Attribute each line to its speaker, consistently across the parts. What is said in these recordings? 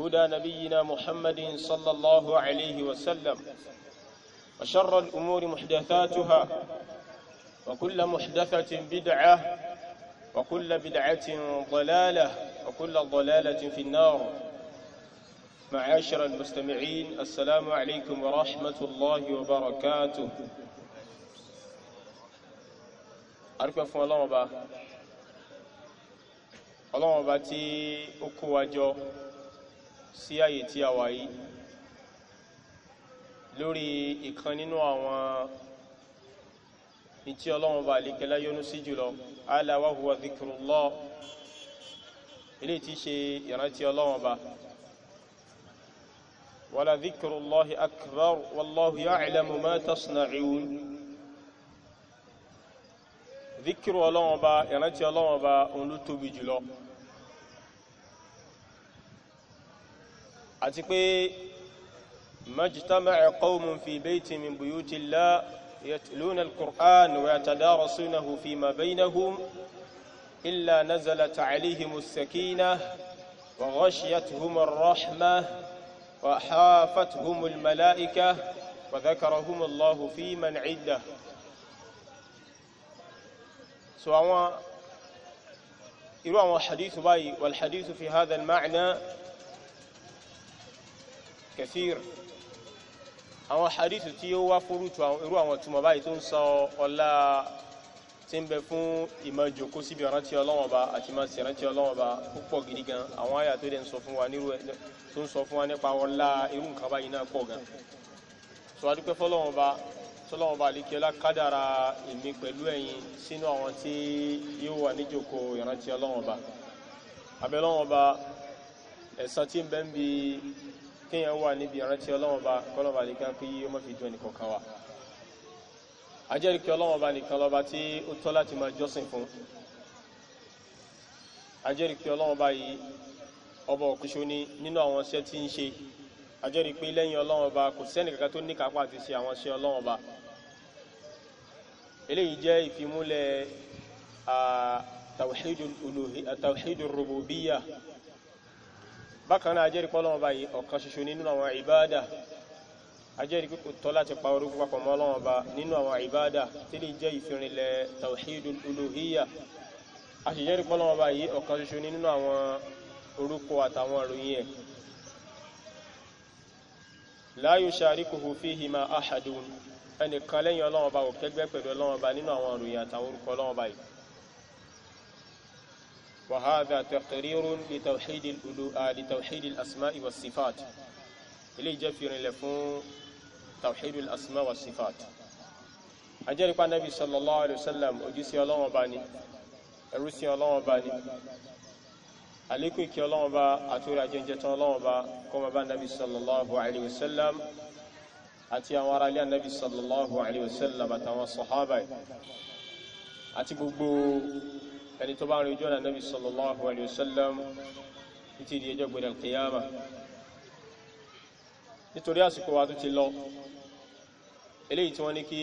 Speaker 1: هدى نبينا محمد صلى الله عليه وسلم وشر الأمور محدثاتها وكل محدثة بدعة وكل بدعة ضلالة وكل ضلالة في النار معاشر المستمعين السلام عليكم ورحمة الله وبركاته أركب فún الله ọba ọlọ́run ọba tí ó kó wa sí àyè tí a wà yìí lórí ìkan nínú àwọn ìtí ọlọ́run bá àlékẹ́lá yọ́nú sí jùlọ ala wa huwa dhikrullah ilé tí ṣe ìrántí ọlọ́run bá wala dhikrullahi akbar wallahu ya'lamu ma tasna'un dhikiru ọlọ́run bá ìrántí ọlọ́run bá àti pé majtama qaumun fi bayti min buyuti Allah yatluna alquran quran wa yatadarasunahu ma bainahum illa nazalat alayhim as-sakinah wa ghashiyatuhum ar-rahmah wa hafathum al-mala'ikah wa dhakarahum Allah fi man 'indah so àwọn irú àwọn hadith bayi wal hadith fi hadha al-ma'na kẹfìr àwọn hadith tí ó wá fúrútù irú àwọn túmọ̀ báyìí tó ń sọ ọlá tí ń bẹ fún ìmọ̀ jòkó síbi ìrántí Ọlọ́run Ọba àti máa sì ìrántí Ọlọ́run Ọba púpọ̀ gidi gan àwọn àyà tó dẹ̀ ń sọ fún wa nírú ẹ̀ tó ń sọ fún wa nípa ọlá irú nǹkan báyìí náà pọ̀ gan sọ adúpẹ́ fọlọ́run Ọba tọ́lọ́run Ọba àlekíọ́lá kádàrà èmi pẹ̀lú ẹ̀yin sínú àwọn tí yóò wà níjòkó ìrántí Ọlọ́run Ọba abẹ́lọ́run tí ń bẹ ń bi kíyàn wà níbi ìrántí Ọlọ́run bá kọ́lọ́bà nìkan kí ó má fi dùn ẹnì kọ̀ọ̀kan wa àjẹ́rìí kí Ọlọ́run bá nìkan lọ́ba tí ó tọ́ láti máa jọ́sìn fún àjẹ́rìí kí Ọlọ́run bá yìí ọba òkúṣo ní nínú àwọn iṣẹ́ tí ń ṣe àjẹ́rìí pé lẹ́yìn Ọlọ́run bá kò sẹ́nì kankan bákan náà ajẹ́rìí pé Ọlọ́run Ọba yìí ọ̀kan ṣoṣo nínú àwọn ìbáàdà ajẹ́rìí pé kò tọ́ láti pa orúkọ papọ̀ mọ́ Ọlọ́run Ọba nínú àwọn ìbáàdà tí lè jẹ́ ìfirinlẹ̀ tawhidul uluhiyya àṣìjẹ́rìí pé Ọlọ́run ahadun ẹnìkan lẹ́yìn Ọlọ́run Ọba ò kẹgbẹ́ pẹ̀lú Ọlọ́run Ọba nínú àwọn ìròyìn àtàwọn orúkọ وهذا تقرير لتوحيد الألو... لتوحيد الأسماء والصفات إلي جفر لفون توحيد الأسماء والصفات أجل النبي صلى الله عليه وسلم أجسي الله وباني أرسي الله وباني àlékún ìkẹ́ ọlọ́run bá àtúrà jẹ́jẹ́ tán ọlọ́run bá kọmọ bá nàbí sallallahu alaihi wasallam àti àwọn ará ilé nàbí sallallahu alaihi wasallam àtàwọn sọ̀hábà àti gbogbo ẹni tó bá rí ojú ọ̀nà nabi sallallahu alayhi wa sallam títí di ẹjọ́ gbẹ̀dẹ̀ kìyàmà nítorí àsìkò wa tó ti lọ eléyìí tí wọ́n ní kí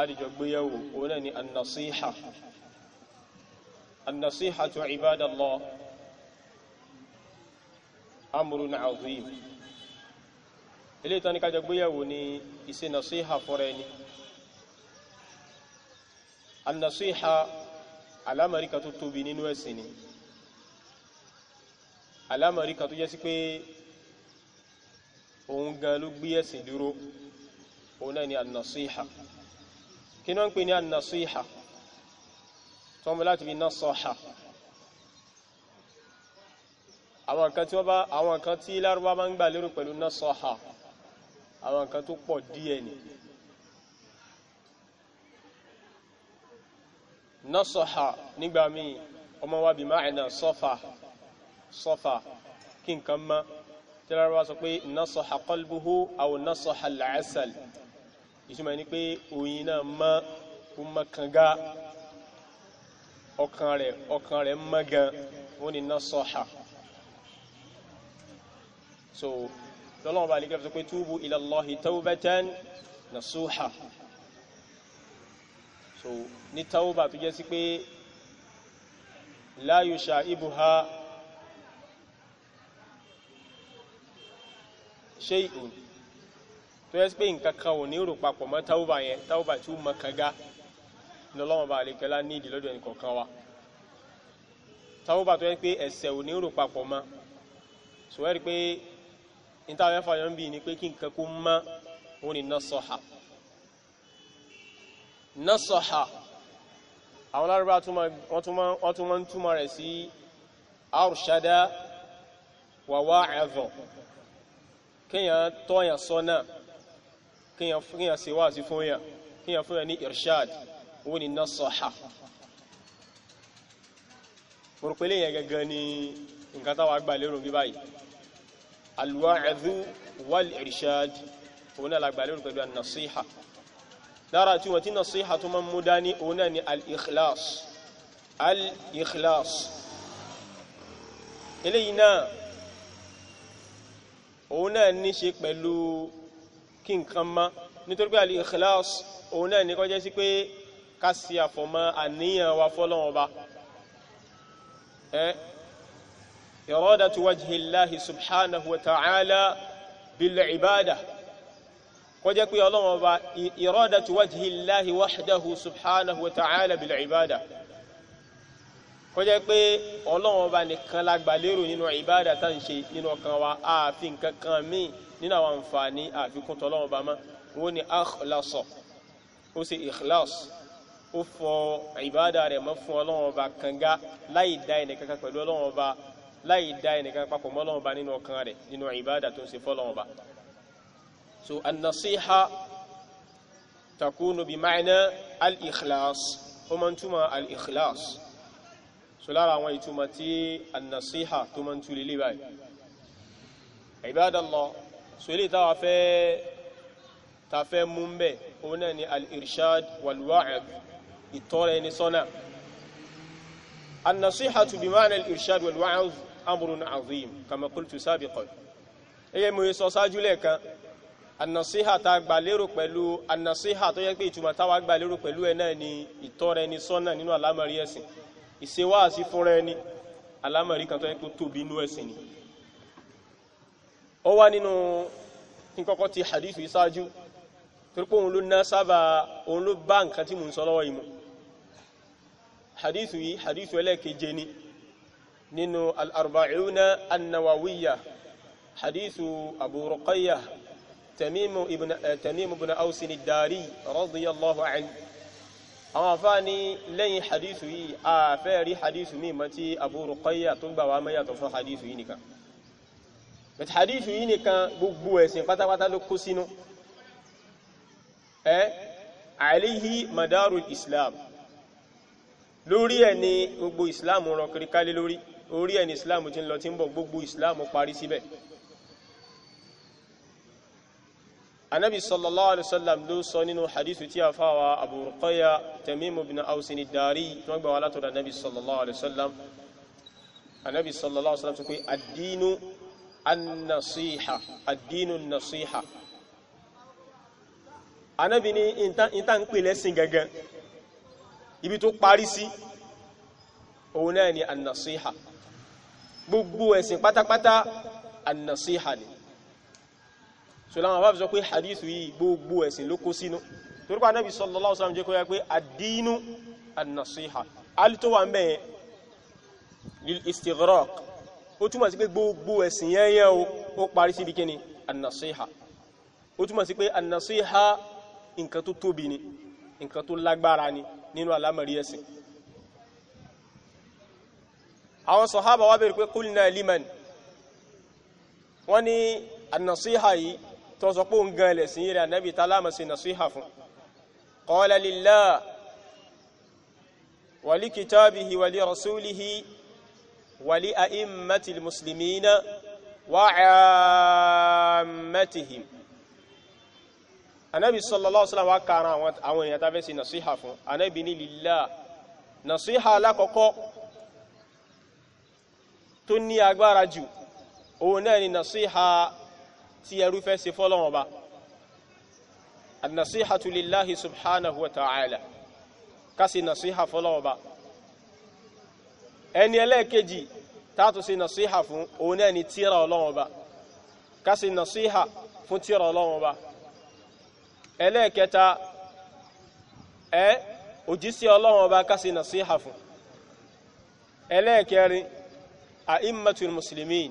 Speaker 1: adìjọ gbéyàwó òun ni annasiha annasiha tó ibadallah amrun azim eléyìí tó ní kájọ gbéyàwó ni ìṣe nasiha fọ́rẹ́ ni annasiha alámọ̀rí kan tó tóbi nínú ẹ̀sìn ni alámọ̀rí kan tó jẹ́ sí pé òun gan ló gbé ẹ̀sìn dúró òun náà ni an-nasiha kí náà ń pè ní an-nasiha tọ́mọ láti fi nasaha àwọn nǹkan tí wọ́n bá àwọn nǹkan tí lárúbá máa ń gbà lérò pẹ̀lú nasaha àwọn nǹkan tó pọ̀ díẹ̀ ni nasaha nígbà míì ọmọ wa bí máàna sọ́fà sọ́fà kí nǹkan mọ́ tẹ́lẹ̀rọ sọ pé nasaha qalbuhu aw nasaha al-asal ìtumọ̀ ní pé oyin náà mọ́ kó mọ́ kanga ọkàn rẹ̀ ọkàn rẹ̀ mọ́ gan wọ́n ní nasaha so lọ́lọ́wọ́ bá lè kẹ́ fi sọ pé túbú ila Allahi tawbatan nasuha so ní tawba tó jẹ́ sí pé la yusha'ibuha shay'un tó yẹ́ sí pé nǹkan kan ò ní rò papọ̀ mọ́ tawba yẹn tawba tí ó mọ kanga ní ọlọ́wọ́n bá àlekẹ́lá ní ìdílọ́dọ̀ ẹnì kọ̀ọ̀kan wa tawba tó yẹ́ pé ẹ̀ṣẹ̀ ò ní rò papọ̀ mọ́ so ẹ́ rí pé níta fẹ́ fàyọ̀ ń pé kí nǹkan kó mọ́ òun ni nasaha nasaha àwọn lárúbá wọ́n tún máa ń túmọ̀ rẹ̀ sí arṣada wa wa'adha kíyàn tọ́yàn sọ́nà kíyàn ṣe wáàsí fún yàn kíyàn fún yàn ní irshad wọ́n ni nasaha mọ̀rọ̀pẹ̀lẹ̀ yẹn gẹ́gẹ́ ni nǹkan táwà gbà lérò bí báyìí alwa'adhu wal irshad wọ́n náà lágbà lérò pẹ̀lú an-nasiha lára tí wọ́n tí nasiha tó máa ń mú dání òun náà ni al-ikhlas al-ikhlas eléyìí náà òun náà ní ṣe pẹ̀lú kí nǹkan má nítorí pé al-ikhlas òun ní kó sí pé ká sí àfọ̀mọ́ àníyàn wa fọ́lọ́wọ́n ba iradatu wajhillahi subhanahu wa ta'ala bil ibada kó jẹ́ pé Ọlọ́run Ọba iradatu wajhillahi wahdahu subhanahu wa ta'ala bil ibada kó jẹ́ pé Ọlọ́run Ọba nìkan la gbà lérò nínú ibada tá ń ṣe nínú ọkàn wa ààfin kankan míì nínú àwọn àǹfààní àfikún tỌlọ́run Ọba mọ́ wọ́n ní akhlasa ó sì ikhlas ó fọ ìbáda rẹ̀ mọ́ fún Ọlọ́run Ọba kanga láì dá nínú ọkàn rẹ̀ nínú ìbáda tó ń ṣe fọ́lọ́run Ọba so an-nasiha takunu bi ma'na al-ikhlas ó máa túmọ̀ al-ikhlas so lára àwọn ìtumọ̀ tí an-nasiha tó máa ń tú lélẹ̀ báyìí ibadallah so ilé táwa fẹ́ ta fẹ́ mú ń bẹ̀ òun náà ni al-irshad wal-wa'id ìtọ́ra ẹni sọ́nà النصيحة بمعنى الإرشاد والوعظ أمر عظيم كما قلت سابقا إيه مو يسوساجو لك ànàsíhà tá a gbà lérò pẹ̀lú ànàsíhà tó yẹ pé ìtumọ̀ táwa gbà lérò pẹ̀lú ẹ̀ náà ni ìtọ́ra ẹni sọ́nà nínú àlámọ̀rí ẹ̀sìn ìṣewáàsí fúnra ẹni àlámọ̀rí kan tó yẹ pé tóbi inú ẹ̀sìn ni ó wá nínú kíkọ́kọ́ ti hadith ìsáájú torípò òun ló ná sábà òun ló bá nǹkan tí mò ń sọ lọ́wọ́ yìí mu hadith yìí hadith ẹlẹ́keje ni nínú al-arba'una an hadith Abu Ruqayyah tẹ̀mímù ibn eh, tẹ̀mímù ibn ausin dari radiyallahu anhu àwọn afáàní lẹ́yìn hadithu yìí a fẹ́ rí hadithu mi mọ́tí Abu Ruqayya tó gbà wá mẹ́yàtọ̀ fún hadithu yìí nìkan but hadithu yìí nìkan gbogbo ẹ̀sìn pátápátá ló kó sínú ẹ́ eh, alayhi madarul islam lórí ẹ̀ ni gbogbo islam rọ̀ kiri kálé lórí orí ẹ̀ ni islam ti ń lọ ti ń bọ̀ gbogbo islam parí síbẹ̀ anabi sallallahu alayhi wa sallam ló sọ nínú hadithu tí a fà wá abu ruqayya tamimu bin ausini dari tí wọ́n gbà wá látọ̀dọ̀ anabi sallallahu alayhi wa sallam anabi sallallahu alayhi wa sallam sọ pé ad-dinu an-nasiha ad-dinu an-nasiha anabi ní ìta ń pè lẹ́sìn gangan ibi tó parí sí òun náà ni an-nasiha gbogbo ẹ̀sìn pátápátá an-nasiha ni so láwọn afáfi sọ pé hadith yìí gbogbo ẹ̀sìn ló kó sínú torí pa anábì sallallahu alaihi wasallam jẹ́ kó yá pé àdínú an-nasiha alito wà ń bẹ̀yẹn lil istighraq ó túmọ̀ sí pé gbogbo ẹ̀sìn yẹn o ó parí síbi kíni an-nasiha ó túmọ̀ sí pé an nǹkan tó tóbi ni nǹkan tó lágbára ni nínú alámọ̀rí ẹ̀sìn àwọn sọ̀hábà wá bèèrè pé qulna liman wọ́n ní an yìí tó sọ pé òun gan ẹlẹ́sìn yìí rẹ̀ ànábì tá láàmà sí nàṣíhà fún qala lillah wa li kitabihi wa li rasulihi wa li a'immatil muslimina wa 'ammatihim ànábì sallallahu alaihi wasallam wá kàrán àwọn sí nàṣíhà fún ànábì ní lillah nàṣíhà alákọ̀ọ́kọ́ tó ní agbára jù òun náà ni nàṣíhà tí ẹrú fẹ́ ṣe fọ́lọ́run ọba an-nasihatu lillahi subhanahu wa ta'ala kasi nasiha fọ́lọ́run ọba ẹni ẹlẹ́ẹ̀kejì táàtù sí nasiha fún òun náà ni tíra ọlọ́run ọba kasi nasiha fún tíra ọlọ́run ọba ẹlẹ́ẹ̀kẹta ẹ òjíṣẹ́ ọlọ́run ọba kasi nasiha fún ẹlẹ́ẹ̀kẹrin a'immatul muslimin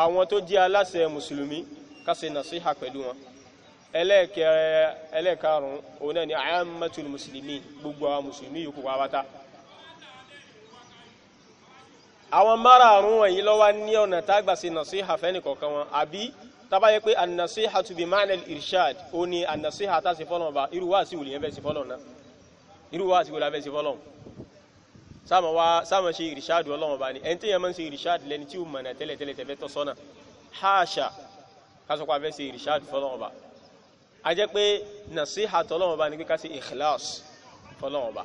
Speaker 1: àwọn tó jẹ́ aláṣẹ mùsùlùmí ká ṣe nàṣíhà pẹ̀lú wọn ẹlẹ́ẹ̀kẹrẹ ẹlẹ́ẹ̀karùn-ún òun náà ni àyàmẹ́tùlù mùsùlùmí gbogbo àwọn mùsùlùmí yòókù wá wátá àwọn márààrún wọ̀nyí lọ́wọ́ ní ọ̀nà tágbà ṣe nàṣíhà fẹ́ni kọ̀ọ̀kan wọn àbí tábà yẹ pé ànàṣíhà tu bi ma'na al-irshad ó ní ànàṣíhà tá sí fọ́lọ́n ba irú wá sí wùlẹ̀ fẹ́sí fọ́lọ́n náà irú wá sí wùlẹ̀ fẹ́sí fọ́lọ́n sáàmà wá sáàmà ṣe irshad ọlọ́wọ́n ba ni ẹni tí yẹn máa ń ṣe irshad lẹni tí ó mọ̀nà tẹ́lẹ̀tẹ́lẹ̀ tẹ́fẹ́ tọ́sọ́nà haṣa kásọ̀ pa fẹ́ẹ́ ṣe irshad fọlọ́wọ́n ba a jẹ́ pé nasiha tọ́lọ́wọ́n ba ni pé ká ṣe ikhlas fọlọ́wọ́n ba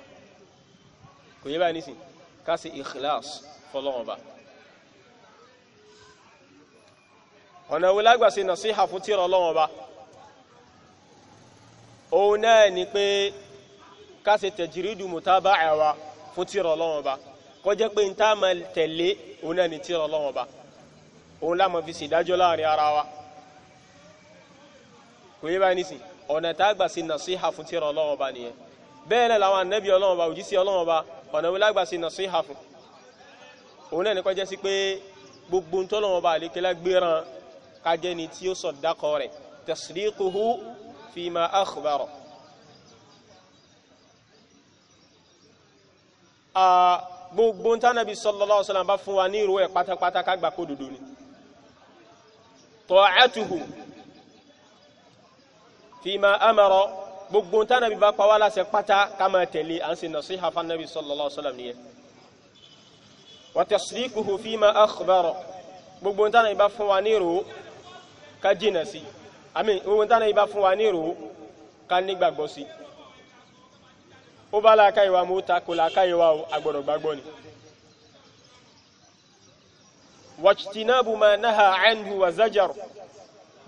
Speaker 1: kò yẹ báyìí nísìn ká ṣe ikhlas fọlọ́wọ́n ba. ọ̀nà wo lágbà ṣe nasiha fún tírà Ọlọ́run ba òun náà ni pé ká ṣe tajiridu mutaba'a wa fún tírà Ọlọ́run ba jẹ́ pé nta tẹ̀lé òun náà ni tírà Ọlọ́run òun láàmú fi ṣèdájọ́ láàrin ara wa kò yé báyìí nísìn ọ̀nà tá a gbà sí nàṣíhà fún tírà ọlọ́run ọba nìyẹn bẹ́ẹ̀ náà làwọn ànábì ọlọ́run ọba òjíṣẹ́ ọlọ́run ọba ọ̀nà wọlé àgbà sí nàṣíhà fún òun náà ní kọjá sí pé gbogbo ntọ́lọ́run ọba àlékelá gbéran kájẹ́ ni tí ó sọ dákọ rẹ̀ tasdiquhu fima akhbara. gbogbo ntánàbí sallallahu alaihi wasallam bá fún fima amara gbogbo ntànàbí bá pa wá láṣẹ pátá ká máa tẹ̀lé à ń ṣe nasiha fanabi sallallahu alaihi wasallam nìyẹn wa tasdiquhu fima akhbara gbogbo ntànàbí bá fún wa ní ìrò ká jìnà sí àmì gbogbo ntànàbí bá fún wa ní ìrò ká nígbàgbọ́ sí ó bá láàká ìwà mú ta kò láàká ìwà àgbọ̀dọ̀ gbàgbọ́ ni wajtinabu ma naha anhu wa zajar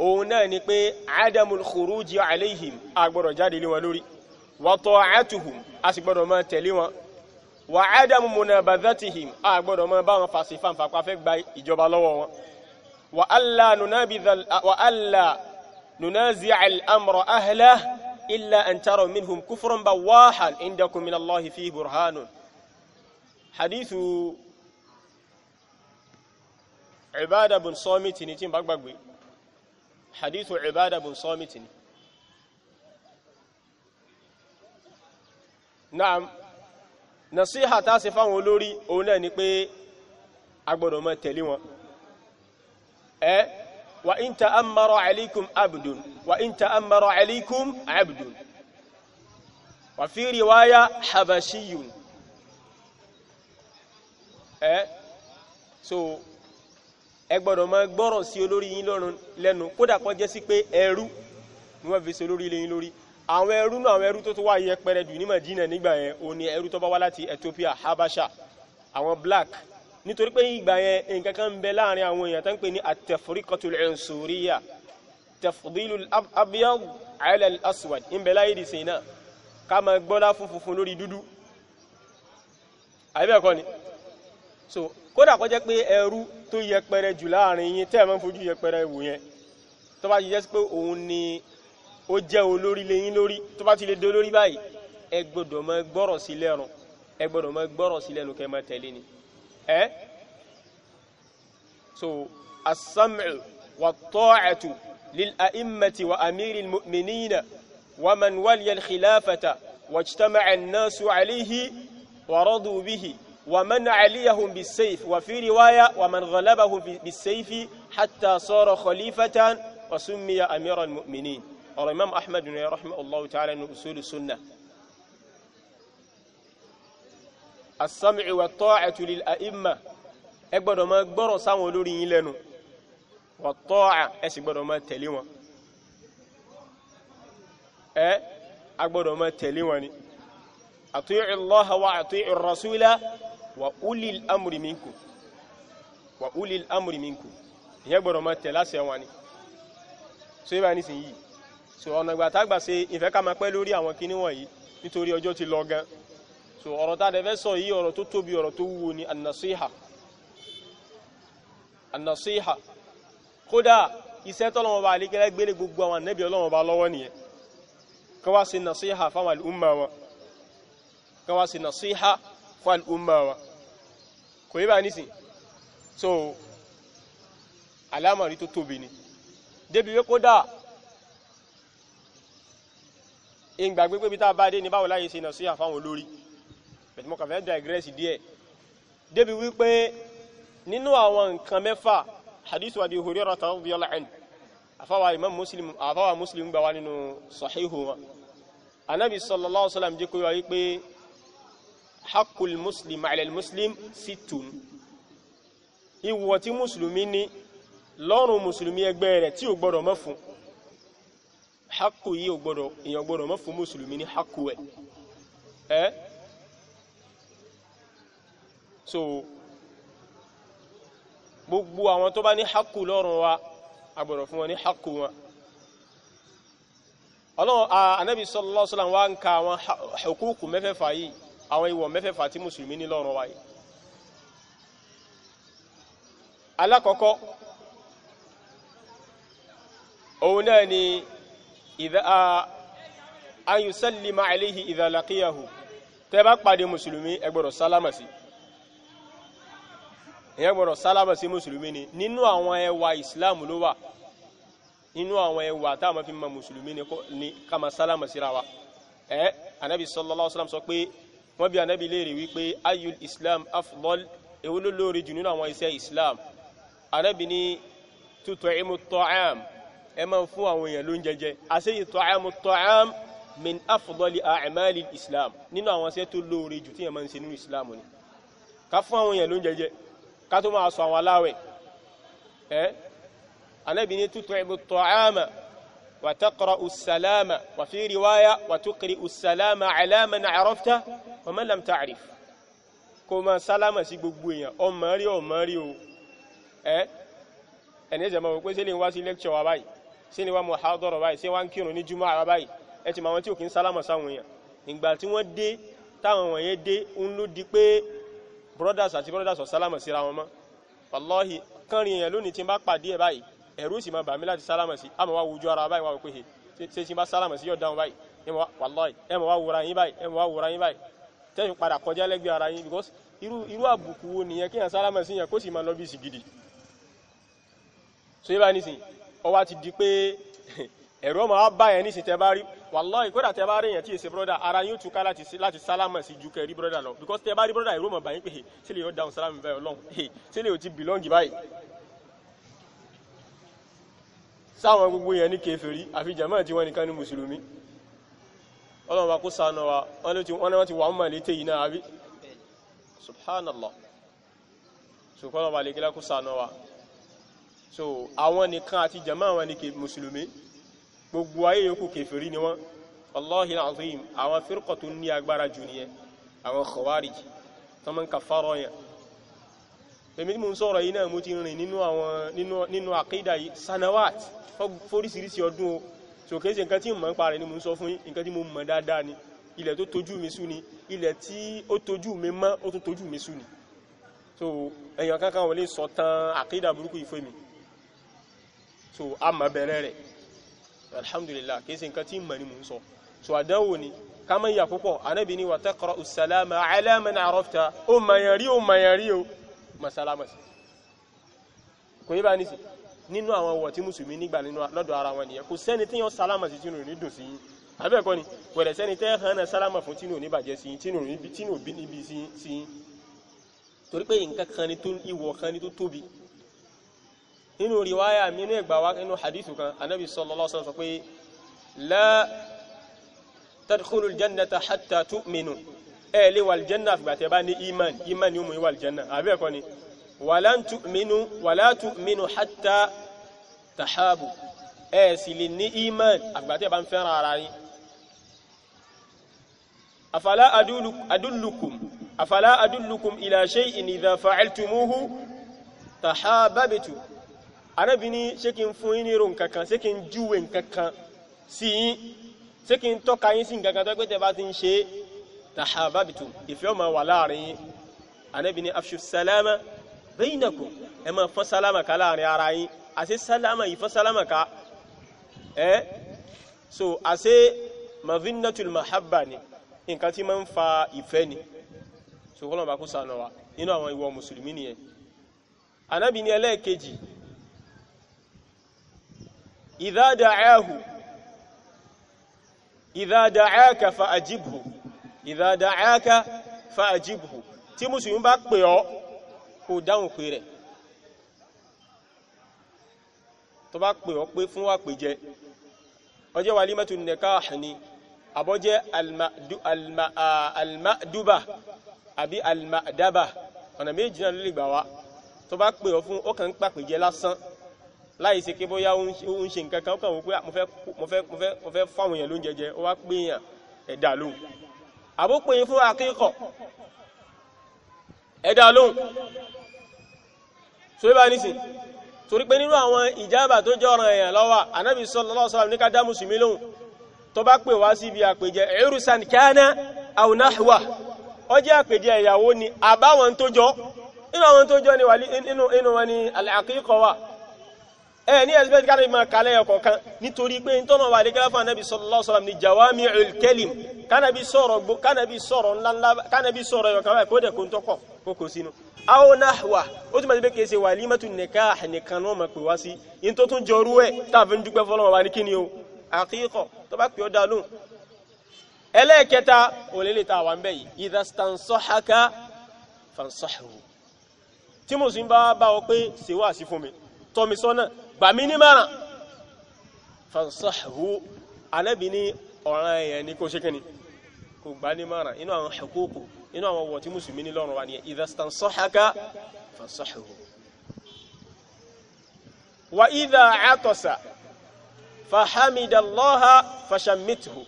Speaker 1: òun náà ni pé adamul khuruji alayhim agbọ́dọ̀ jáde lé wọn lórí wa ta'atuhum a sì gbọ́dọ̀ máa tẹ̀lé wọn wa adamu munabadhatihim agbọ́dọ̀ máa bá wọn fàṣí fàǹfà pa fẹ́ gba ìjọba lọ́wọ́ wọn wa alla nunabidha wa alla nunazi al-amra ahlah illa an taraw minhum kufran bawahan indakum allahi fi burhanun hadithu ibada bin somit ni tí n hadithu ibada bin samit ni naam nasiha ta ṣe fáwọn olórí òun náà ni pé a gbọ́dọ̀ máa tẹ̀lé wọn ẹ́ wa in ta'ammara alaykum abdun wa in ta'ammara alaykum abdun wa fi riwaya habashiyun ẹ́ so ẹ gbọ́dọ̀ máa gbọ́rọ̀ sí olórí yín lọ́rùn lẹ́nu kódà kan jẹ́ sí pé ẹrú ni wọ́n fi ṣe olórí ilé yín lórí àwọn ẹrú náà àwọn ẹrú tó tó wà yẹpẹrẹ jù ní Madina nígbà yẹn òun ni ẹrú tó bá wá láti Ethiopia Habasha àwọn black nítorí pé ìgbà yẹn nǹkan kan ń bẹ láàrin àwọn èèyàn tó ń pè ní at-tafriqatul unsuriyya tafdilul abyad ala aswad ń bẹ láyé ìdìsìn náà ká máa gbọ́lá fún funfun lórí dúdú àbí bẹ́ẹ̀ kọ́ ni so kódà kó jẹ́ pé ẹrú tó yẹpẹrẹ jù láàrin yín tẹ́ ẹ̀ máa ń fojú yẹpẹrẹ wò yẹn tó bá ti jẹ́ pé òun ni ó jẹ́ olórí lé lórí tó bá ti lè dé lórí báyìí ẹ gbọ́dọ̀ máa gbọ́rọ̀ sí lẹ́nu ẹ gbọ́dọ̀ máa gbọ́rọ̀ sí lẹ́nu kẹ́ máa tẹ̀lé ni ẹ́ so as wa ta'atu lil a'immati wa amiri al wa man waliya al wa ijtama'a an-nasu wa radu bihi ومن عليهم بالسيف وفي رواية ومن غلبه بالسيف حتى صار خليفة وسمي أمير المؤمنين قال الإمام أحمد رحمه الله تعالى من أصول السنة السمع والطاعة للأئمة أكبر ما أكبر سامو لوري لنو والطاعة أكبر ما تليوا أه أكبر ما تليواني أطيع الله وأطيع الرسول wa ulil amri minkum wa ulil amri minkum ìyẹn gbọ́dọ̀ máa tẹ̀ láṣẹ wọn so yíba nísìnyí so ọ̀nà ìgbà tá a gbà ṣe ìfẹ́ ká máa pẹ́ lórí àwọn kinní wọ̀nyí nítorí ọjọ́ ti lọ gan so ọ̀rọ̀ tá a dẹ̀ fẹ́ sọ yìí ọ̀rọ̀ tó tóbi ọ̀rọ̀ tó wúwo ni an-nasiha an-nasiha kódà iṣẹ́ tọ́lọ́wọ́n bá àlékẹ́lẹ́ gbélé gbogbo àwọn ànábì Ọlọ́run bá lọ́wọ́ nìyẹn ká wá ṣe nasiha fáwọn al-umma wa wá ṣe nasiha fáwọn al-umma kò yíba nísìn so alámọ̀rí tó tóbi ni débi wé kódà ìgbàgbé pé bí tá a bá dé ní báwo láyé ṣe nà sí àfáwọn olórí bẹ̀tí mo kàn díẹ̀ débi wípé nínú àwọn nǹkan mẹ́fà hadithu Abi Hurairah radiyallahu anhu àfáwà imam muslim àfáwà muslim gbà wá nínú sahihu wọn anábì sallallahu alaihi wasallam jẹ́ kó yọ wípé حق المسلم على المسلم situn ìwọ̀ tí mùsùlùmí ní lọ́rùn mùsùlùmí ẹgbẹ́ rẹ̀ tí ò gbọ́dọ̀ mọ́ fún hakù yìí ò gbọ́dọ̀ èèyàn gbọ́dọ̀ mọ́ fún mùsùlùmí ní hakù ẹ̀ ẹ́ so gbogbo àwọn tó bá ní hakù lọ́rùn wa a gbọ́dọ̀ fún wọn ní hakù wọn ọlọ́run anabi sallallahu wa ń ka àwọn hukuku mẹ́fẹ̀ẹ̀fà yìí àwọn ìwọ̀ mẹ́fẹ̀ẹ̀fà tí mùsùlùmí ní lọ́rùn wa yìí alákọ̀ọ́kọ́ òun náà ni an yusallima alayhi idha laqiyahu tẹ́ bá pàdé mùsùlùmí ẹ gbọ́dọ̀ sálámà sí ẹ sálámà sí mùsùlùmí ni nínú àwọn ẹwà ìsìláàmù ló wà nínú àwọn ẹwà tá fi mọ mùsùlùmí ni ká máa sálámà síra wa ẹ anabi sallallahu alaihi sọ pé wọ́n bi anabi léèrè wípé ayul islam afdol èwo ló lóore jù nínú àwọn iṣẹ́ islam anabi ní tut'imu ta'am ẹ máa fún àwọn èèyàn ló ń jẹjẹ àṣeyí tut'imu ta'am min afdoli a'mali islam nínú àwọn iṣẹ́ tó lóore jù tí yẹn máa ń ṣe nínú islam ni ká fún àwọn èèyàn ló ń jẹjẹ ká tó máa sọ àwọn aláwẹ̀ ẹ anabi ní tut'imu ta'ama wa taqra'u salama wa fi riwaya wa tuqri'u ọmọ lam ta'rif kó o máa sálámà sí gbogbo èèyàn ọmọ rí ọmọ rí o ẹ ẹni ẹ̀jẹ̀ máa wò pé sílẹ̀ ń wá sí lẹ́kṣọ̀ wa báyìí sílẹ̀ wá muhadara báyìí sílẹ̀ wá ń kírun ní jùmọ̀ àwa báyìí ẹ ti mọ àwọn tí ò kí ń sálámà sáwọn èèyàn ìgbà tí wọ́n dé táwọn wọ̀nyẹn dé ń ló di pé brothers àti brothers ò sálámà síra wọn mọ́ wàlọ́hì kánrin èèyàn lónìí tí bá pàdé ẹ̀ báyìí ẹ̀rú sì máa bà mí láti sálámà sí àmọ́ wá wùjọ ara báyìí wá wò pé ṣe ṣe ń bá sálámà sí yọ̀ dáhùn báyìí ẹ̀ wá wùra yín báyìí ẹ̀ wá wùra yín báyìí tẹ́yìn padà kọjá lẹ́gbẹ̀ẹ́ ara yín because irú irú àbùkù wo nìyẹn kéèyàn sálámà sí yẹn kó sì máa lọ bí sìgìdì so yẹ bá nísìn ó wá ti di pé ẹ̀rọ máa bá yẹn nísìn tẹ́ bá rí wàláhì kódà tẹ́ bá rí yẹn tí èsè brọ́dà ara yóò túká láti láti sálámà sí ju kẹrí brọ́dà lọ because tẹ́ bá rí brọ́dà ẹ̀rọ máa bá yín pé sílẹ̀ yóò dáhùn sálámà báyìí ọlọ́run sílẹ̀ yóò ti bìlọ́ǹgì báyìí sáwọn gbogbo yẹn ní kèfèrí àfi jàmáà tí wọ́n nìkan ní mùsùlùmí ọlọ́run bá kó sànà wa wọ́n ni wọ́n ti wà mọ̀ létè yìí náà àbí subhanallah so kọ́lọ̀ bá lè gílá kó sànà wa so àwọn nìkan àti jama àwọn ní mùsùlùmí gbogbo ayé yòókù kèfèrí ni wọ́n wallahi alazim àwọn fírkọ̀ tó ní agbára so kìí ṣe nǹkan tí mo mọ̀ ń pa rẹ̀ ni mo ń sọ fún yín nǹkan tí mo mọ̀ dáadáa ni ilẹ̀ tó tojú mi sú ni ilẹ̀ tí ó tojú mi mọ́ ó tún tojú mi sú ni so èèyàn kankan wọlé sọ tán àkídà burúkú yìí fún mi so a mọ̀ bẹ̀rẹ̀ rẹ̀ alhamdulillah kìí ṣe nǹkan tí mo mọ̀ ni ń sọ so àdánwò ni ká mọ̀ ìyà púpọ̀ anábì ni wàtẹ́kọ̀rọ̀ ọ̀sálàmà aláàmà náà àrọ́fta ó mọ̀ yẹn rí ó mọ̀ yẹn rí ó mọ̀ sálámà sí kò yí bá ní sí nínú àwọn ọwọ́ tí mùsùlùmí nígbà nínú lọ́dọ̀ ara wọn nìyẹn kò sẹ́ni tí yàn sálámà sí tínú ní dùn sí yín àbẹ́ẹ̀kọ́ ni pẹ̀lẹ́ sẹ́ni tẹ́ hàn náà sálámà fún tínú ní bàjẹ́ sí tínú bí níbi sí yín torí pé nǹkan kan ni tó ìwọ̀ kan ni tó tóbi nínú riwaya mi nínú ẹgbà wa nínú hadithu kan anabi sallallahu alaihi sọ pé la tadkhulul jannata hatta tu'minu ẹ̀ lè wà aljanna àfìgbà bá ní iman iman ó mú ìwà aljanna ni walan tu'minu wala tu'minu hatta tahabu ẹ sì lè ní iman àgbàtí ẹ bá ń fẹ́ràn ara yín afala adullukum afala adullukum ila shay'in idha fa'altumuhu tahababtu Ànábì ní ṣé kí n fún yín ní irú nǹkan kan ṣé kí n júwe nǹkan kan sí yín ṣé kí n tọ́ka yín sí nǹkan kan tó pé tẹ́ bá ti ń ṣe tahababtu ìfẹ́ ó máa wà láàrin yín Ànábì ní afshu salama bainakum ẹ máa fọ́n sálámà ká láàrin ara yín àṣẹ sálámà yìí fọ́n sálámà ká ẹ́ so àṣẹ mavinnatul mahabba ni nǹkan tí máa ń fa ìfẹ́ ni so kọ́lọ̀ bá kó sànà wa nínú àwọn ìwọ mùsùlùmí nìyẹn anábì ní ẹlẹ́ẹ̀kejì idha da'ahu idha da'aka fa ajibhu idha da'aka fa ajibhu tí mùsùlùmí bá pè ọ́ kó dáhùn pé rẹ̀ tó bá pè ọ́ pé fún wa ọjọ́ walimatu ka ni àbọ́jẹ́ almaduba àbí almadaba ọ̀nà méjì náà ló lè tó bá pè ọ́ fún ó kàn ń lásán láì ṣe pé bóyá ṣe nǹkan kan ó kàn wọ́n pé ah, mo fẹ́ fáwọn èèyàn ló ń jẹjẹ ó wá pé èèyàn ẹ̀dà lóhùn àbó pè so ibà nísìn torí pé nínú àwọn ìjábà tó jẹ́ ọ̀ràn èèyàn lọ́wà anábì sallallahu alaihi wasallam ní ká dá mùsùlùmí lóhùn tó bá pè wá síbi àpèjẹ ẹ̀rùsàn kíánà aw nahwa ó jẹ́ àpèjẹ ìyàwó ni àbáwọn tó jọ inú àwọn tó jọ inú wọn ni al-aqiqa wà ẹ ní ẹ̀sìbẹ́ káàrí máa kalẹ̀ ọkọ̀ kan nítorí pé ń tọ́nà wà lẹ́gẹ́lá fún anábì sallallahu alaihi wasallam ní jawami'ul kalim kánàbí sọ̀rọ̀ ńláńlá kánàbí sọ̀rọ̀ ẹ̀yọ̀kan báyìí kó dẹ̀ kó ń tọ́kọ̀ kó kó sínú aw nahwa ó túnmọ̀ sí pé kìí ṣe walimatu nikah nìkan náà mọ̀ pè wá sí in tó tún jọrú ẹ̀ tàbí ń dúpẹ́ fọ́lọ́wọ́ wa ní kí ni o àkíkọ̀ tó bá pè ọ́ dá lóhùn ẹlẹ́ẹ̀kẹta òlélẹ̀ tá a wà ń bẹ̀ yìí idha stansahaka fansahhu tí mo sì ń bá bá ọ pé ṣe mi tọ́ mi sọ́nà gbà mí nímọ̀ràn fansahhu alẹ́bí ní ni kò ṣe kí ni kò gbà nímọ̀ràn inú àwọn ọwọ́ tí mùsùlùmí ní lọ́rùn wa ni ìdásítàn sọ́haka fàṣọ́hùhù wa ìdá àtọ̀sà fàhámìdàlọ́ha fàṣàmìtìhù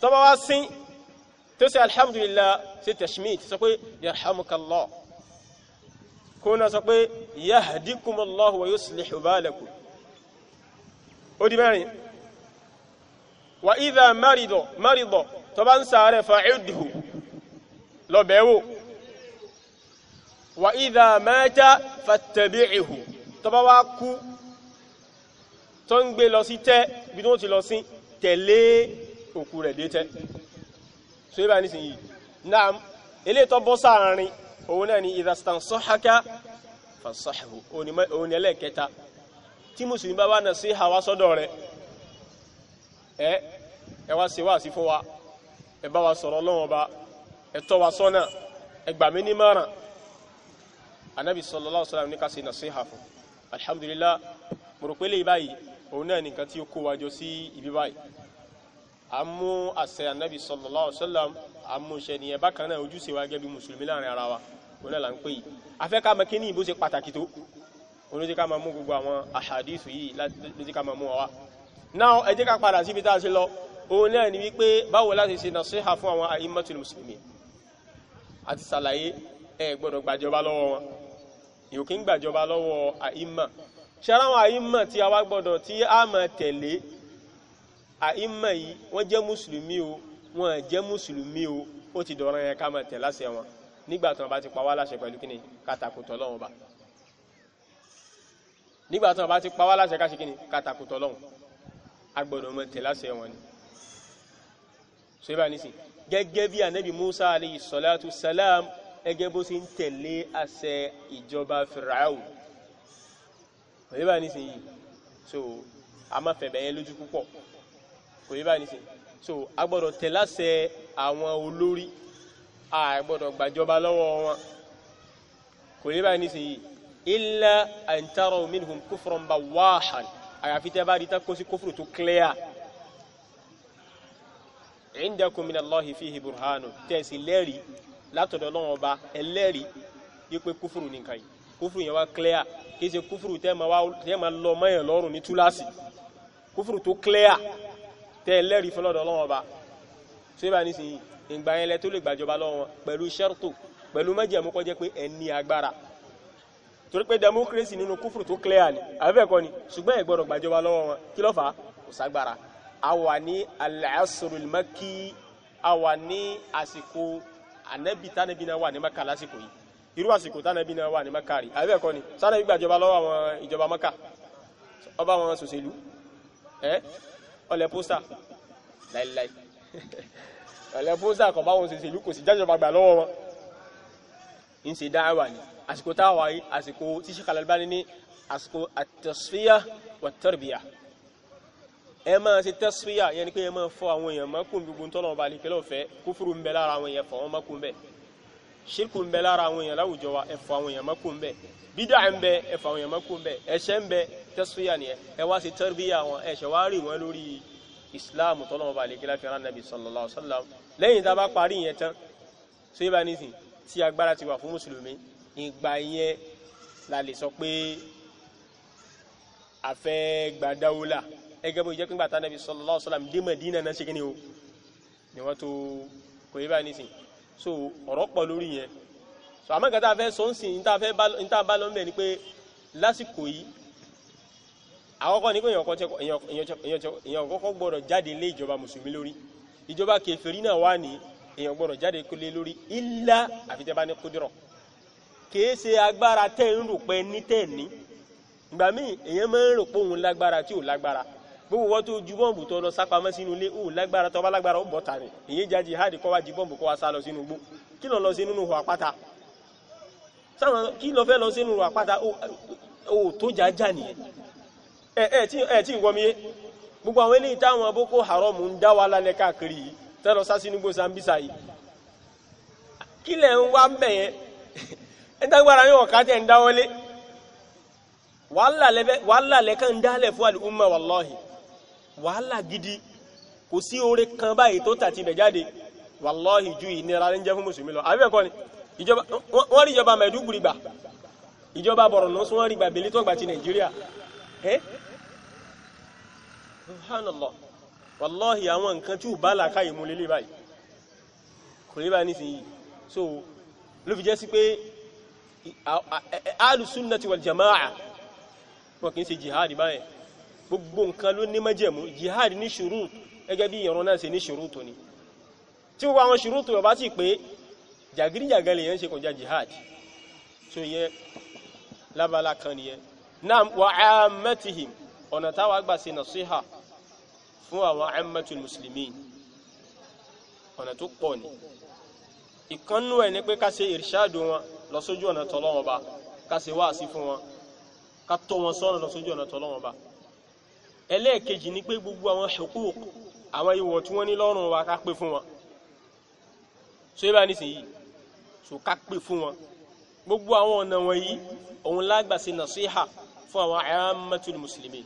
Speaker 1: tó bá wá sín tó sì alhamdulillah sí tashmit sọ pé yarhamukallah kó na sọ pé yahdikumullah wa yuslihu balakum ó di mẹ́rin wa ìdá maridọ̀ tó bá ń sàárẹ̀ fa'idhu lọ́bẹ̀ẹ́wò wà ìdá mata fattabi'uhu tó bá wá kú tó ń gbé lọ sí tẹ́ bí tó ti lọ sí tẹ̀lé òkú rẹ̀ dé tẹ́ so ibà nísìnyí náà ilé tó bọ́ sáàrin òun náà ni idha stansahaka fansahhu òun ẹlẹ́ẹ̀kẹta tí mùsùlùmí bá wà náà sí àwa sọ́dọ̀ rẹ̀ ẹ ẹ wá ṣe wá sí fún wa ẹ bá wa sọ̀rọ̀ lọ́wọ́ bá ẹ tọ́ wa sọ́nà ẹ gbà mí nímọ̀ràn anabi sallallahu alaihi wasallam ní ká ṣe nasiha fún alhamdulillah mo rò pé lè báyìí òun náà nìkan tí ó kó wájọ sí ibi báyìí a mú àṣẹ anabi sallallahu alaihi wasallam a mú iṣẹ́ nìyẹn bákan náà ojúṣe wa gẹ́gẹ́ bí mùsùlùmí láàrin ara wa òun náà là ń pè yìí afẹ́ ká mọ kí ìbò ṣe pàtàkì tó òun ló jẹ́ ká máa mú gbogbo àwọn àhàdíìsù yìí ló jẹ́ ká máa mú wa wá náà ẹ jẹ́ ká padà síbi tá a ṣe lọ òun náà ni wípé báwo láti ṣe nasiha fún àwọn a'immatul muslimin àti sàlàyé ẹ gbọ́dọ̀ gbàjọba lọ́wọ́ wọn yòókì ń gbàjọba lọ́wọ́ àìmà ṣẹ́ráwọn àìmà tí a wá gbọ́dọ̀ tí a máa tẹ̀lé àìmà yìí wọ́n jẹ́ mùsùlùmí o wọ́n jẹ́ mùsùlùmí o ó ti dọ̀rọ̀ yẹn ká máa tẹ̀ láṣẹ wọn nígbà tí wọ́n bá ti pa wá láṣẹ pẹ̀lú kíni kátàkùtọ̀ lọ́wọ́ so ibà nísìn gẹ́gẹ́ bí anabi musa alayhi salatu salam gẹ́gẹ́ bó ṣe ń tẹ̀lé àṣẹ ìjọba firaun kò yíba nísìn yìí so a máa fẹ̀bẹ̀ yẹn lójú púpọ̀ kò yíba nísìn so a gbọ́dọ̀ tẹ̀lé àṣẹ àwọn olórí a gbọ́dọ̀ gbàjọba lọ́wọ́ wọn kò yíba nísìn yìí illa an taraw minhum kufran bawahan àyàfi tẹ́ bá rí tá kó sí kófùrù tó clear indakum minallahi fihi burhanu tẹ̀sí lẹ́rìí látọ̀dọ̀ Ọlọ́run ọba ẹlẹ́rìí wípé kúfùrù nìkan yìí kúfùrù yẹn wá clear kì í ṣe kúfùrù tẹ́ máa lọ mọ́yàn lọ́rùn ní túláàsì kúfùrù tó clear tẹ́ ẹlẹ́rìí fọlọ́dọ̀ Ọlọ́run ọba tó yẹ bá nísìnyí ìgbà yẹn lẹ tó lè gbàjọba lọ́wọ́ pẹ̀lú ṣẹ́rùtò pẹ̀lú májẹ̀mú kó jẹ́ pé ẹ ní agbára torí pé democracy nínú kúfùrù tó clear ni àbẹ́ẹ̀kọ́ ni ṣùgbọ́n ẹ gbàjọba lọ́wọ́ wọn kí ló kò ságbára a wà ní al-asru al-makki a wà ní àsìkò anabi tánàbí náà wà ní maka lásìkò yìí irú àsìkò tánàbí náà wà ní maka rí àbí ẹ̀kọ́ ni tánàbí gbàjọba lọ́wọ́ àwọn ìjọba maka ọba àwọn sòṣèlú ẹ ọlẹ pósítà láìláì ọlẹ pósítà kan bá wọn sòṣèlú kò sì jájọba gbà lọ́wọ́ wọn ń ṣe dáhàwà ni àsìkò táwà yìí àsìkò tíṣe kalalbani ní àsìkò at-tasfiya wat-tarbiya ẹ máa ṣe tẹ́síríyà yẹn ni pé ẹ máa fọ àwọn èèyàn mọ́kùn gbogbo tọ́lọ̀ ọba àlè pẹ́lẹ́ ọ̀fẹ́ kúfúrú ń bẹ lára àwọn èèyàn fọ̀ wọ́n mọ́kùn bẹ́ẹ̀ ṣírkù ń bẹ lára àwọn èèyàn láwùjọ wa ẹ àwọn èèyàn mọ́kùn bẹ́ẹ̀ bídà ń bẹ ẹ àwọn èèyàn mọ́kùn bẹ́ẹ̀ ẹ̀ṣẹ̀ ń bẹ tẹ́síríyà nìyẹn ẹ wá ṣe tẹ́rbíyà wọn ẹ̀ṣẹ̀ wá rí wọn lórí ìsìláàmù tọ́lọ̀ ọba àlè sallallahu alaihi wasallam lẹ́yìn tá a bá parí yẹn tán so la lè sọ pé àfẹ́ ẹgẹ́ bó jẹ́ pé gbàtà nàbí sallallahu alaihi wasallam dé Mẹdínà náà ṣe kí ni o ni wọ́n tó kò yé báyìí nísìn so ọ̀rọ̀ pọ̀ lórí yẹn so àmọ́ nǹkan tá a fẹ́ sọ ń sìn ní bá lọ́mọ̀ ni pé lásìkò yìí àkọ́kọ́ ni pé èèyàn kọ́kọ́ gbọ́dọ̀ jáde lé ìjọba mùsùlùmí lórí ìjọba kèfèrí náà wà ní èèyàn gbọ́dọ̀ jáde lé lórí illa àfitẹ́bá ní kúdìrọ̀ kìí ṣe agbára tẹ́ ń rò pé ní tẹ́ ní ìgbà míì èèyàn máa ń rò pé òun lágbára tí ò lágbára gbogbo wọn tó ju bọ́ǹbù tó lọ sápamọ́ sínú ilé ó lágbára tó lágbára ó bọ̀ tà ní ìyẹn jáde háàdì kọ́ lọ sínú kí lọ lọ sí nínú àpáta sáwọn kí lọ fẹ́ lọ sí àpáta ó tó jájá nìyẹn ẹ ẹ tí ẹ tí gbogbo àwọn eléyìí táwọn Boko Haram ń dá wa lálẹ́ káàkiri yìí tẹ́ lọ sá sínú yìí kí lẹ̀ ń wá wàhálà gidi kò sí oore kan báyìí tó tà tibẹ̀ jáde wàláhì ju ìnira ń jẹ́ fún mùsùlùmí lọ àbí bẹ́ẹ̀ kọ́ ni ìjọba wọ́n rí ìjọba Maiduguri gbà ìjọba Borno sún wọ́n rí gbà bèlítọ́ gbà ti Nàìjíríà ẹ́ subhanallah wàláhì àwọn nǹkan tí ò bá làákàyè mú lélẹ̀ báyìí kò lè bá nísìnyí so ló fi jẹ́ sí pé ahlus sunnati wal jama'a wọn kì í ṣe jihad báyìí gbogbo nǹkan ló ní májẹ̀mú jihad ní ṣurut gẹ́gẹ́ bí ìrun náà ṣe ní ṣurut ni tí gbogbo àwọn ṣurut yóò bá sì pé jàgídíjàgan lè yẹn ṣe kọjá jihad tó yẹ lábala kan nìyẹn náà wà á mẹ́tìhìm ọ̀nà táwa gbà ṣe nàṣíhà fún àwọn ammatul muslimin ọ̀nà tó pọ̀ ni ìkannú ẹ̀ ní pé ká ṣe ìrìṣàdù wọn lọ sójú ọ̀nà tọ́lọ́wọ́n ba ká ṣe wáàsí fún wọn ká tọ́ wọn sọ́nà lọ sójú ọ̀nà tọ́lọ́wọ́n ba ẹlẹ́ẹ̀kejì ni pé gbogbo àwọn huquq àwọn ìwọ̀ tí wọ́n ní lọ́rùn wa ká pé fún wọn so yíba nísìnyí so ká pé fún wọn gbogbo àwọn ọ̀nà wọ̀nyí òun lágbà ṣe nàṣíhà fún àwọn àyàmẹ́tùlù mùsùlùmí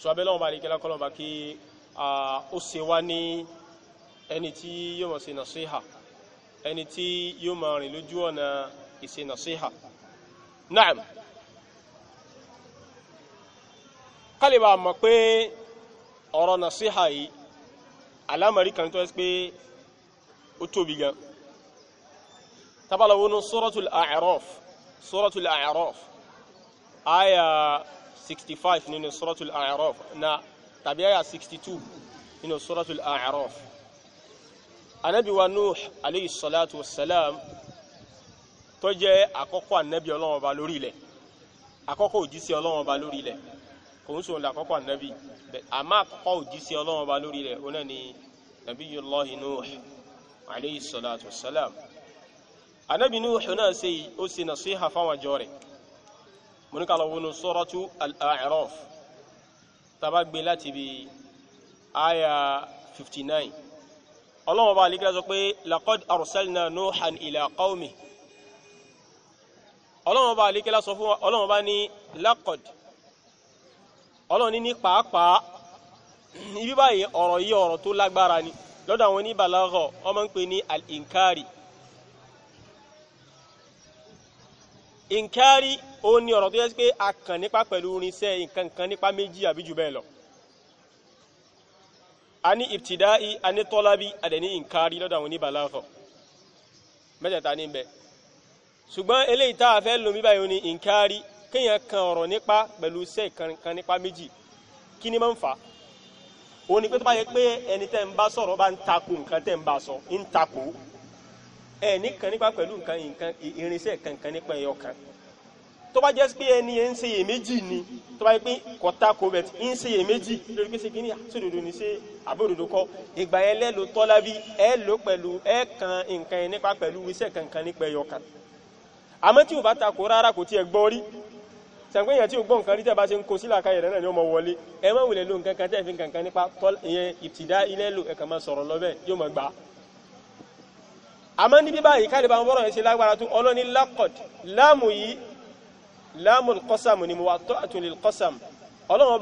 Speaker 1: so abẹ́lẹ́ wọn bá lè kẹ́lá kọ́lọ́ bá kí ó ṣe wá ní ẹni tí yóò mọ̀ ṣe nàṣíhà ẹni tí yóò mọ̀ rìn lójú ọ̀nà ìṣe nàṣíhà naam kálíbà mọ̀ pé ọ̀rọ̀ nàṣíhà yìí alámọ̀rí kan tó ẹ́ pé ó tóbi gan tabalawonu suratul a'raf suratul a'raf aya 65 nínú suratul a'raf na tàbí aya 62 nínú suratul a'raf anabi wa nuh alayhi salatu wassalam tó jẹ́ àkọ́kọ́ anabi Ọlọ́run ọba lórí ilẹ̀ àkọ́kọ́ òjíṣẹ́ Ọlọ́run ọba lórí ilẹ̀ kò ń sòun làkọ́kọ́ ànábì àmọ́ àkọ́kọ́ òjíṣẹ́ ọlọ́run ọba lórí rẹ̀ ó náà ni nabiyullahi Nuh alayhi salatu wassalam ànábì Nuh náà ṣe ó ṣe nasiha fáwọn àjọ rẹ̀ mo ní ká lọ wọnú suratu al-A'raf tá gbé láti bí aya 59 ọlọ́run ọba àlíkà sọ pé laqad arsalna Nuhan ila qawmihi ọlọ́run ọba àlíkà sọ fún ọlọ́run ọba ní laqad ọlọ́run ní pàápàá ibi báyìí ọ̀rọ̀ yìí ọ̀rọ̀ tó lágbára ni lọ́dọ̀ àwọn oníbàlágọ̀ ọmọ ń pè ní al-inkari inkari ó ní ọ̀rọ̀ tó yẹ pé a kàn nípa pẹ̀lú irinṣẹ́ nǹkan kan nípa méjì àbí jù bẹ́ẹ̀ lọ a ní ibtida'i a ní tọ́lábí a dẹ̀ ní inkari lọ́dọ̀ àwọn oníbàlágọ̀ mẹ́tẹ̀ẹ̀ta ní bẹ́ẹ̀ ṣùgbọ́n eléyìí tá a fẹ́ lò báyìí ó inkari kéèyàn kan ọ̀rọ̀ nípa pẹ̀lú iṣẹ́ ìkan nípa méjì kí ni máa ń fà á ó ní pé tó bá yẹ pé ẹni tẹ́ ń bá sọ̀rọ̀ bá ń takò nǹkan tẹ́ ń bá sọ ń takò ẹ nìkan nípa pẹ̀lú nǹkan irinṣẹ́ kankan nípa ẹ̀yọ kan tó bá jẹ́ pé ẹni ń ṣe iyèméjì ni tó bá yẹ pé kọ́tà kọ́bẹ̀t ń ṣe iyèméjì lórí pé ṣe kí ni àtòdodo ní ṣe àbòdodo kọ́ ìgbà yẹn lẹ́ lo tọ́lá bí ẹ lò pẹ̀lú ẹ kan nǹkan yẹn nípa pẹ̀lú iṣẹ́ kankan nípa ẹ̀yọ kan àmọ́ tí ò bá takò rárá kò tiẹ̀ gbọ́ rí sàgbé èèyàn tí o gbọ́ nǹkan rí tẹ́ bá ṣe ń kó sílà káyẹ̀ rẹ̀ náà ni ó mọ wọlé ẹ má wulẹ̀ ló nǹkan kan tẹ́ fi nǹkan kan nípa tọ́l ìyẹn ìtìdá ilé lò ẹ̀kan máa sọ̀rọ̀ lọ́bẹ̀ yóò mọ̀ gbà. àmọ́ níbí báyìí káàdì bá ń bọ́rọ̀ yẹn ṣe lágbára tó ọlọ́ni lákọ̀d láàmù yìí láàmù kọ́sàm ni mo wà tó àtúnlẹ̀ kọ́sàm ọlọ́run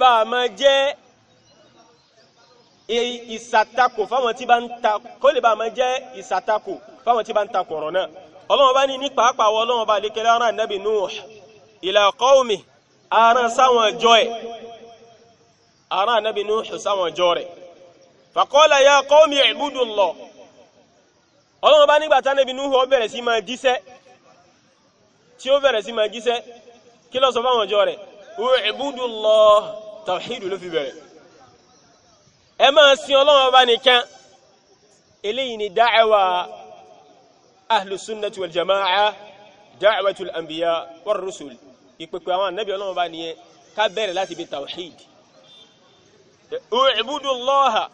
Speaker 1: bá ń E ìsàtakò fáwọn tí bá ń ta kó lè bá máa jẹ́ ìsàtakò fáwọn tí bá ń ta kọ̀rọ̀ náà ọlọ́wọ́n bá ní ní pàápàá wọ ọlọ́wọ́n bá lékelé ara nàbì Nuh ila qaumi ara sáwọn ọjọ́ ẹ̀ ara nàbì Nuh sáwọn ọjọ́ rẹ̀ faqala ya qaumi i'budullah ọlọ́wọ́n bá nígbà tá nàbì Nuh ó bẹ̀rẹ̀ sí máa jíṣẹ́ tí ó bẹ̀rẹ̀ sí máa jíṣẹ́ kí ló fáwọn ọjọ́ rẹ̀ i'budullah tawhid ló fi bẹ̀rẹ̀ ẹ máa sin Ọlọ́run ọba nìkan eléyìí ni dáẹwà ahlùsúnnàtí wal jama'a dáẹwàtul anbiya war rusul ìpẹ̀pẹ̀ àwọn annabi Ọlọ́run ọba nìyẹn ká bẹ̀rẹ̀ láti bí tawhid u'budu Allaha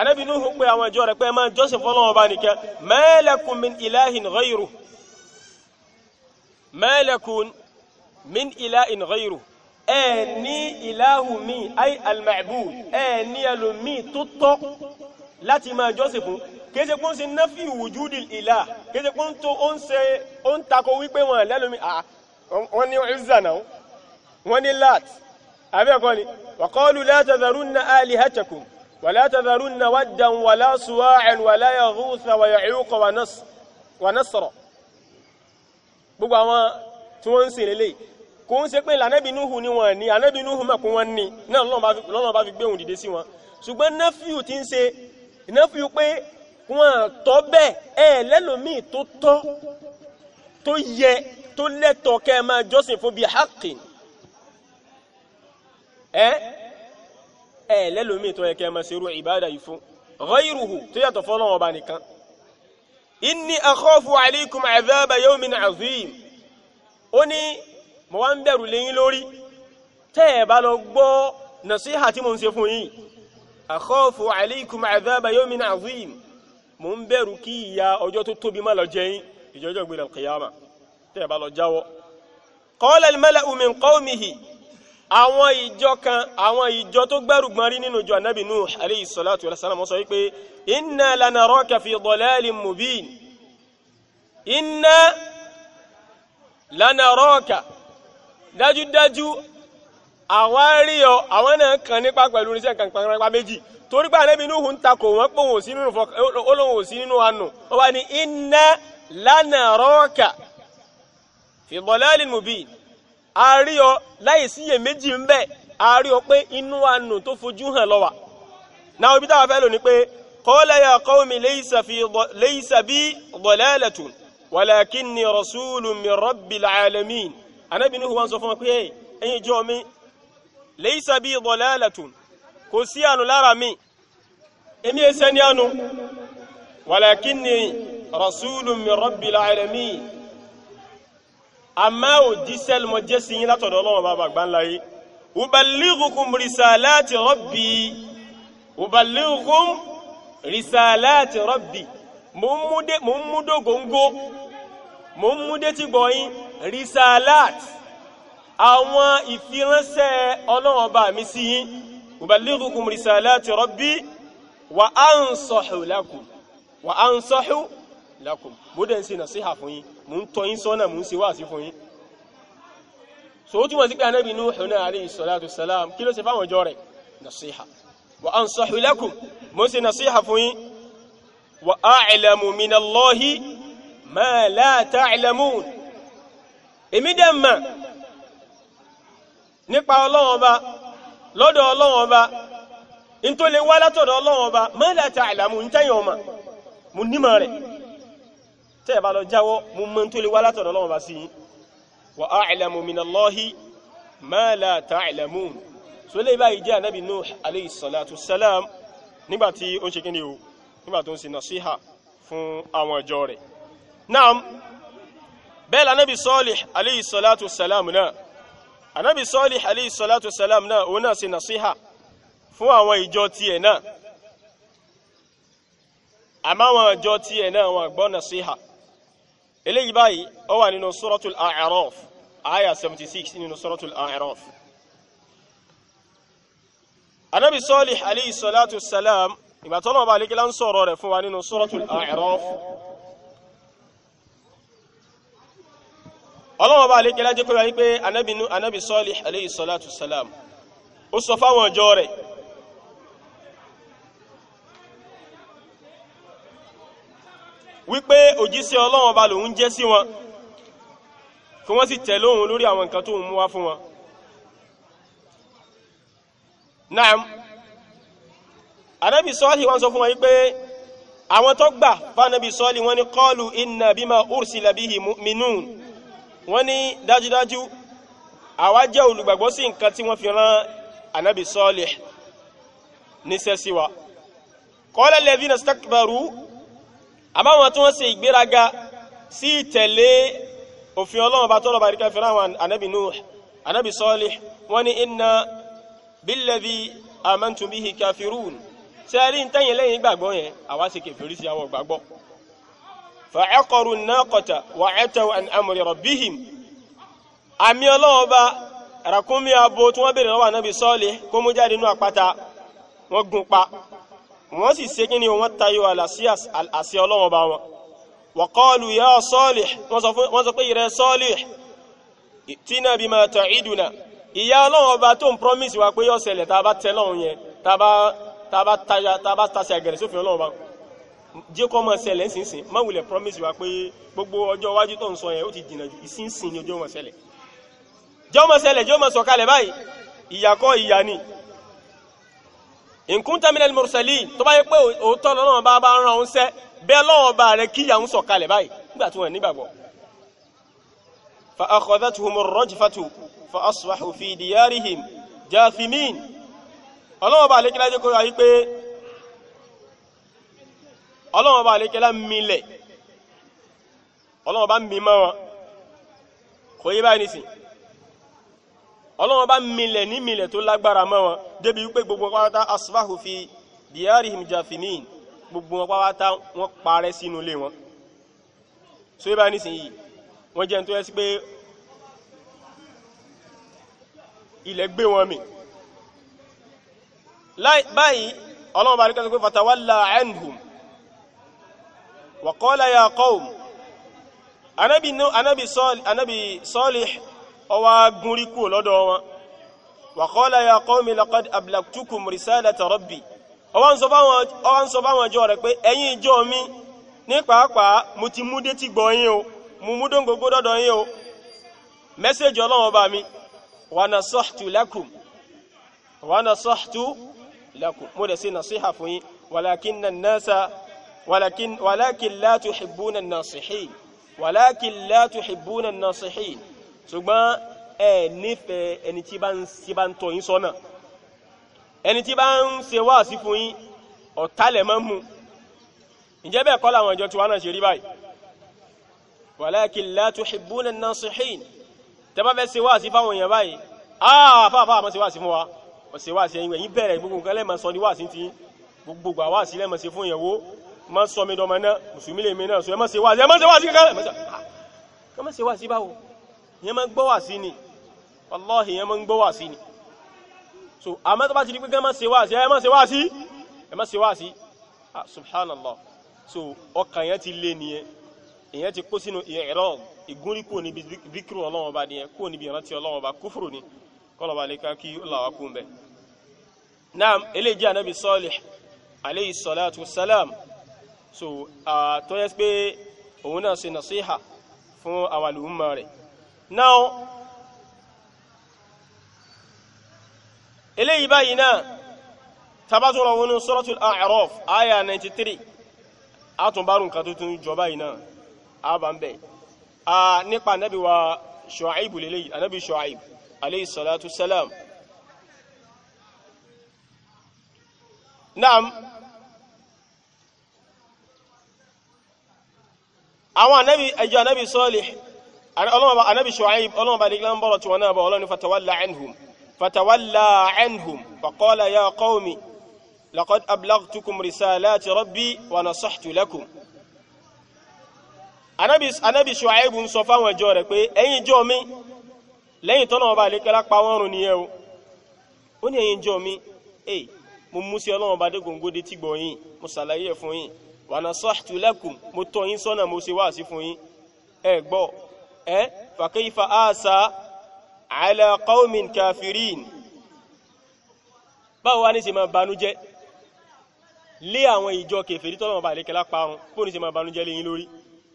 Speaker 1: anabi Nuhu pé àwọn ìjọ rẹ̀ pé máa jọ́sìn fọ́lọ́run ọba nìkan ma min ilahin ghayruhu ẹ ní ìláhù mi ay al-ma'bud ẹ ní ẹlòmí tó tọ́ láti máa jọ́sìn fún kéèsè kó ń ṣe nafi wujudil ilah kéèsè kó ń tó ó ń ṣe ó ń takò wípé wọn lẹ́lòmí à ah, wọ́n ní Izza náà wọ́n ní Lat abẹ́ẹ̀kọ́ ni wa qalu la tadharunna alihatakum wa la tadharunna waddan wa la suwa'an wa la yaghutha wa ya'uqa wa nasra gbogbo àwọn tí wọ́n ń sìn lélẹ́yìí kò ń ṣe pé lànàbí nuhu ni wọ́n ní ànàbí nuhu mọ̀ kó wọ́n ní náà lọ́nà bá fi gbé òun dìde sí wọn ṣùgbọ́n nẹ́fíù ti ń ṣe nẹ́fíù pé wọ́n tọ́ bẹ́ẹ̀ ẹ̀ lẹ́lòmíì tó tọ́ tó yẹ tó lẹ́tọ̀ọ́ kẹ́ ẹ máa jọ́sìn fún bíi haqqin ẹ ẹ lẹ́lòmíì tó yẹ kẹ́ ẹ máa ṣerú ìbáàdà yìí fún ghayruhu tó yàtọ̀ fọ́lọ́wọ́n ọba nìkan inni akhafu alaykum adhaba yawmin azim ó ní mo wá ń bẹ̀rù lẹ́yìn lórí tẹ́ ẹ̀ bá lọ gbọ́ nàṣíhà tí mo ń ṣe fún yín akhafu alaykum adhaba yawmin azim mo ń bẹ̀rù kí ìyà ọjọ́ tó tóbi má lọ jẹ ìjọjọ́ gbé kìyàmà tẹ́ lọ jáwọ́ qala al-mala'u min àwọn ìjọ kan àwọn ìjọ tó gbẹ́rù gbọ́n nínú ìjọ anábì Nuh alayhi salatu wa salam sọ wípé inna lanaraka fi dalalin mubin inna lanaraka dájúdájú àwọn rí ọ àwọn náà kàn nípa pẹ̀lú irinṣẹ́ kankan nípa méjì torí pé ànábì Nuhu ń takò wọ́n pé òun sí nínú olóhùn òsí nínú àánú wọ́n wá ní inna lanaraka fi dalalin mubin a rí ọ láì síyè méjì ń bẹ a rí ọ pé inú àánú tó fojú hàn ló náà ibi táwọn fẹ́ lò ní pé qala ya qawmi laysa bi dalalatun walakinni rasulun min rabbil alamin anábì Nuhu wọ́n sọ fún wọn pé ẹ̀yin jọ mi laysa bi dalalatun kò sí ànú lára mi èmi ẹsẹ̀ ní ànú walakinni rasulun min rabbil alamin àmá ò jíṣẹ́ mọ jẹ́ sí yín látọ̀dọ̀ ọlọ́wọ̀n bàbá gbáńláyé ubalighukum risalati rabbi ubalighukum risalati rabbi mo ń múdé góńgó mo ń múdé tí gbọ́ risalat àwọn ìfiránṣẹ́ ọlọ́run ọba mi sí yín ubalighukum risalati rabbi wa ansahu lakum wa ansahu lakum mo dẹ̀ ń ṣe nàṣíhà fún yín mo ń tọ́ yín sọ́nà mo ń ṣe wáàsí fún yín so ó túmọ̀ sí pé anábì Nuhu náà alayhi salatu salam kí ló ṣe fáwọn ọjọ́ rẹ̀ nasiha wa ansahu lakum mo ṣe nasiha fún yín wa a'lamu minallahi ma la ta'lamun èmi dẹ̀ mọ̀ nípa ọlọ́run ọba lọ́dọ̀ ọlọ́run ọba ntọ́lẹ̀ wá látọ̀dọ̀ ọlọ́run ọba mọ́lá ta àlàmù ń tẹ́yìn ọmọ mo nímọ̀ rẹ̀ tẹ́ ẹ̀ bá lọ jáwọ́ mo mọ̀ ntọ́lẹ̀ wá látọ̀dọ̀ ọlọ́run ọba sí i wà á àlàmù minallahi mọ́lá ta àlàmù so báyìí jẹ́ anábì Nuh alayhi salatu salam nígbà tí ó ń ṣe kíni o nígbà tó ń ṣe nasiha fún àwọn ìjọ rẹ̀ náà bẹ́ẹ̀ lànàbì Salih alayhi salatu salam náà ànàbì Salih alayhi salatu salam náà òun náà ṣe nàṣíhà fún àwọn ìjọ tiẹ̀ náà àmọ́ àwọn ìjọ tiẹ̀ náà wọn gbọ́ nàṣíhà eléyìí báyìí ó wà nínú suratul A'raf aya 76 nínú suratul A'raf ànàbì Salih alayhi salatu salam ìgbà tọ́lọ́ ọba àlékílá ń sọ̀rọ̀ rẹ̀ fún ọlọ́wọ́n bá alékẹ́lá jẹ́ kọ́wàá wípé anábìnú anábì Salih alayhi salatu salam ó sọ fáwọn ọjọ́ rẹ̀ wípé òjíṣẹ́ ọlọ́wọ́n bá lòun jẹ́ sí wọn kí wọ́n sì tẹ̀lé òun lórí àwọn nǹkan tó ń mú wá fún wọn naam anábì Salih wọ́n sọ fún wọn wípé àwọn tó gbà fánábì Salih wọ́n ní qalu inna bima ursila bihi mu'minun wọ́n ní dájúdájú àwa jẹ́ olùgbàgbọ́ sí nǹkan tí wọ́n fi rán anábì Salih níṣẹ́ sí wa qala alladhina istakbaru àbáwọn tí wọ́n ṣe ìgbéraga sí ìtẹ̀lé òfin ọlọ́run bá tọ́lọ̀ bá rí káfíra àwọn anábì anábì wọ́n ní kafirun ń tẹ́yìn lẹ́yìn ìgbàgbọ́ yẹn àwa ṣe sí àwọn ìgbàgbọ́ فعقروا الناقة وعتوا عن أمر ربهم àmì ọlọ́wọ́ bá ràkúnmí abo tí wọ́n bèèrè lọ́wọ́ ànábì sọ́ọ̀lì kó mú jáde inú àpáta wọ́n gún pa wọ́n sì ṣe kí ni wọ́n tayọ àṣì ọlọ́wọ́ bá wọn wọ́kọ́ọ̀lù yá sọ́ọ̀lì wọ́n sọ pé ìrẹ sọ́ọ̀lì tí náà bí máa tọ̀ ìdùnà ìyá ọlọ́wọ́ tó ń promise wa pé yóò jẹ́ kọ́ máa ṣẹlẹ̀ nísinsìn má wulẹ̀ promise wa pé gbogbo ọjọ́ iwájú tó ń sọ yẹn ó ti jìnnà ju ìsinsìn ni ọjọ́ máa ṣẹlẹ̀ jẹ́ máa ṣẹlẹ̀ jẹ́ máa sọ̀kalẹ̀ báyìí ìyà ìyà ni in kunta minal mursalin tó bá yẹ pé òótọ́ lọ́nà bá bá ń ran òun sẹ́ bẹ́ẹ̀ lọ́wọ́ bá rẹ kí ìyà ń sọ̀kalẹ̀ báyìí nígbà fa akhadhatuhum ar-rajfatu fa asbahu fi diyarihim jathimin ọlọ́wọ́ bá lè kí ọlọ́run ọba àlékẹ́lá milẹ̀ ọlọ́run ọba mímọ́ wọn kò yí báyìí nìsín ọlọ́run ọba milẹ̀ ní milẹ̀ tó lágbára mọ́ wọn débi wípé gbogbo pátá asfahu fi diyarihim jafimin gbogbo wọn pátá wọn parẹ́ sínú ilé wọn so yí báyìí nìsín yìí wọ́n jẹ́ tó yẹ sí pé ilẹ̀ gbé wọn mì báyìí ọlọ́run ọba àlékẹ́lá sọ pé fatawalla anhum wa qala ya qawm anabi nu anabi sol anabi solih ó wá gunri kúrò lọ́dọ̀ wọn wa qala ya qawmi laqad ablagtukum risalata rabbi ó wá ń sọ fáwọn ó wá ń sọ fáwọn ìjọ rẹ̀ pé ẹ̀yin ìjọ mi ní pàápàá mo ti mú dé ti gbọ́ yín o mo mú dóńgógó dọ́dọ̀ yín o mẹ́sẹ̀jì ọlọ́run ọba mi wa nasahtu lakum wa nasahtu lakum mo dẹ̀ ṣe nasiha fún yín walakinna an-nasa ولكن ولكن لا تحبون الناصحين ولكن لا تحبون الناصحين ṣùgbọ́n ẹ nífẹ̀ẹ́ ẹni tí bá ń tí bá ń tọ́ yín sọ́nà ẹni tí bá ń ṣe wáàsí fún yín ọ̀tá lẹ̀ máa ń mú ǹjẹ́ bẹ́ẹ̀ kọ́ làwọn ìjọ tiwa náà ṣe rí báyìí walakin la tuhibbuna an-nasihin tẹ́ bá fẹ́ ṣe wáàsí fáwọn èèyàn báyìí áà fáfáà máa ṣe wáàsí fún wa ọ̀ṣẹ̀ wáàsí ẹ̀yìn bẹ̀rẹ̀ gbogbo nǹkan lẹ́ẹ̀mọ́ sọ ní wáàsí ti gbogbo àwáàsí lẹ́ẹ̀mọ́ ṣe fún ìyàwó ma sọ mi dọmọ náà mùsùlùmí lè mi náà sọ ẹ má ṣe wá sí ẹ má ṣe wá sí kankan lẹ́mọ́sà ẹ má ṣe ah, wá sí báwo ìyẹn má gbọ́ wá sí ni wallahi ìyẹn má gbọ́ wá sí ni so àmọ́ tó bá ti di pé ká sí ẹ má sí ẹ ah subhanallah so ọkàn yẹn ti lé nìyẹn ìyẹn ti kó sínú ìrọ ìgúnrí kúrò níbi díkìrù ọlọ́wọ́n ọba nìyẹn kúrò níbi ìrántí ọlọ́wọ́n ọba kúfùrù ni kọlọ̀bà alayhi salatu salam so tó yẹ pé òun náà ṣe nàṣíhà fún àwọn àlùmọ̀ rẹ̀ now eléyìí báyìí náà tabatun àwọn onú suratul A'raf àyà 93 àtúnbárùn kan tuntun jọba yìí náà àbá ń bẹ̀ nípa anábì wa Shu'aibu lélẹ́yìí anábì Shu'aib alayhi salatu salam naam àwọn anabi ẹjọ anabi Salih ọlọ́mọba anabi Shu'aib ọlọ́mọba ní gíláńbọ̀ ọ̀rọ̀ tí wọn náà bọ̀ ọlọ́ni fatawalla anhum fatawalla anhum faqala ya qawmi laqad ablaghtukum risalati rabbi wa nasahtu lakum anabi anabi Shu'aib ń sọ fáwọn ẹjọ rẹ̀ pé wa nasahtu lakum mo tọ́ yín sọ́nà mo ṣe wá sí fún yín ẹ gbọ́ ẹ fa kayfa asa ala qaumin kafirin báwo wá ní ṣe máa banújẹ́ lé àwọn ìjọ kèfèrí tọ́lọ́run bá ìlékẹ́lá parun bó ní ṣe máa banújẹ́ lé yín lórí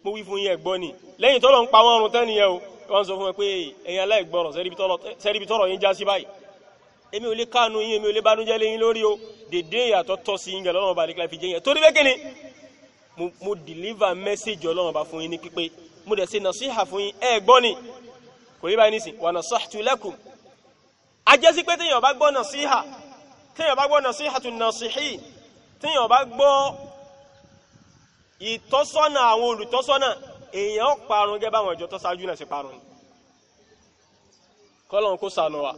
Speaker 1: mo wí fún yín ẹ gbọ́ ni lẹ́yìn tọ́lọ́run pa wọ́n run tán nìyẹn o wọ́n sọ fún wọn pé ẹ̀yin aláìgbọ́rọ̀ sẹ́ríbi tọ́rọ̀ yín já sí báyìí èmi ò lè káànú yín èmi ò lè banújẹ́ lé yín lórí o dèdè ìyàtọ̀ tọ́ sí yín gẹ̀lọ́run bá ìlékẹ́lá fi jẹ́ yẹn torí bẹ́ẹ̀ kí ni mo deliver message ọlọ́run ọba fún yín ní pípé mo dẹ̀ ṣe nàṣíhà fún yín ẹ gbọ́ ni kò rí báyìí nísìn wà nasahtu lakum a jẹ́ sí pé téèyàn bá gbọ́ nàṣíhà téèyàn bá gbọ́ nasihatu nasihin téèyàn bá gbọ́ ìtọ́sọ́nà àwọn olùtọ́sọ́nà èèyàn parun gẹ́gẹ́ báwọn ìjọ tó ṣáájú náà ṣe parun ni kọ́lọ̀ kó sànù wa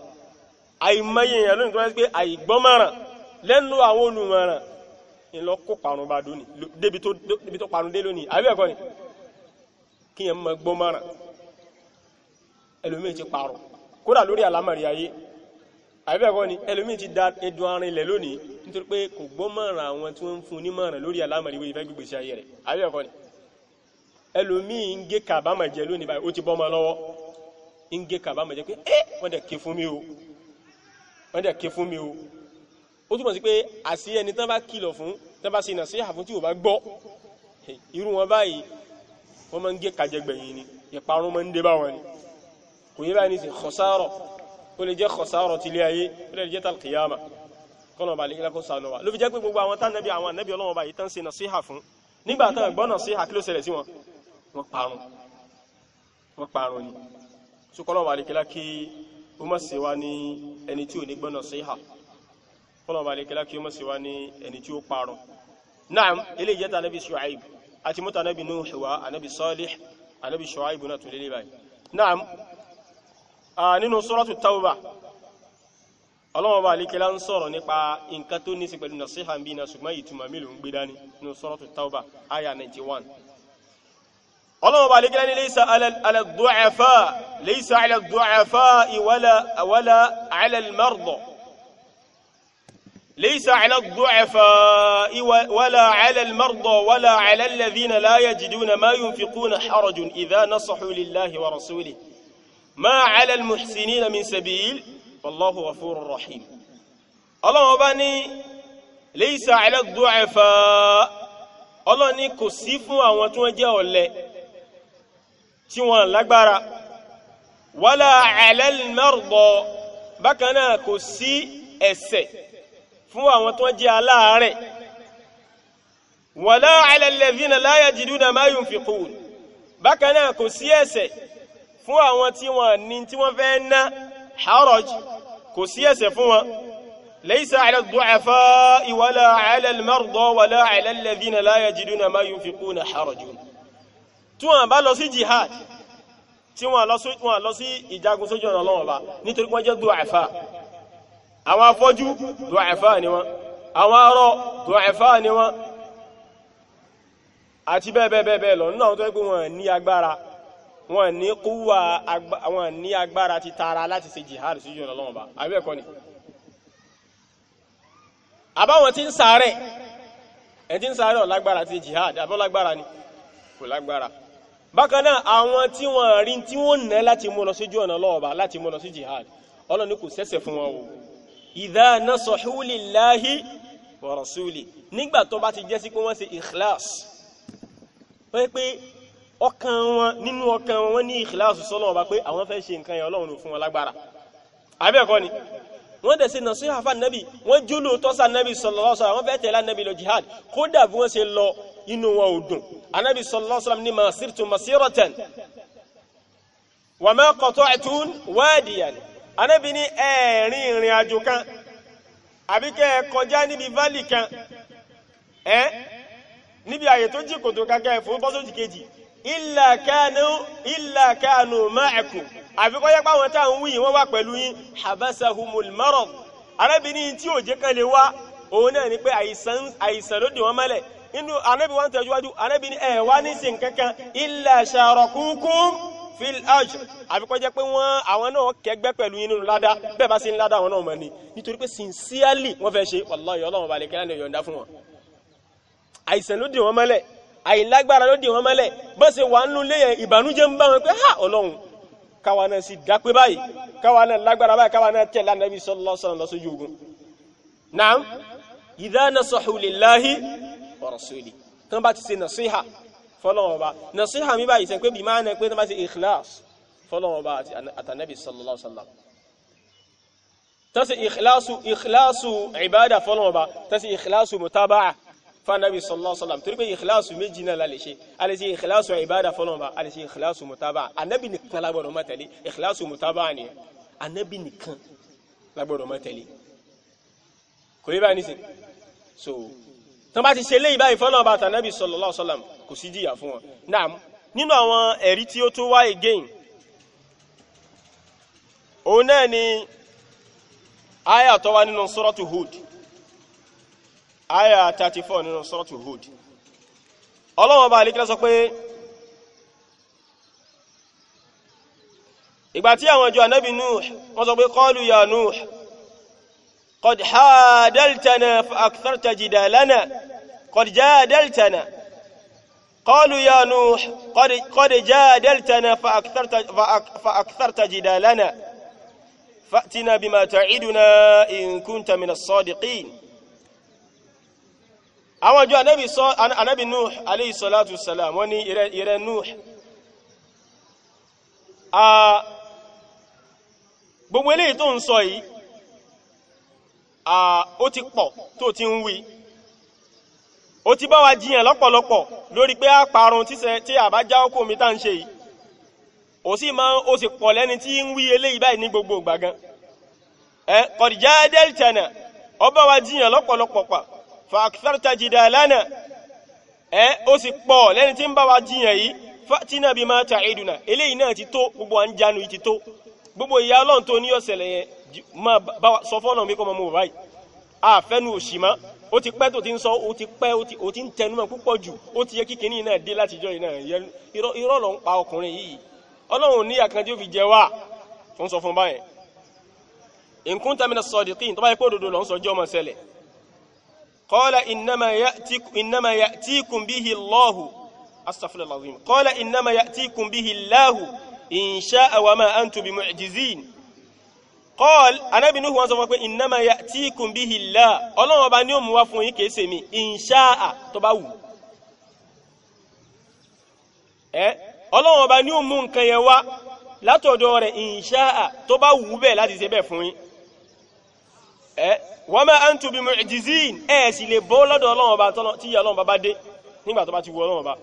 Speaker 1: àìmọye èèyàn lónìí tó wáyé pé àìgbọ́mọ̀ràn lẹ́nu àwọn olùmọ̀ràn ńlọ kó parun bá dóni débi tó débi tó parun dé lónìí àbí ẹ̀kọ́ ni kí yẹn mọ gbọ́ márùn ẹlòmíì ti parun kódà lórí àlámọ̀rí ayé àbí ẹ̀kọ́ ni ẹlòmíì ti da ẹdun arin ilẹ̀ lónìí nítorí pé kò gbọ́ márùn àwọn tí wọ́n ń fún ní márùn lórí àlámọ̀rí wo ìfẹ́ gbogbo sí ayé rẹ̀ àbí ẹ̀kọ́ ni ẹlòmíì ń gé kàbámọ̀ lónìí báyìí ó ti bọ́ ọmọ lọ́wọ́ ń gé kàbámọ̀ pé ẹ́ wọ́n dẹ̀ ké fún mi o wọ́n dẹ̀ ké fún mi o ó túmọ̀ sí pé àṣì ẹni tán bá kìlọ̀ fún tán bá ṣe nà sí àfún tí ò bá gbọ́ irú wọn báyìí wọ́n máa ń gé kàjẹgbẹ̀yìn ni ìparun máa ń dé bá wọn ni kò yé báyìí ní sí khasara ó lè jẹ́ khasara tilé ayé ó lè jẹ́ talqiyama kọ́nà balẹ̀ ilẹ̀ kó sànù wa ló fi jẹ́ pé gbogbo àwọn tán nẹ́bí àwọn nẹ́bí ọlọ́wọ́ báyìí tán ṣe nà sí àfún nígbà tán gbọ́ nà sí àkílò ṣẹlẹ̀ sí wọn wọ́n parun wọ́n parun ni sùkọ́nà balẹ̀ ilẹ̀ kí ó má ṣe wá ní ẹni tí ò ní gbọ́ nà sí àfún kọlọ̀bà lẹ́kẹ́lá kí ó mọ́ sí wá ní ẹni tí ó parun náà ilé ìjẹta anábi shu'aib àti mọ́ta anábi nuhiwa anábi salih anábi shu'aib náà tún lé báyìí náà nínú suratu tawba ọlọ́wọ́ba lẹ́kẹ́lá ń sọ̀rọ̀ nípa nǹkan tó ní sí pẹ̀lú nasiha bí 91 ọlọ́wọ́ba lẹ́kẹ́lá ní laysa ala ad-du'afa laysa ala ad-du'afa wala ala al ليس على الضعفاء ولا على المرضى ولا على الذين لا يجدون ما ينفقون حرج إذا نصحوا لله ورسوله ما على المحسنين من سبيل فالله غفور رحيم الله بني ليس على الضعفاء الله ni kò sí fún àwọn tí wọ́n jẹ́ ọ̀lẹ tí wọ́n wala ala al marda bákan náà kò fún àwọn tó jẹ́ aláàárẹ̀ wala ala alladhina la yajiduna ma yunfiqun bákan náà kò sí ẹ̀ṣẹ̀ fún àwọn tí wọ́n ní tí wọ́n fẹ́ ná haraj kò sí ẹ̀ṣẹ̀ fún wọn laysa ala ad-du'afa'i wala ala al-marda wala ala alladhina la yajiduna ma yunfiquna harajun wọ́n bá lọ sí jihad tí wọ́n lọ àwọn afọ́jú du'afa ni wọ́n àwọn arọ du'afa ni wọ́n àti bẹ́ẹ̀bẹ́ẹ̀bẹ́ẹ̀ lọ nínú àwọn tó pé wọ́n ní agbára wọ́n ní kúwà wọ́n ní agbára ti tara láti ṣe jihad sí yọ̀nà lọ́wọ́n bá àbí ẹ̀kọ́ ni àbáwọn tí ń sàárẹ̀ ẹ̀ tí ń sàárẹ̀ ọ̀lágbára ti jihad àbọ́lágbára ni kò lágbára bákan náà àwọn tí wọ́n rí tí wọ́n ná láti mú lọ sí ojú ọ̀nà lọ́ọ̀bá láti mú lọ sí jihad ọlọ́ni kò sẹ́sẹ̀ fún wọn o idha nasahu lillahi wa rasuli nígbà tó bá ti jẹ́ sí pé wọ́n ṣe ikhlas wọ́n pé ọkàn wọn nínú ọkàn wọn wọ́n ní ikhlas sọ́lọ́wọ́ bá pé àwọn fẹ́ ṣe nǹkan yẹn ọlọ́run fún wọn lágbára àbẹ́ẹ̀kọ́ ni wọ́n dẹ̀ ṣe nasiha fún nẹ́bì wọ́n júlù tọ́sà nẹ́bì sallallahu alaihi wasallam wọ́n fẹ́ tẹ̀lé nẹ́bì anábì ní ẹ̀ẹ̀rin ìrìn àjò kan àbí kẹ́ ẹ kọjá níbi valley kan ẹ́ níbi àyè tó jí kòtò kankan ẹ̀fọ́ bọ́sọ́jì kejì illa kanu illa kanu ma'akum àbí kọ́ yẹ́pá wọn táwọn wúyì wọ́n wà pẹ̀lú yín habasahumul marad anábì ní tí òjé kan lè wá òun náà ni pé àìsàn ló dì wọ́n mọ́lẹ̀ inú anábì wọn tẹ̀síwájú anábì ní ẹ̀ wá ní sìn kankan illa sharakukum fil ajr àfikọ́ jẹ́ pé wọ́n àwọn náà kẹgbẹ́ pẹ̀lú inú ládá bẹ́ẹ̀ bá sí ń ládá àwọn náà mọ̀ ni nítorí pé sincerely wọ́n fẹ́ ṣe wallahi ọlọ́run balẹ̀ kẹ́lá ní ọ̀yọ̀ǹda fún wọn àìsàn ló dì wọ́n mọ́lẹ̀ àìlágbára ló dì wọ́n mọ́lẹ̀ bọ́ ṣe wà nínú ilé yẹn ìbànújẹ́ ń bá wọn pé ha ọlọ́run káwa náà sì dápé báyìí káwa náà lágbára báyìí káwa náà tẹ̀lé ànábì sallallahu alaihi wasallam lọ́sọ́jú ogun naam idha nasahu lillahi wa rasuli tán bá ti ṣe nasiha fọ́lọ́wọ́ bá nasiha mi báyìí sẹ́ pé bí máa ń pé tó bá ṣe ikhlas fọ́lọ́wọ́ bá àtànẹ́bì sallallahu alaihi wasallam tó ṣe ikhlasu ikhlasu ibada fọ́lọ́wọ́ bá tó ṣe ikhlasu mutaba'a fanabi sallallahu alaihi wasallam torí pé ikhlasu méjì náà la lè ṣe a lè ṣe ikhlasu ibada fọ́lọ́wọ́ bá a lè ṣe ikhlasu mutaba'a anabi nìkan lágbọ́dọ̀ máa tẹ̀lé ikhlasu mutaba'a ni anabi nìkan lágbọ́dọ̀ máa tẹ̀lé kò yí báyìí nísìn so tó bá ti ṣe léyìí báyìí fọ́lọ́wọ́ bá àtànẹ́bì sallallahu kò sí jìyà fún wọn náà nínú àwọn ẹ̀rí tí ó tó wá again òun náà ni aya tó wá nínú suratu hood. aya 34 nínú suratu Hud ọlọ́wọ́n bá alikira sọ pé ìgbà tí àwọn ìjọ anábì Nuh wọ́n sọ pé qalu ya Nuh qad hadaltana fa aktharta jidalana qad jadaltana قالوا يا نوح قد, قد جادلتنا فأكثرت, فأكثرت جدالنا فأتنا بما تعدنا إن كنت من الصادقين àwọn ìjọ anábì sọ anábì nuh alayhi salatu salam wọ́n ní ìrẹ nuh a gbogbo eléyìí tó ń sọ yìí a ó ti pọ̀ tó ti ń wí ó ti bá wa jiyàn lọ́pọ̀lọpọ̀ lórí pé a parun tí a bá já ọkọ̀ mi tá ń ṣe yìí ó sì máa ó sì pọ̀ lẹ́ni tí ń wí eléyìí báyìí ní gbogbo ìgbà gan ẹ kọ̀dìjà deltana ó bá wa jiyàn lọ́pọ̀lọpọ̀ pa fàkítàrítà jìdá lánà ẹ ó sì pọ̀ lẹ́ni tí ń bá wa jiyàn yìí fatina bí máa ta ìdùnà eléyìí náà ti tó gbogbo à ń janu yìí ti tó gbogbo ìyá ọlọ́run tó ní ọ̀sẹ̀ lẹ́yìn máa sọ fọ́nà mi kọ́ mọ́ báyìí àfẹ́nu òṣì máa ó ti pẹ́ tó ti ń sọ ó ti pẹ́ ó ti ń tẹnumọ́ púpọ̀ jù ó ti yẹ kí kínní náà dé látijọ́ yìí náà irọ́ ló ń pa ọkùnrin yìí ọlọ́run ní àkàndí ó fi jẹ wá tó ń sọ fún báyẹn in kunta mina sadiqin tó bá yẹ kó òdodo ló ń sọ jẹ́ ọmọ ṣẹlẹ̀ qala innama ya'tikum bihi Allahu astaghfirullah alazim qala innama ya'tikum bihi Allahu in sha'a wa ma antum bimu'jizin kọ́ọ̀l anábì Nuhu wọn sọ fún pé innama ya'tikum bihi Allah ọlọ́run ọba ní òmùwá fún yín kìí sèmi insha'a tó bá wù ẹ́ ọlọ́run ọba ní òmù nǹkan yẹn wá látọ̀dọ̀ rẹ̀ insha'a tó bá wù bẹ́ẹ̀ láti ṣe bẹ́ẹ̀ fún yín ẹ́ wa ma antum bi mu'jizin ẹ̀ sì lè bọ́ lọ́dọ̀ ọlọ́run ọba tí ìyà ọlọ́run bá dé nígbà tó bá ti wù ọlọ́run ọba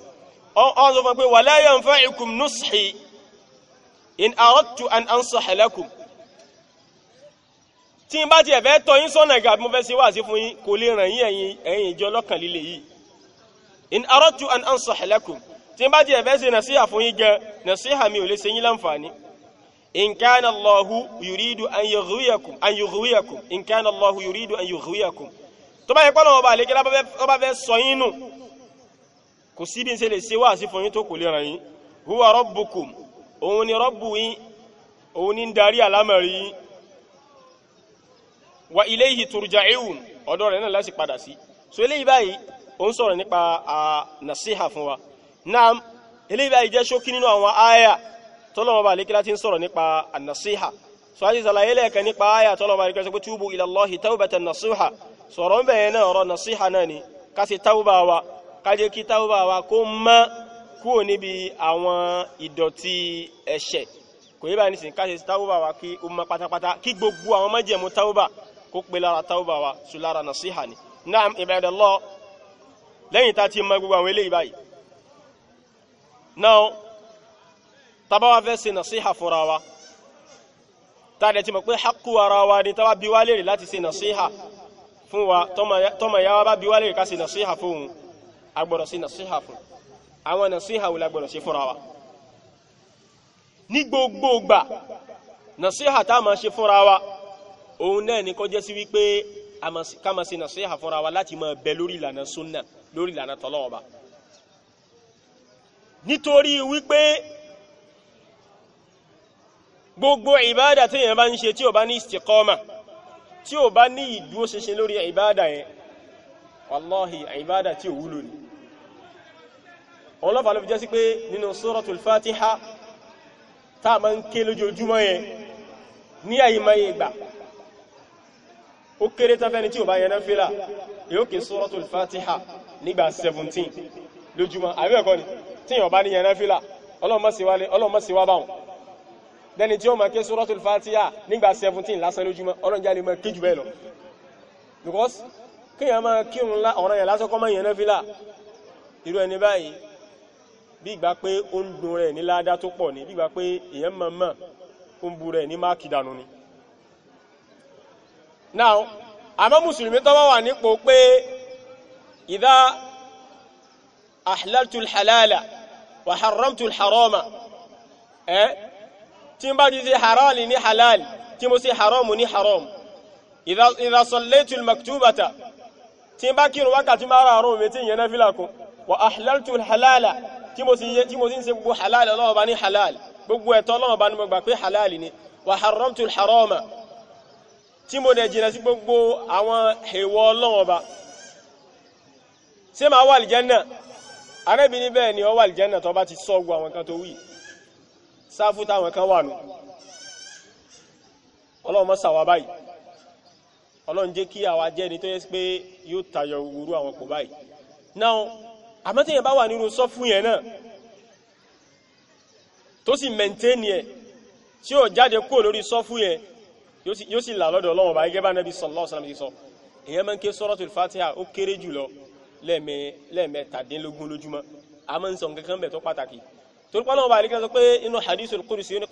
Speaker 1: ọ sọ fún pé wala yanfa'ikum nushi in aradtu an ansaha lakum tí n bá tiẹ̀ fẹ́ tọ́ yín sọ́nà ìgbà mo fẹ́ ṣe wá sí fún yín kò lè ràn yín ẹ̀yin ẹ̀yin ìjọ lọ́kàn líle yìí in arọ́tù an ansah lakum tí n bá tiẹ̀ fẹ́ ṣe nàṣíhà fún yín gan nàṣíhà mi ò lè ṣe yín láǹfààní in kana Allahu yuridu an yughwiyakum an yughwiyakum in kana Allahu yuridu an yughwiyakum tó bá yẹ kọ́ lọ́wọ́ bá lè kíra tó bá fẹ́ sọ yín nù kò sí bí n ṣe lè ṣe wá sí fún yín tó kò lè ràn yín huwa rabbukum òun ni rabbu yín òun ni ń darí àlámọ̀rí yín wa ilayhi turja'un ọ̀dọ̀ rẹ̀ náà láti padà sí so eléyìí báyìí ó ń sọ̀rọ̀ nípa nasiha fún wa naam eléyìí báyìí jẹ́ ṣókí nínú àwọn aya tọ́lọ́wọ́ bá lékí láti ń sọ̀rọ̀ nípa nasiha so a ti sàlàyé lẹ́ẹ̀kan nípa aya tọ́lọ́wọ́ kò yí bá nísìnyí ká ṣe tawba kí ó mọ́ pátápátá kí gbogbo àwọn májẹ̀mú tawba kó pé lára tauba wa sùn lára nasiha ni naam ibadallah lẹ́yìn tá ti mọ gbogbo àwọn eléyìí báyìí náà tàbá wa fẹ́ ṣe nasiha fúnra wa tàdẹ̀ ti mọ̀ pé haqqu ara wa ni tàbá bí wá lèrè láti ṣe nasiha fún wa tọ́mọ̀ yáwá bá bí wá lèrè ká ṣe nasiha fún agbọ̀rọ̀ ṣe nasiha fún àwọn nasiha wò lágbọ̀rọ̀ ṣe fúnra wa ní gbogbo gbà nasiha tá a máa ṣe fúnra wa òun náà ni kó jẹ́ sí wípé ká máa ṣe nasiha fúnra wa láti máa bẹ lórí ìlànà sunna lórí ìlànà tọ́lọ́ọ̀ba nítorí wípé gbogbo ìbáàdà tí èèyàn bá ń ṣe tí ò bá ní istiqama tí ò bá ní ìdúró ṣinṣin lórí ìbáàdà yẹn wallahi ìbáàdà tí ò wúlò ní ọlọ́pàá ló fi jẹ́ sí pé nínú suratul Fatiha tá a máa ń ké lójoojúmọ́ yẹn ní àyímáyé ìgbà ó kéré tán fẹ́ni tí ò bá yẹn náà fílà yóò kí suratul fatiha nígbà 17 lójúmọ́ àbí ẹ̀kọ́ ni tí yàn bá ní yẹn náà fílà ọlọ́mọ́síwá báwọn dẹni tí ó máa ké suratul fatiha nígbà 17 lásán lójúmọ́ ọlọ́njá lè máa ké jù bẹ́ẹ̀ lọ because kí yàn máa kírun ọ̀ràn yẹn lásán kọ́ máa yẹn náà fílà irú ẹni báyìí bí ìgbà pé ó ń dun rẹ̀ ní ládá tó pọ̀ ní bí ìgbà pé èèyàn máa mọ̀ ó ń bu rẹ̀ ní máàkì dànù ni now àmọ́ mùsùlùmí tó bá wà nípò pé ìdá ahlaltul halala wa haramtul harama ẹ́ tí n bá ti ṣe halali ní halal tí mo ṣe haramu ní haram ìdá sallaytul maktubata tí n bá kírun wákàtí mara àrùn mi tí ìyẹn náfílà kún wa ahlaltul halala tí mo ti ń ṣe gbogbo halal ọlọ́ọ̀bá ní halal gbogbo ẹ̀tọ́ ọlọ́ọ̀bá ní mo gbà pé halal ni wa haramtul harama tí mo dẹ̀ jìnà sí gbogbo àwọn èèwọ̀ ọlọ́wọ́n ọba ṣé màá wà àlìjẹ́nà arábìnrin bẹ́ẹ̀ ni ọ wà àlìjẹ́nà tó bá ti sọ́gbọ́ àwọn kan tó wí sáfù táwọn kan wà nù ọlọ́run mọ́ sàwà báyìí ọlọ́run jẹ́ kí àwa jẹ́ ni tó yẹ pé yóò tayọ wúrú àwọn pò báyìí náà àmọ́tẹ́yìn bá wà nínú sọ́fù yẹn náà tó sì mẹ́ntẹ́ni ẹ̀ tí ó jáde kúrò lórí sọ́fù yẹn yóò sì là lọ́dọ̀ ọlọ́wọ̀n bá gẹ́gẹ́ bá nẹ́bí sallallahu alaihi wasallam sọ èyàn máa ń ké suratul Fatiha ó kéré jùlọ lẹ́ẹ̀mẹ́tàdínlógún lójúmọ́ a máa ń sọ nǹkan kan bẹ̀ tó pàtàkì torí pé ọlọ́wọ̀n bá sọ pé inú hadithul qudsi yóò ní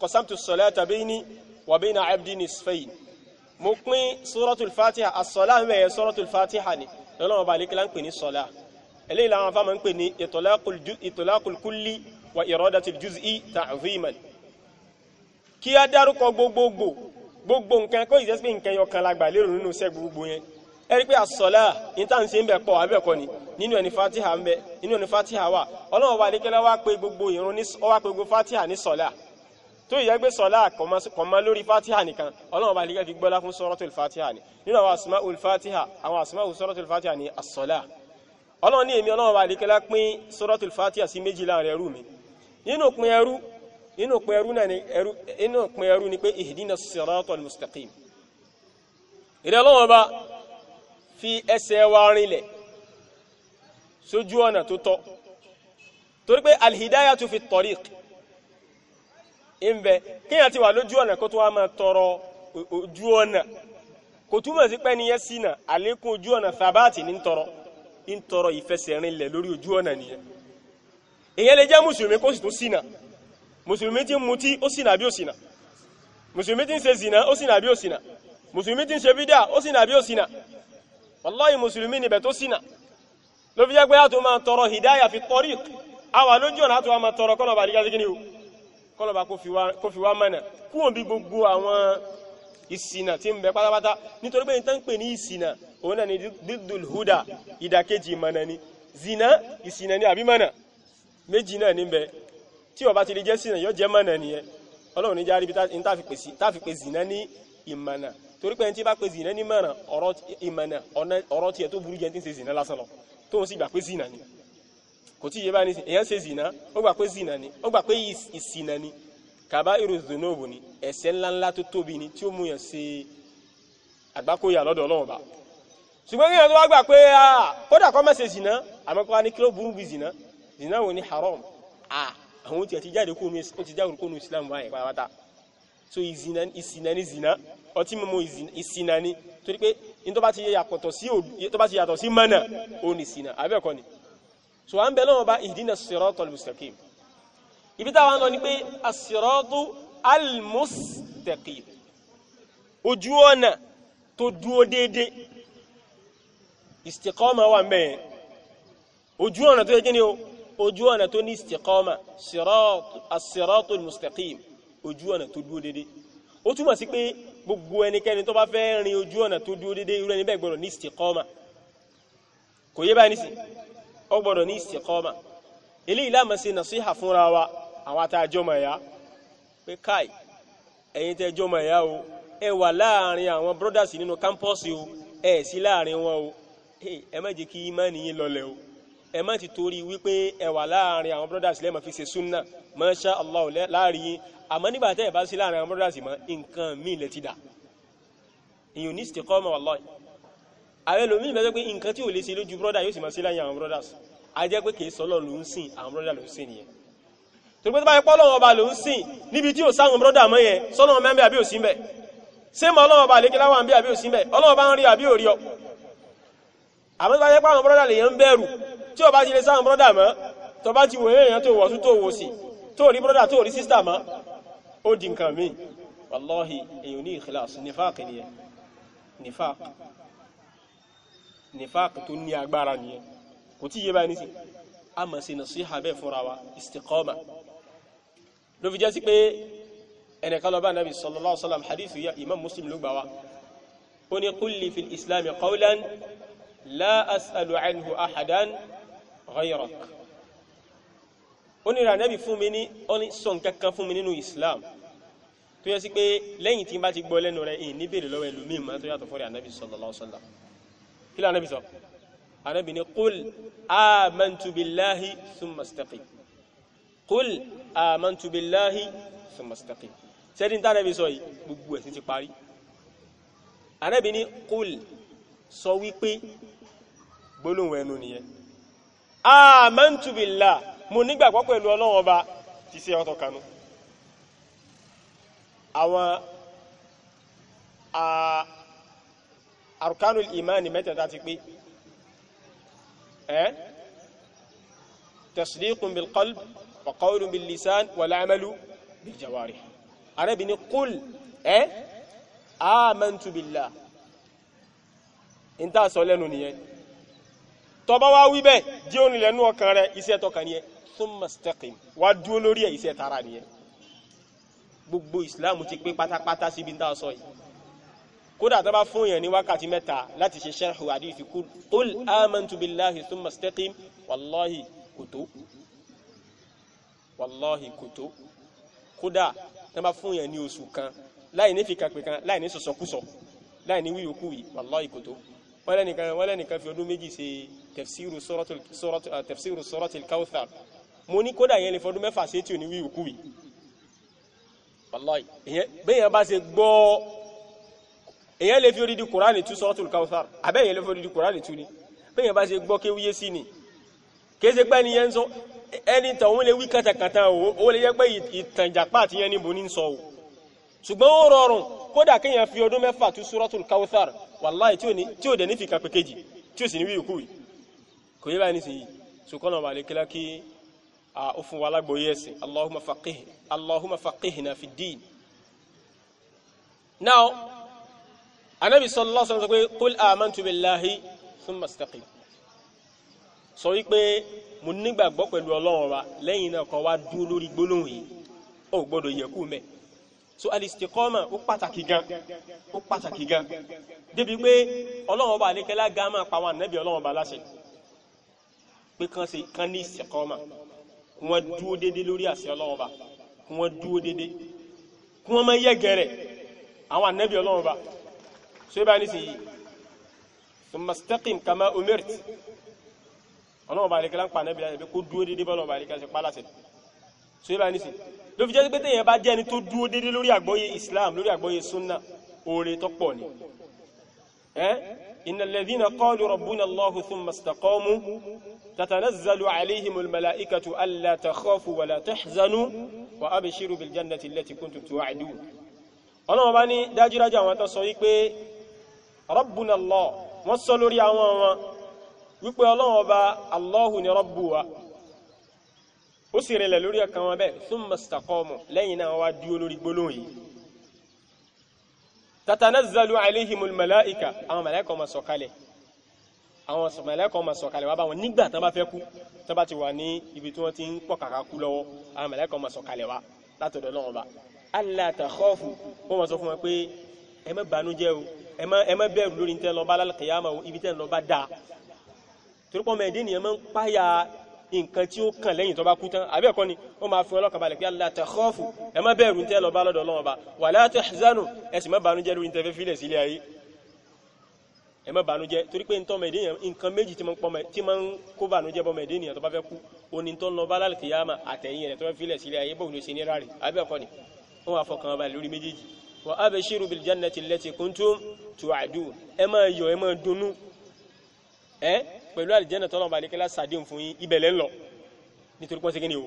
Speaker 1: qasamtu as-salata bayni wa bayna abdi nisfayn mo pín suratul Fatiha as-salah mẹ́ẹ̀ suratul Fatiha ni lọ́lọ́wọ̀n bá gẹ́gẹ́ gbogbo nǹkan kó ìjẹ́sí pé nǹkan yọkan la gbà lérò nínú iṣẹ́ gbogbo yẹn ẹ rí pé àsọlá ìtànṣe ń bẹ pọ̀ abẹ́ẹ̀kọ́ ni nínú ẹni fatiha ń bẹ nínú ẹni fatiha wà ọlọ́run wa adékẹ́lá wá pé gbogbo ìrun ní ọwá pé gbogbo fatiha ní sọlá tó ìyẹ́ gbé sọlá kọ̀mọ́ lórí fatiha nìkan ọlọ́run wa adékẹ́lá fi gbọ́lá fún suratul fatiha ni nínú àwọn asmaul fatiha àwọn asmaul suratul fatiha ni àsọlá ọlọ́run ní èmi ọlọ́run wa adékẹ́lá pín suratul fatiha sí méjì láàrin ẹrú mi nínú pín ẹrú nínú pin ẹrú náà ni ẹrú nínú pin ẹrú ni pé ihdina siratal mustaqim ìrẹ́ ọlọ́run ọba fi ẹsẹ̀ wa rinlẹ̀ sójú ọ̀nà tó tọ́ torí pé alhidayatu fi tariq ìbẹ̀ kíyàn ti wà lójú ọ̀nà kó tó wá máa tọrọ ojú ọ̀nà kò túmọ̀ sí pé niyẹn sínà àlékún ojú ọ̀nà thabati ní tọrọ ń tọrọ ìfẹsẹ̀rinlẹ̀ lórí ojú ọ̀nà nìyẹn èyàn lè jẹ́ mùsùlùmí kó sì tún sínà mùsùlùmí tí ń mutí ó ṣìnà àbí ó ṣìnà mùsùlùmí tí ń ṣe zìnà ó ṣìnà àbí ó ṣìnà mùsùlùmí tí ń ṣe bídà ó ṣìnà àbí ó ṣìnà wàláhì mùsùlùmí níbẹ̀ tó ṣìnà ló fi jẹ́ pé àtò máa tọrọ hìdáyà fi tọrí àwà lójú ọ̀nà àtò máa tọrọ kọ́nà bàdíkà sí kí ni o kọ́nà bá kó fi wá mẹ́nà kúrò bí gbogbo àwọn ìṣìnà tí ń bẹ pátápátá nítorí pé ìtàn pè ní ìṣìnà òun náà ni dídùl húdà ìdàkejì ìmọ̀nà ni zìnà ìṣìnà ni àbí mọ̀nà méjì náà ní bẹ tí ó bá ti lè jẹ́ sínà yóò jẹ́ mọ̀nà nìyẹn ọlọ́run ní járí bí táfi pè zìnà ní ìmọ̀nà torí pé ẹni tí bá pè zìnà ní mọ̀nà ìmọ̀nà ọ̀rọ̀ tiẹ̀ tó burú jẹ́ tí ń ṣe zìnà lásán lọ tóun sì gbà pé zìnà ni kò tí yé bá ní èèyàn ṣe zìnà ó gbà pé zìnà ni ó gbà pé ìsìnà ni kàbá irú zonobo ni ẹ̀ṣẹ̀ ńláńlá tó tóbi ni tí ó mú yàn ṣe àgbákòyà lọ́dọ̀ ọlọ́run bá ṣùgbọ́n yíyan tó wá gbà pé kódà kọ́ mọ̀ ṣe àmọ́ kó wá ní kí burú bí zìnà zìnà wò ní haram ah àwọn tí a ti jáde kóònù ó ti jáde kóònù islam báyìí pàápàá so ìzìnà ìsìnà ní zina. ọtí mímu ìsìnà ní torí pé ní tó bá ti yàtọ̀ sí tó bá ti yàtọ̀ mọ́nà ó ní ìsìnà àbẹ́ẹ̀kọ́ ni so à ń bẹ lọ́wọ́ bá ihdina siratal mustaqim ibi táwa ń lọ ni pé as-siratu al-mustaqim ojú ọ̀nà tó dúró déédé istiqama wà ń bẹ ojú ọ̀nà tó yẹ ni ojú ọ̀nà tó ní istiqama as-siratul mustaqim ojú ọ̀nà tó dúró dédé ó túmọ̀ sí pé gbogbo ẹnikẹ́ni tó bá fẹ́ rin ojú ọ̀nà tó dúró dédé irú ẹni bẹ́ẹ̀ gbọ́dọ̀ ní istiqama kò yé báyìí nísìn ó gbọ́dọ̀ ní istiqama eléyìí la máa ṣe fúnra wa àwọn àtàjọmọ̀ ẹ̀yà pé káì ẹ̀yin tẹ́ jọmọ̀ ẹ̀yà o ẹ wà láàrin àwọn brothers nínú campus o ẹ̀ sí láàrin wọn o ẹ má jẹ́ kí imáni yín lọlẹ̀ o ẹ má ti torí wípé ẹ wà láàrin àwọn brothers lẹ́ẹ̀mọ́ fi ṣe súnà masha Allah láàrin yín àmọ́ nígbà tẹ́ ẹ bá sí láàrin àwọn brothers mọ́ nǹkan míì lẹ ti dà èyàn ní istiqama wallahi àwọn ẹlòmíì bẹ́ẹ̀ pé nǹkan tí ò lè ṣe lójú brother yóò sì máa sí láàrin àwọn brothers a jẹ́ pé kìí sọ́lọ́ ló ń sìn àwọn brothers ló ń sìn nìyẹn torí pé tó bá yẹ pọ́lọ́ ọba ló ń sìn níbi tí ò sáwọn brothers mọ́ yẹn sọ́lọ́ ọmọ ẹ̀mí àbí òsì ń bẹ̀ ṣé mọ́ ọlọ́wọ́ ọba àlékelá wà ń bí àbí òsì ń bẹ̀ ọlọ́wọ́ àmọ́ tó bá yẹ pé àwọn brothers lè yẹn ń bẹ̀rù tí o bá ti lè sáwọn brọ́dà mọ́ tó bá ti wò èèyàn tó wọ̀sún tó wò sí tó rí brọ́dà tó rí sísítà mọ́ ó di nǹkan míì wallahi èèyàn ní ìkìláàs nifaq nìyẹn nifaq nifaq tó ní agbára nìyẹn kò tí yé báyìí nísìn a mọ̀ sí nasiha bẹ́ẹ̀ fúnra wa istiqama ló fi jẹ́ sí pé ẹnìkan lọ bá nàbì sallallahu alaihi hadithu ya imam muslim ló gbà wá ó ní qul li islam qawlan la as'alu anhu ahadan غيرك، ó ní ìrànẹ́bì fún mi ní sọ nǹkan kan fún mi nínú islam tó yẹ sí pé lẹ́yìn tí n bá ti gbọ́ lẹ́nu rẹ̀ èyí ní bèrè lọ́wọ́ ẹlòmíì máa tó yàtọ̀ fọ́rẹ̀ ànábì sallallahu alaihi wasallam kí lóò ànábì sọ ànábì ní qul amantu billahi thumma istaqim qul amantu billahi thumma istaqim sẹ́ni tá ànábì sọ yìí gbogbo ẹ̀sìn ti parí ànábì ní qul sọ wípé gbólóhùn ẹnu nìyẹn amantu billah mo nígbàgbọ́ pẹ̀lú ọlọ́run ọba ti ṣe ọ̀tọ̀ kanú àwọn arkanul imani mẹ́tẹ̀ẹ̀ta ti pé ẹ́ tasdiqun bil qalb wa qawlun bil lisan wal amalu bil jawarih arábìnrin ẹ́ amantu billah sọ lẹ́nu nìyẹn tó bá wá wí bẹ́ẹ̀ jẹ́ onílẹ̀ nú ọkàn rẹ iṣẹ́ tọkàn ni ẹ thumma istaqim wá dúró lórí ẹ iṣẹ́ tara ni ẹ gbogbo ìsìláàmù ti pé pátápátá síbi tá a sọ yìí kódà tó bá fún yẹn ní wákàtí mẹ́ta láti ṣe sharhu hadith kul qul amantu billahi thumma istaqim wallahi kò tó wallahi kò tó kódà tó bá fún yẹn ní oṣù kan láì ní fìkàpè kan láì ní sọ̀sọ̀kúsọ̀ láì ní wíyókù yìí wallahi kò tó wala lẹ́nìkan wọ́n lẹ́nìkan fi ọdún méjì ṣe tafsiru suratul ah, tafsiru suratul kawthar mo ní kódà yẹn lè fọdún mẹ́fà ṣe tí ò ní wí òkú yìí wàláì bẹ́yẹn bá ṣe gbọ́ èyàn lè fi odidi kùránì tú suratul kawthar àbẹ́yẹn lè fi odidi kùránì tú ni bẹ́yẹn bá ṣe gbọ́ kéwúyé sí ni kéèṣe pẹ́ ni yẹn ń sọ ẹni tàn òun lè wí kàtàkàtà ó lè jẹ́ pé ìtànjàpá àti yẹn níbo ní ń sọ o ṣùgbọ́n ó rọrùn kódà kéèyàn fi ọdún mẹ́fà tú suratul kawthar wàláì tí ò dẹ̀ ní fi kan pèkejì tí ò sì ní wí ìkú yìí kò yé báyìí nísìnyí sùkọ́nà wà lè kílá kí ó fún wa lágbóyè ẹ̀sìn allahumma faqih allahumma faqihna fi ddin now anabi sallallahu alaihi wasallam sọ pé qul amantu billahi thumma istaqim sọ wípé mo nígbàgbọ́ pẹ̀lú ọlọ́run wa lẹ́yìn náà kan wá dúró lórí gbólóhùn yìí ó gbọ́dọ̀ yẹ kú mẹ́ẹ̀ so alistiqama ó pàtàkì gan ó pàtàkì gan débi pé ọlọ́run ọba àlékẹ́lá gan máa pa àwọn ànábì ọlọ́run ọba láṣẹ pé kan ṣe kan ní istiqama kí wọ́n dúó déédéé lórí àṣẹ ọlọ́run ọba kí wọ́n dúó déédéé kí wọ́n máa yẹ gẹ̀rẹ̀ àwọn ànábì ọlọ́run ọba so ibà nísìnyí thumma istaqim kama umirt ọlọ́run ọba àlékẹ́lá ń pa ànábì láṣẹ pé kó dúó déédéé bọ́ọ̀lọ́run ọba àlékẹ́lá ṣe so yíba nísì ló fi jẹ́ pé téèyàn bá jẹ́ ẹni tó dúró déédéé lórí àgbọ́yé islam lórí àgbọ́yé sunna oore tó pọ̀ ni إن الذين قالوا ربنا الله ثم استقاموا تتنزل عليهم الملائكة ألا تخافوا ولا تحزنوا وأبشروا بالجنة التي كنتم توعدون ọlọ́run bá ní dájúdájú àwọn tó sọ wípé rọ́bùnà lọ wọ́n sọ lórí àwọn wọn wípé ọlọ́run ọba allahu ni rọ́bù ó sì rìnlẹ̀ lórí ọkàn wọn bẹ́ẹ̀ thumma istaqamu lẹ́yìn náà wá dúró lórí gbólóhùn yìí tatanazzalu alayhimul malaika àwọn màláíkà máa sọ̀kalẹ̀ àwọn màláíkà máa sọ̀kalẹ̀ wá bá wọn nígbà tán bá fẹ́ kú tán bá ti wà ní ibi tí wọ́n ti ń pọ̀ kàkà kú lọ́wọ́ àwọn màláíkà máa sọ̀kalẹ̀ wá látọ̀dọ̀ Ọlọ́run Ọba alla takhafu wọ́n máa sọ fún wọn pé ẹ má banújẹ́ o ẹ má ẹ má bẹ̀rù lórí tẹ́ lọ bá ibi tẹ́ lọ dáa torípọ̀ mẹ́ẹ̀dínìyàn máa ń páyà nǹkan tí ó kàn lẹ́yìn tó bá kú tán àbẹ́ ẹ̀kọ́ ni ó máa fi ọlọ́kàn balẹ̀ pé Allah takhafu ẹ má bẹ̀rù tẹ́ lọ bá lọ́dọ̀ Ọlọ́run Ọba wala tahzanu ẹ sì má banújẹ́ lórí tẹ́fẹ́ fílẹ̀ sílé ayé ẹ má banújẹ́ torí pé ntọ́ mẹ́ẹ̀dé yẹn nǹkan méjì tí máa ń kó banújẹ́ bọ́ mẹ́ẹ̀dé yẹn tó bá fẹ́ kú oní tó ń lọ bá lálùkìyàmà àtẹ̀yìn ni ó wà fọkàn balẹ̀ lórí méjèèjì wa abashiru bil jannati allati kuntum tu'adun pẹ̀lú àlìjẹ́nà tọ́lọ́mù bá lékelá sàdéhùn fún yín ibẹ̀ lẹ́ ń lọ nítorí pọ́n segin ni o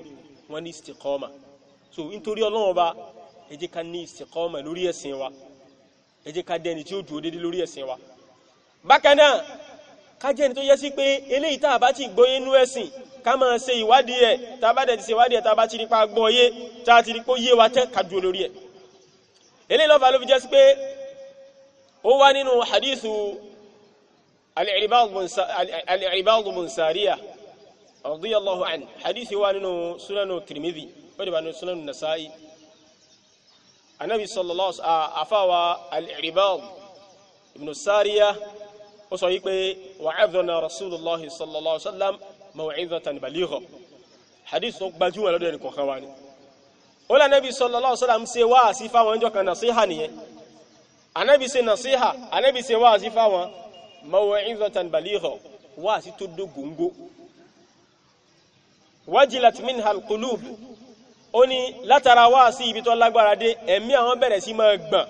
Speaker 1: wọ́n ní istiqama so nítorí ọlọ́run ọba ẹ jẹ́ ká ní istiqama lórí ẹ̀sìn wa ẹ jẹ́ ká dẹni tí ó dúró déédéé lórí ẹ̀sìn wa bákan náà ká jẹ́ ẹni tó yẹ sí pé eléyìí tá a bá ti gbóyé nú ẹ̀sìn ká máa ṣe ìwádìí ẹ̀ tá a bá dẹ̀ ti ṣe ìwádìí pa gbọ́yé tá a ti rí pé ó yé wa tẹ́ ká dúró lórí ẹ̀ eléyìí lọ́fà ló al-Ibad bin Sariyah radiyallahu anhu hadithi wà nínú sunanu Tirmidhi ó dìbà nínú sunanu Nasa'i anabi sallallahu afawa al-Ibad ibn Sariyah ó sọ wípé wa'adhana rasulullahi sallallahu alaihi wasallam maw'izatan baligha hadith tó gbajúmọ̀ lọ́dọ̀ ẹnì kọ̀ọ̀kan wa ni ó lẹ́ anabi sallallahu alaihi wasallam ṣe wáàsí fáwọn ọjọ́ kan nasiha nìyẹn anabi ṣe nasiha anabi ṣe wáàsí fáwọn maw'izatan baligha wáàsí tó dó góńgó wajilat minha alqulub ó ní látara wáàsí ibi tó lágbára dé ẹ̀mí àwọn bẹ̀rẹ̀ sí máa gbọ̀n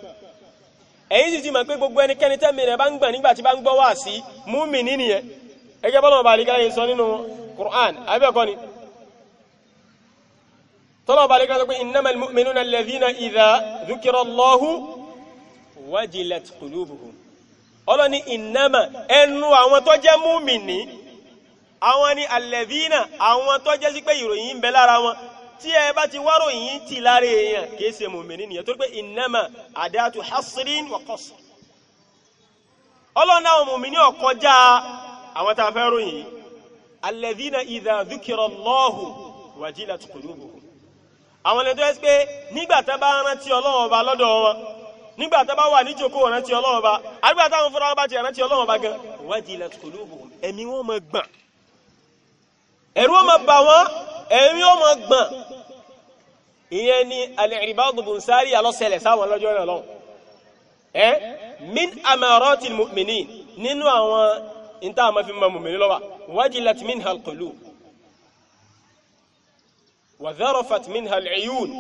Speaker 1: ẹ̀yin sì ti mọ̀ pé gbogbo ẹnikẹ́ni tẹ́mi rẹ̀ bá ń gbọ̀n nígbà tí bá ń gbọ́ wáàsí mùmínì nìyẹn ẹgẹ́ bọ́lá ọba àlíkà yìí sọ nínú Qur'an abẹ́ẹ̀kọ́ ni tọ́lá ọba àlíkà sọ pé innamal mu'minuna alladhina idha dhukira Allahu wajilat qulubuhum ọlọ́ni ìnámà ẹnu àwọn tó jẹ́ múmìnì àwọn ni alẹ́vínà àwọn tó jẹ́ sí pé ìròyìn ń bẹ lára wọn tí ẹ bá ti wá ròyìn ti lára èèyàn kìí ṣe múmìnì nìyẹn tó pé ìnámà àdáàtú hasrin wa qasr ọlọ́ni àwọn múmìnì ọkọjá àwọn tá a fẹ́ ròyìn alẹ́vínà idha dhukira Allahu wajilat qulubuhum àwọn lè tó yẹ sí pé nígbà tá bá rántí Ọlọ́run ọba lọ́dọ̀ wọn nígbà tá bá wà ní jòkó ìrántí Ọlọ́run bá àgbà fúnra bá ti ìrántí Ọlọ́run bá gan wajilat qulubuhum ẹ̀mí wọn máa gbọ̀n ẹ̀rù wọn máa bà wọ́n ẹ̀mí wọn máa gbọ̀n ìyẹn ni al-Irbad bun Sariya sáwọn lọ́jọ́ náà lọ́hùn ẹ́ min amaratil mu'minin nínú àwọn ìta àmọ́ fi mọ mùmìnì lọ́wọ́ wajilat minha al-qulub wa dharafat minha al-uyun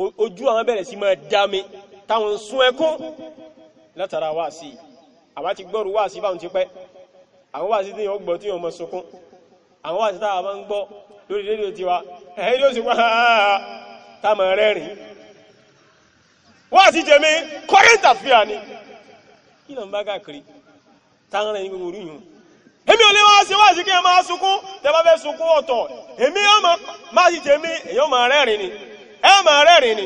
Speaker 1: ojú àwọn bẹ̀rẹ̀ sí máa dámi táwọn sún ẹkún látara wáàsí àwa ti gbọ́rù wáàsí báwọn ti pẹ́ àwọn wáàsí tí wọ́n gbọ́ tí wọ́n mọ sunkún àwọn wáàsí táwa máa ń gbọ́ lórí rédíò tiwa ẹ̀yìn ló sì wá táàmà rẹ́rìn wáàsí jẹ́mi kọ́rẹ́ǹtà fíà ni kí ló ń bá káàkiri táwọn ẹni gbogbo orí yùn èmi ò lè wá sí wáàsí kí ẹ máa sunkún tẹ bá fẹ́ sunkún ọ̀tọ̀ èmi yóò máa sì tèmi èyàn máa rẹ́rìn ni ẹ máa rẹ́rìn ni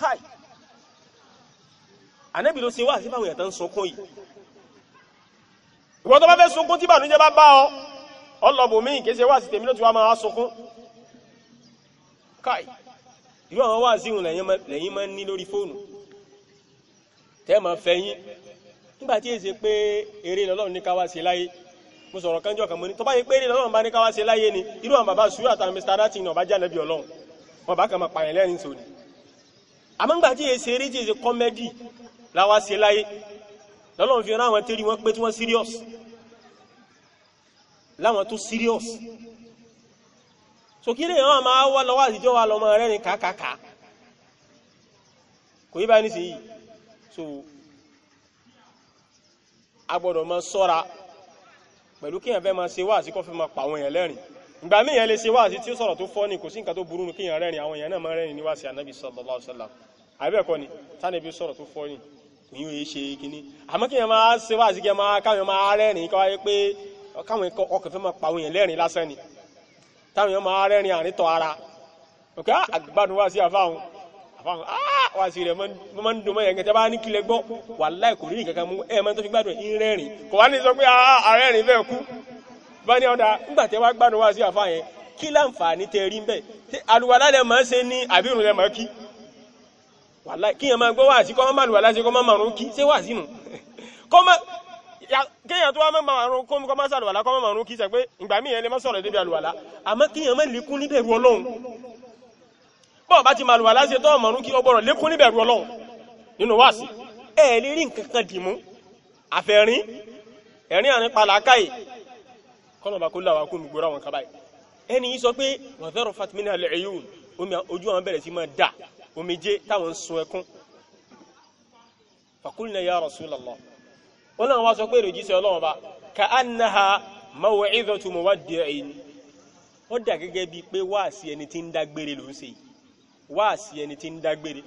Speaker 1: kai anẹ́bì ló ṣe wá sí báwọn ẹ̀tàn sunkún yìí ìwọ́n tó bá fẹ́ sunkún tí bànújẹ́ bá bá ọ ọlọ́bù mí kése wá sí tèmi ló ti wá máa sunkún kai irú àwọn wá sí ìhùn lẹ́yìn máa ń ní lórí fóònù tẹ́ máa fẹ́yìn nígbàtí èsè pé eré lọ́lọ́run ní ká wá ṣe láyé mo sọ̀rọ̀ kánjọ́ kan mo bá yẹ pé eré lọ́lọ́run bá ní láyé ni irú àwọn bàbá sùúrù àtàwọn mr náà bá wọn bá kàn máa pààyàn lẹ́rìn sóni àmọ́ngbà tí èyí ṣeré tí èyí ṣe kọ́mẹ́dì láwa ṣe láyé lọ́lọ́run fi rán tẹ́rí wọn pé tí wọ́n serious láwọn tó serious sòkílẹ̀ yẹn máa wá lọ́wọ́ àtijọ́ wa lọ́mọ rẹ̀ ní kàkàkà kò yí bá ní sèyí so a gbọ́dọ̀ máa ṣọ́ra pẹ̀lú kí èèyàn fẹ́ máa ṣe wá àsìkò fẹ́ máa pa àwọn èèyàn lẹ́rìn-ín ìgbà míì yẹn lè ṣe wáàsí tí ó sọ̀rọ̀ tó fọ́ ni kò sí nǹkan tó burú ní kíyàn rẹ́rìn àwọn èèyàn náà máa rẹ́rìn níwáàsí ànábì sallallahu alaihi wasallam àbẹ́ẹ̀kọ́ ni tánàbí sọ̀rọ̀ tó fọ́ ni ìyún èé ṣe kíní àmọ́ kíyàn máa ṣe wáàsí kíyàn máa káwọn máa rẹ́rìn káwáyé pé káwọn ọkàn fẹ́ máa pàwọn èèyàn lẹ́rìn lásán ni táwọn èèyàn máa rẹ́rìn àrítọ̀ ara ah, bá ní ọ̀dà nígbà tẹ́ wá gbádùn wá sí àfa yẹn kí láǹfààní tẹ rí bẹ́ẹ̀ àlùwàlá lẹ máa ń ṣe ní àbírùn lẹ máa kí wàlá kí yẹn máa gbọ́ wá sí kọ́ máa àlùwàlá ṣe kọ́ máa màrún kí ṣé wà sínú kọ́ máa kéèyàn tó wá máa màrún kó kọ́ máa ṣàlùwàlá kọ́ máa màrún kí sẹ pé ìgbà míì yẹn lè má sọ̀rọ̀ débi àlùwàlá àmọ́ kéèyàn máa lékún níbẹ̀rù Ọlọ́run bọ́ọ̀ bá ti màlùwàlá ṣe tọ́ màrún kí ọgbọ̀rọ̀ lékún ẹ̀rin àrin pàlàkàyè kọ́nà bá kó làwà kó mi gbóra wọn kaba yìí ẹni yìí sọ pé wa zarafat minha al-uyun ojú àwọn bẹ̀rẹ̀ sí máa dà omijé táwọn ń sun ẹkún fakulna ya rasulallah wọn náà wá sọ pé èròjì sọ ọlọ́wọ́n bá ka annaha maw'izatu muwaddi'in ó dà gẹ́gẹ́ bíi pé wáàsí ẹni tí ń dágbére ló ń ṣe yìí wáàsí ẹni tí ń dágbére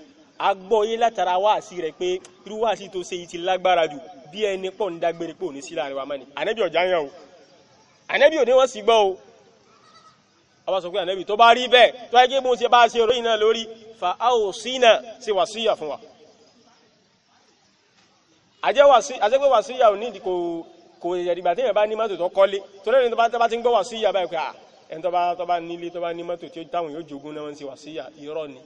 Speaker 1: agbọ́yé látara wáàsí rẹ̀ pé irú wáàsí tó ṣe yìí ti lágbára jù bí ẹni pọ̀ ń dágbére pò ní sílá rẹ̀ mọ́ni ànẹ́bí ọ̀já yẹn o ànẹ́bí òní wọ́n sì gbọ́ o ọba pé ànẹ́bí tó bá rí bẹ́ẹ̀ tó ẹgbẹ́ bó ṣe bá ṣe ròyìn náà lórí fa áòsínà sí fún wa àjẹ́gbé wàsíyà ò ní ìdíkò kò ìyàdìgbà tí èèyàn bá ní mọ́tò tó kọ́lé tó lẹ́nu tó bá ti ń gbọ́ báyìí pé ah, ẹni tó bá tó bá nílé tó bá ní mọ́tò tí táwọn yóò jogún ni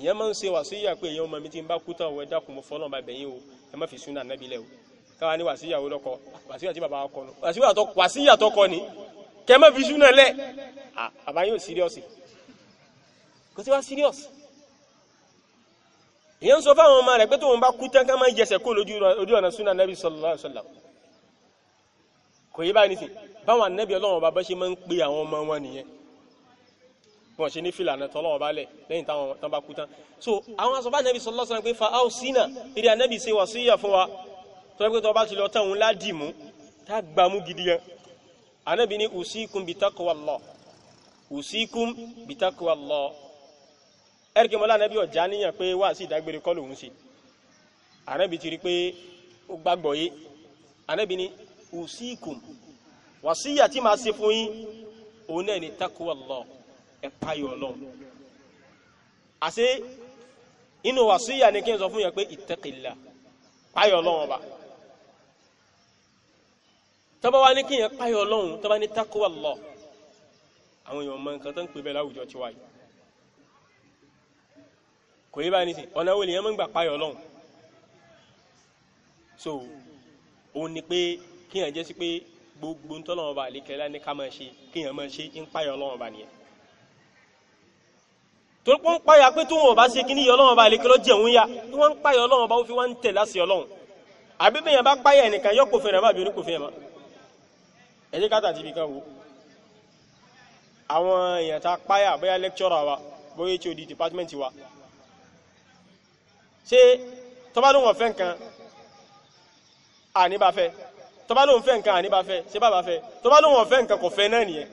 Speaker 1: ìyẹn máa ń ṣe wàsíyà pé èèyàn ọmọ mi ti ń bá kú tán ọ̀ ẹ dákun mo fọ́lọ́ ọba ẹ̀bẹ̀yìn o ẹ má fi súnà nábìlẹ̀ o káwa ní wàsíyàwó lọ́kọ wàsíyà tí bàbá ọkọ nù wàsíyà tọkọ ni kẹmọ́ fi ṣúná lẹ̀ àbá yóò síríọ̀sì kò sí wá síríọ̀sì ìyẹn ń sọ fáwọn ọmọ rẹ̀ pé tóun bá kú tán máa yẹsẹ̀ kó lójú ọ̀nà súnà nẹ́bí sallallahu alaihi wasallam kò yí báyìí nìsín báwọn ànẹ́bí ọlọ́wọ́n bá bá ṣe máa ń pe àwọn ọmọ wọn nìyẹn wọn ṣe ní fìlànà tọ́lọ́wọ́ bá lẹ̀ lẹ́yìn táwọn bá kú tán so àwọn asọ́fà nẹ́bí sallallahu alaihi wasallam pé fa áùsínà eré ànẹ́bí ṣe wà síyà tọ́ pé tọ́ bá ti lọ tán òun ládì mú tá gbamu gidi yẹn anábì ní usikum bi taqwallah usikum bi lọ ẹ̀rìkì mọ́lá anábì ọ̀já níyàn pé wá sí ìdágbére kọ́ lòun ti rí pé ó gbàgbọ́ yé ní tí màá ṣe fún yín òun náà ní ẹ̀ páyọ̀ inú ni kí n sọ fún yẹn pé ittaqillah páyọ̀ tọ́ba wa ní kí yẹn páyọ̀ ọlọ́run tọ́ba ní takuwa lọ àwọn èèyàn mọ nǹkan tó ń pè bẹ́ẹ̀ láwùjọ ti wáyé kò yé báyìí nísìn ọ̀nà wo lèèyàn máa ń gbà páyọ̀ ọlọ́run so òun ni pé kí yẹn jẹ́ sí pé gbogbo ntọ́lọ́wọ́n bá àlékẹ́lá ní ká máa ṣe kí yẹn máa ṣe ń páyọ̀ ọlọ́run bá nìyẹn torí pé ń páyà pé tí wọn ò bá ṣe kíní ọlọ́run bá àlékẹ́ lọ bá ó fi wá ń ẹjẹ́ káta ti fi kan wo àwọn èèyàn ta páyà bóyá lẹ́kṣọ́rà wa bóyá hod department wa ṣé tọ́bá lóun ọ̀fẹ́ nǹkan àníbàfẹ́ tọ́bá lóun fẹ́ nǹkan àníbàfẹ́ ṣé bàbá fẹ́ tọ́bá lóun ọ̀fẹ́ nǹkan kò fẹ́ náà nìyẹn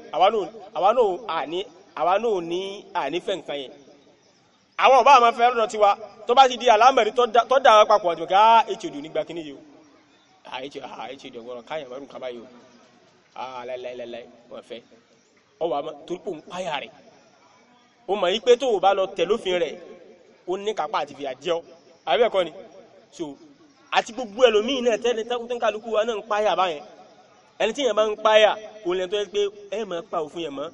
Speaker 1: àwa náà ní ànífẹ́ nǹkan yẹn àwọn ọba àmọ́ fẹ́ lọ́dọ̀ tiwa tó bá ti di àlámẹ̀rí tó dà wọn papọ̀ àti ọ̀gá ah, hod nígbà kíní yìí o hod ah, ọ̀gbọ̀rọ̀ ah, káyọ̀ mẹ́rùn-ún kábáyé aláìláìláì ah, wọ́n fẹ́ ọwọ́ àmọ́ torí pò ń páyà rẹ̀ ó mọ̀ yí pé tó o bá lọ tẹ̀ lófin rẹ̀ ó ní kápá àti fìyà jẹ́ ọ́ àbẹ́ẹ̀kọ́ ni so àti gbogbo ẹlòmíì náà tẹ́lẹ̀ tẹ́kùtẹ́ kálukú wa náà ń páyà báyẹn ẹni tí yẹn bá ń páyà òun lẹ́nu tó yẹ pé ẹ máa pa òfin yẹn mọ́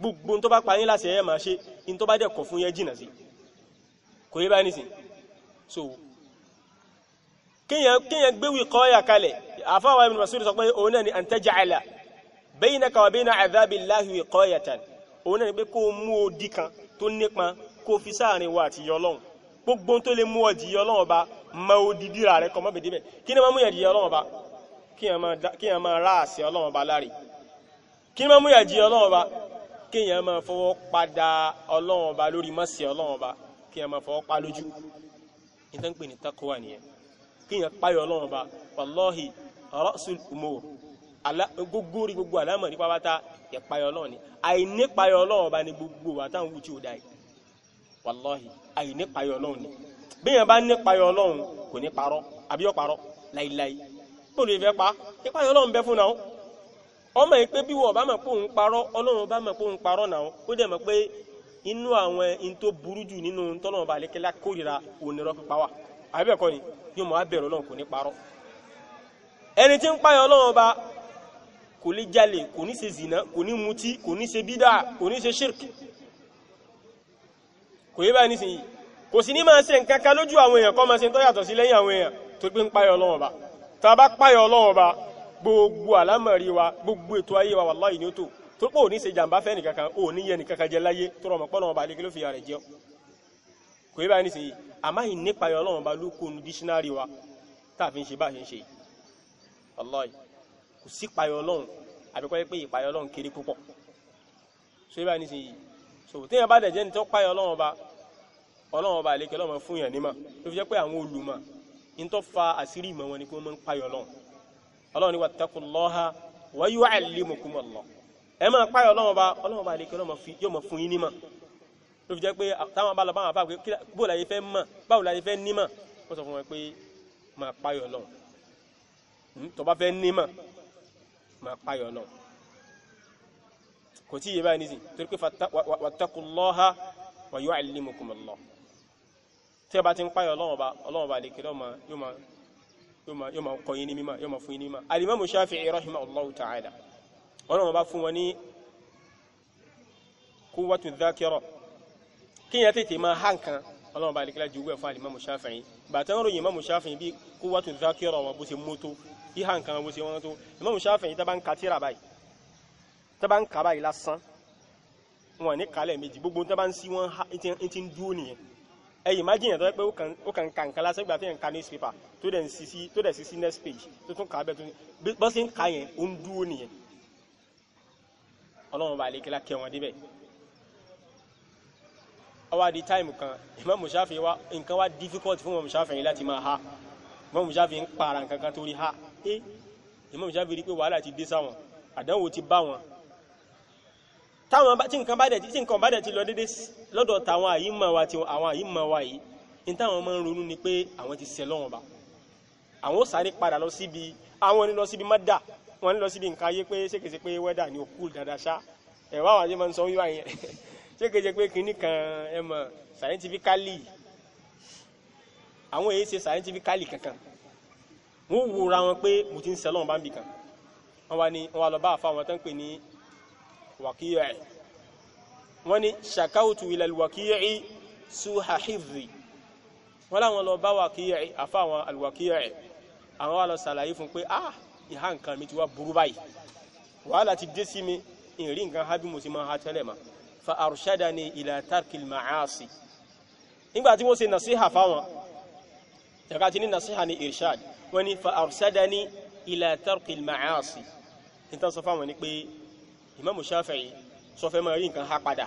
Speaker 1: gbogbo n tó bá pa yín láṣẹ ẹ máa ṣe n tó bá dẹ̀ kọ̀ fún yẹn jìnnà sí kò yẹ báyìí nìsín so kéèyàn kéèyàn gbéwì kọ́ ọ̀yà kalẹ̀ àfáwà Ibn Mas'ud sọ pé òun náà ni an taj'ala baynaka wa bayna adhabillahi wiqayatan òun náà ni pé kó o mú odi kan tó nípọn kó o fi sáàrin wa àti yọlọ́hun gbogbo tó lè mú ọdì yọlọ́hun ọba ma odi dìrà rẹ kọ́ mọ́bìdì bẹ́ẹ̀ kí ni máa mú yàdì yọlọ́hun ọba kí yàn máa ráàsì ọlọ́hun ọba láre kí ni máa mú yàdì yọlọ́hun ọba kí yàn máa fọwọ́ padà ọlọ́hun ọba lórí mọ́sì ọlọ́hun ọba kí yàn máa fọwọ́ pa lójú gógóri gbogbo àlámọ̀ nípa bá ta ìpayọ̀ Ọlọ́run ni àìnípayọ̀ Ọlọ́run bá ní gbogbo wà táwọn wù tí dáì wàlọ́hì ni bíyàn bá nípayọ̀ Ọlọ́run kò ní parọ́ àbí parọ́ láíláí kò lè fẹ́ pa ìpayọ̀ Ọlọ́run bẹ fún ọmọ yìí pé bí wọ́n bá mọ̀ pé òun parọ́ Ọlọ́run bá mọ̀ pé òun parọ́ náà ó dẹ̀ mọ̀ pé inú àwọn tó burú jù nínú ni yóò mọ̀ á bẹ̀rù Ọlọ́run kò ní jalè kò ní ṣe zina kò ní mutí kò ní ṣe bídà kò ní ṣe shirk kò yé báyìí nísìnyí kò sí ní máa ṣe nǹkan kan lójú àwọn èèyàn kọ́ máa ṣe tó yàtọ̀ sí lẹ́yìn àwọn èèyàn tó pé ń páyọ̀ Ọlọ́run Ọba tá a bá páyọ̀ Ọlọ́run Ọba gbogbo àlámọ̀rí wa gbogbo ètò ayé wa wàláhì ní ó tò tó pé ò ní ṣe jàǹbá fẹ́ nìkankan ò ní yẹ nìkankan jẹ láyé tó rọmọ pọ́ Ọlọ́run Ọba lékè fi yàrá jẹun kò yé báyìí nísìnyí àmọ́ yìí nípa Ọlọ́run Ọba ló dísínárì wa tá a fi ń ṣe bá a ṣe ń ṣe wàláhì kò sí ìpayọ̀ ọlọ́run àbíkọ́ pé ìpayọ̀ ọlọ́run kéré púpọ̀ so ibà ní sìnyí so téèyàn bá dẹ̀jẹ́ ní tó páyọ̀ ọlọ́run ọba ọlọ́run ọba àlékẹ́ ọlọ́run fún yàn nímọ̀ tó fi jẹ́ pé àwọn olùmọ̀ ní tó fa àṣírí ìmọ̀ wọn ni kí wọ́n máa ń páyọ̀ ọlọ́run ọlọ́run ni wattaqullaha wa yu'allimukumullah ẹ máa páyọ̀ ọlọ́run ọba ọlọ́run ọba àlékẹ́ ọlọ́run yóò máa fún yín nímọ̀ tó fi jẹ́ pé táwọn bá lọ bá wọn bá pé bó la yìí fẹ́ mọ̀ báwo la yìí fẹ́ nímọ̀ wọ́n sọ fún wọn pé máa páyọ̀ ọlọ́run hmm, tó bá fẹ́ nímọ̀ máa páyọ̀ náà kò tí yé báyìí nísìn torí pé wattaqullaha wa yu'allimukumullah tí a bá ti ń páyọ̀ ọlọ́wọ́n bá lè kí yóò máa kọ́ yín ní mímọ̀ yóò máa fún yín ní mímọ̀ alimamu Shafi'i rahimahullahu ta'ala ọlọ́wọ́n bá fún wọn ní quwwatu dhakira kíyàn tètè máa há nǹkan ọlọ́wọ́n bá lè kí lọ́wọ́ ju wẹ́ẹ̀ fún alimamu Shafi'i bàtà ń ròyìn imamu Shafi'i bí quwwatu dhakira wọn bó ti mú tó ìhà nǹkan wo ṣe wọ́n tó Imam Shafi'i tá bá ń ka tíra báyìí tá bá ń ka báyìí lásán wọn ní kalẹ̀ méjì gbogbo tá bá ń sí wọn ti ń dúró nìyẹn ẹyìn má jìyàn tó yẹ pé ó kàn kà nǹkan lásán gbà fi hàn ká newspaper tó dẹ̀ sí tó dẹ̀ sí sí next page tó tún kà á bẹ́ẹ̀ tó ní bọ́ sí ń ka yẹn ó ń dúró nìyẹn ọlọ́run bá lè kí lákẹ́ wọn débẹ̀ ọwá di táìmù kan Imam Shafi'i wa nǹkan wá difficult fún Imam Shafi'i láti máa ha Imam Shafi'i ń para nǹkan kan torí ha pé Imam Shafi'i rí pé wàhálà ti dé sáwọn àdánwò ti bá wọn táwọn tí nǹkan bá dẹ̀ tí nǹkan bá dẹ̀ ti lọ dédé lọ́dọ̀ táwọn àyímọ̀ wa ti àwọn àyímọ̀ wa yìí ní táwọn máa ń ronú ni pé àwọn ti sẹ́ lọ́wọ́n bá àwọn ó sáré padà lọ síbi àwọn ní lọ síbi mọ́dà wọn ní lọ síbi nǹkan ayé pé ṣékèṣe pé wẹ́dà ni ó kú dáadáa ṣá ẹ̀wá àwọn àti máa ń sọ wíwá yẹn ṣékèṣe pé kinní kan ẹ mọ̀ scientifically àwọn èyí ṣe scientifically kankan wọ́n wòra wọn pé mo ti ń sẹ́lọ̀ bá ń bì kan wọ́n wá ní wọ́n wá lọ bá àfa wọn tán pè ní wàkíyà wọ́n ní ṣàkáwùtù ilẹ̀ wàkíyà suhahidhi wọ́n láwọn lọ bá wàkíyà àfa wọn alwàkíyà àwọn wá lọ sàlàyé fún pé ah ìhà nǹkan mi ti wá burú báyìí wàhálà ti dé sí mi ìrì nǹkan ha bí mo ti máa ha tẹ́lẹ̀ ma fa arshadani ila tarkil ma'asi nígbà tí wọ́n ṣe nasiha fáwọn jàkà ti ní nasiha ní irshad wọ́n ní fa arsadani ila tarki al-ma'asi nítorí sọ fáwọn ni pé Imam Shafi'i sọ fẹ́ máa rí nǹkan há padà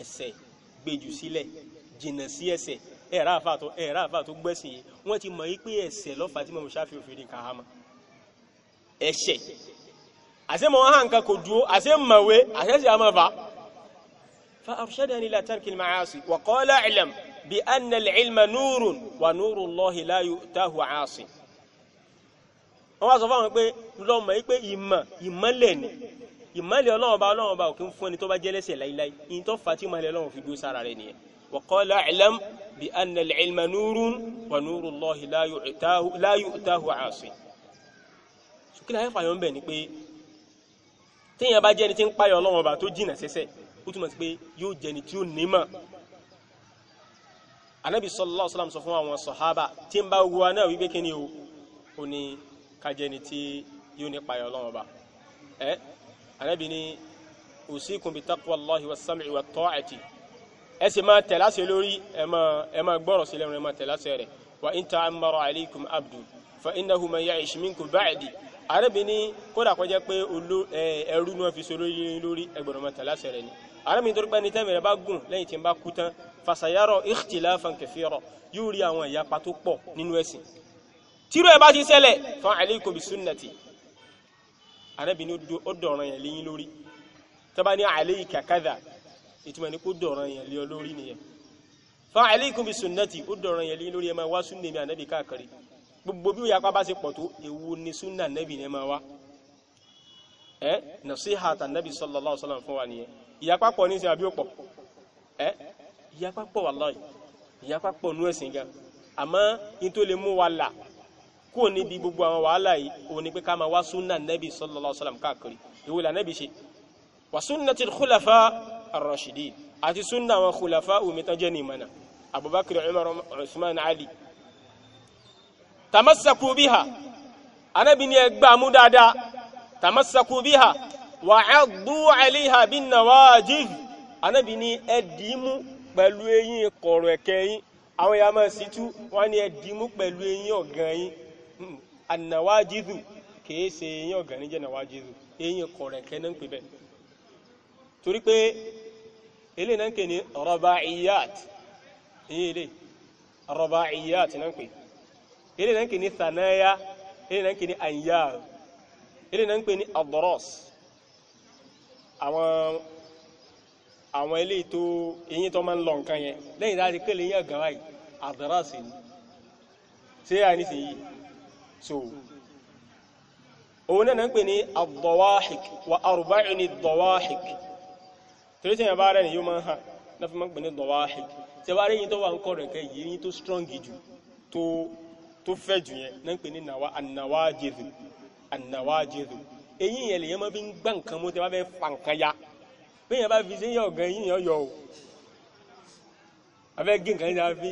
Speaker 1: ẹ̀ṣẹ̀ gbèjù sílẹ̀ jìnnà sí ẹ̀ṣẹ̀ ẹ̀rá àfà tó ẹ̀rá àfà tó gbẹ̀sìn yìí wọ́n ti mọ̀ wípé ẹ̀ṣẹ̀ lọ́fà tí Imam Shafi'i ò fi rí nǹkan há mọ́ ẹ̀ṣẹ̀ àṣẹ́mọ̀ wọn hàn kan kò dúó àṣẹ́mọ̀wé àṣẹ́sì àmọ́ fa fa arsadani ila tarki al-ma'asi wa qala i'lam بأن العلم نور ونور الله لا nuru عاصي. la yu'tahu 'asi wọ́n wá sọ fáwọn pé lọ́mọ yìí pé ìmọ̀ ìmọ̀lẹ̀ ni ìmọ̀lẹ̀ ọlọ́run ọba ọlọ́run ọba òkè ń fún ẹni tó bá jẹ́lẹ́sẹ̀ láíláí ìyìn tó fà tí ìmọ̀lẹ̀ ọlọ́run fi dúró sára rẹ̀ nìyẹn wa qala i'lam bi anna al-'ilma nurun wa nuru Allahi la yu'tahu 'asi. sùkúlù ayé fàyọ̀ ń bẹ̀ ni pé téèyàn bá jẹ́ni tí ń payọ̀ ọlọ́run ọba tó jìnà sẹ́sẹ̀ anabi sallallahu alaihi wasallam sọ fún àwọn sọ̀hábà tí ń bá wúwa náà wípé kí ni o ò ní kájẹni tí yóò nípa ẹ̀ ọlọ́run ọba ẹ anabi ni usikum bi taqwallahi was-sam'i wat-ta'ati ẹ sì máa tẹ̀ láṣẹ lórí ẹ máa ẹ máa gbọ́rọ̀ sí lẹ́nu ẹ máa tẹ̀ láṣẹ rẹ̀ wa in ta'ammara alaykum abdu fa innahu man ya'ish minkum ba'di anabi ni kódà kọjá pé ẹrú náà fi so lórí lórí ẹgbẹ̀rún máa tẹ̀ láṣẹ rẹ̀ ni anabi pé ẹni tẹ́mi bá gùn lẹ́yìn tí ń bá kú tán fasayarọ ikhtilafan kathira yóò rí àwọn ìyapa tó pọ̀ nínú ẹ̀sìn tírú ẹ̀ bá ti ṣẹlẹ̀ fa alaykum bi sunnati Ànábì ní ó dọ̀ràn yẹn léyìn lórí tọ́ba ní alayka kadha ìtumọ̀ ní kó dọ̀ràn yẹn lé lórí nìyẹn fa alaykum bi sunnati ó dọ̀ràn yẹn léyìn lórí ẹ máa wá súnnà mi Ànábì káàkiri gbogbo bí ìyapa bá ṣe pọ̀ tó èwo ni sunna Ànábì ni ẹ máa wá ẹ nasihat Ànábì sallallahu alaihi wasallam fún wa nìyẹn ìyapa pọ̀ ní ṣe àbí ìyapa pọ̀ wallahi ìyapa pọ̀ nú ẹ̀sìn gan àmọ́ yín tó lè mú wa là kúrò níbi gbogbo àwọn wàhálà yìí òun ni pé ká máa wá súnà nẹ́bì sallallahu alaihi wasallam káàkiri ìwé là nẹ́bì ṣe wà sunnati al-khulafa ar-rashidin àti súnà àwọn khulafa òmìtán jẹ́ ní ìmọ̀nà abubakar umar usman ali tamassaku biha anabi ni ẹgbàá mú dáadáa tamassaku biha wa'addu 'alayha bin nawajidh anabi ni ẹdìímú pẹ̀lú eyín kọ̀rọ̀ ẹ̀kẹ́ yín àwọn èèyàn máa sì tú wọ́n ní ẹ̀dìmú pẹ̀lú eyín ọ̀gàn yín hmm. ànàwájídù kìí ṣe eyín ọ̀gàn ní jẹ́ ànàwájídù eyín kọ̀rọ̀ ẹ̀kẹ́ náà ń pè bẹ́ẹ̀ torí pé eléyìí náà ń pè ní rọbaiyat eyín ilé rọbaiyat náà ń pè eléyìí náà ń pè ní sanaya eléyìí náà ń pè ní anyar eléyìí náà ń pè ní adros àwọn àwọn ilé tó eyín tó máa ń lọ nǹkan yẹn lẹ́yìn láti kéle yẹn gàrá yìí àdàrà sí ni ṣé à ní sìn yìí so òun náà ń pè ní ad-dawahik wa arba'un ad-dawahik torí bá rẹ̀ ni yóò máa ń fi máa ń pè ní dawahik ṣe bá rí yín tó wà ń kọ́ rẹ̀ kẹ́ yìí tó strong jù tó fẹ́ jù yẹn náà ń pè ní an-nawajidh an-nawajidh eyín yẹn máa fi ń gbá nǹkan mú tẹ́ bá fẹ́ fa nǹkan ya bí èèyàn bá fi ṣe ń yọ ọ̀gàn yìí yàn yọ o afẹ́ gé nǹkan yìí fi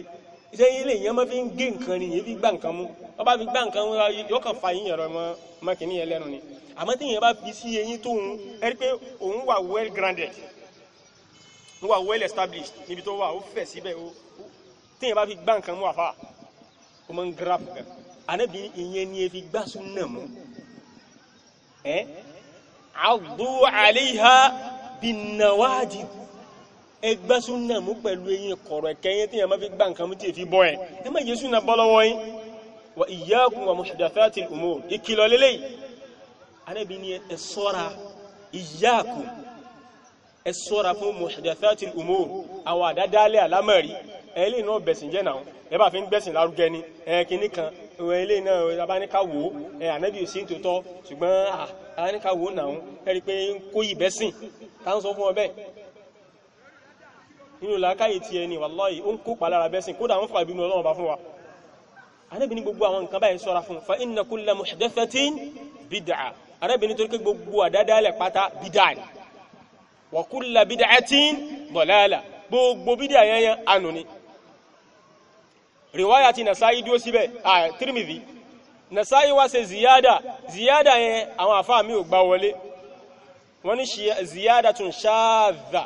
Speaker 1: ṣé ilé èèyàn máa fi ń gé nǹkan ni èyí fi gbá nǹkan mú wọ́n bá fi gbá nǹkan mú yóò kàn fa yíyan rẹ mọ́ mọ́kìnní yẹn lẹ́nu ni àmọ́ tí èèyàn bá fi sí eyín tóun ẹ̀rí pé òun wà well grounded òun wà well established níbi tó wà ó fẹ̀ síbẹ̀ ó tí èèyàn bá fi gbá nǹkan mú àfa ó máa ń grab gan ànábì ìyẹn ni efi gbá sún náà mú ẹ́ àdúrà àléhà bìnnàwádìí ẹgbẹ́ súnà mú pẹ̀lú eyín kọ̀rọ̀ ẹ̀kẹ́yìn tí yẹn máa fi gbá nǹkan mú tí èfi bọ́ ẹ̀ ẹ má yẹ súnà bọ́ lọ́wọ́ yín wa iyyakum wa muhdathatil umur ìkìlọ̀ lélẹ́yìí Ànábì ní ẹ ṣọ́ra iyyakum ẹ ṣọ́ra fún muhdathatil umur àwọn àdádálẹ̀ àlámọ̀rí ẹ̀ lè náà bẹ̀sìn jẹ́ náà ẹ bá fi ìwẹ̀ ilé náà abáníkàwò ẹ̀ ànábì òsì tòótọ́ ṣùgbọ́n abáníkàwò náà ẹ̀rí pé kó yìí bẹ́ sìn ká ń sọ fún ọ bẹ́ẹ̀ nínú làákàyè tiẹ̀ ni wàláhì ó ń kó palára bẹ́ sìn kódà ń fà ìbínú ọlọ́run bá fún wa ànábì ní gbogbo àwọn nǹkan báyìí sọ́ra fún fa inna kulla muhdathatin bid'a ànábì ní torí pé gbogbo àdádálẹ̀ pátá bid'a ni wa kulla bid'atin dalala gbogbo bid'a yẹn yẹn ànú ni riwaya ti nasa'i dúró síbẹ̀ à tirmidhi nasa'i wá ṣe ziyada ziyada yẹn àwọn àfáà mi ò gbà wọlé wọ́n ní ziyada tún ṣáàdà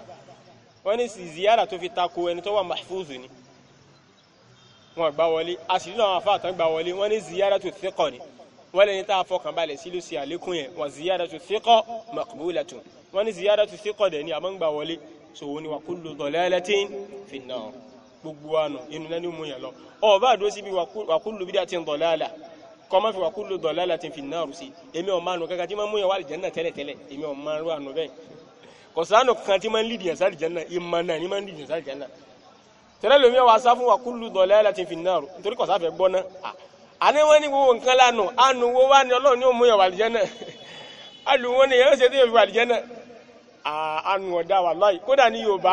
Speaker 1: wọ́n ní ziyada tó fi tako ẹni tó wà mahfuzu ni wọ́n gbà wọlé a sì nínú àwọn àfáà tán gbà wọlé wọ́n ní ziyada tó thiqa ni wọ́n lẹ́ni tá a fọkàn balẹ̀ sí àlékún yẹn wọ́n ziyada tó thiqa maqbulatun wọ́n ní ziyada tó thiqa dẹ̀ ni àmọ́ ń wọlé so wọ́n ní wa kullu dalalatin fin nar gbogbo ànà inú náà ní mú yàn lọ ọba àdó síbi wàkúlù bídà ti ń dọ̀láàlà kọ́má fi wàkúlù dọ̀láàlà ti fi náà rù sí èmi ò máa nù kankan tí máa mú yàn wà àlìjẹ́ náà tẹ́lẹ̀tẹ́lẹ̀ èmi ò máa rú ànù bẹ́ẹ̀ kọ̀sánù kan tí máa ń lídìyàn sáà àlìjẹ́ náà ìmọ̀ náà ni máa ń lídìyàn sáà àlìjẹ́ náà tẹ́lẹ̀ lómi wà sá fún wàkúlù dọ̀láàlà ti fi náà rù ni èèyàn ṣe tí yóò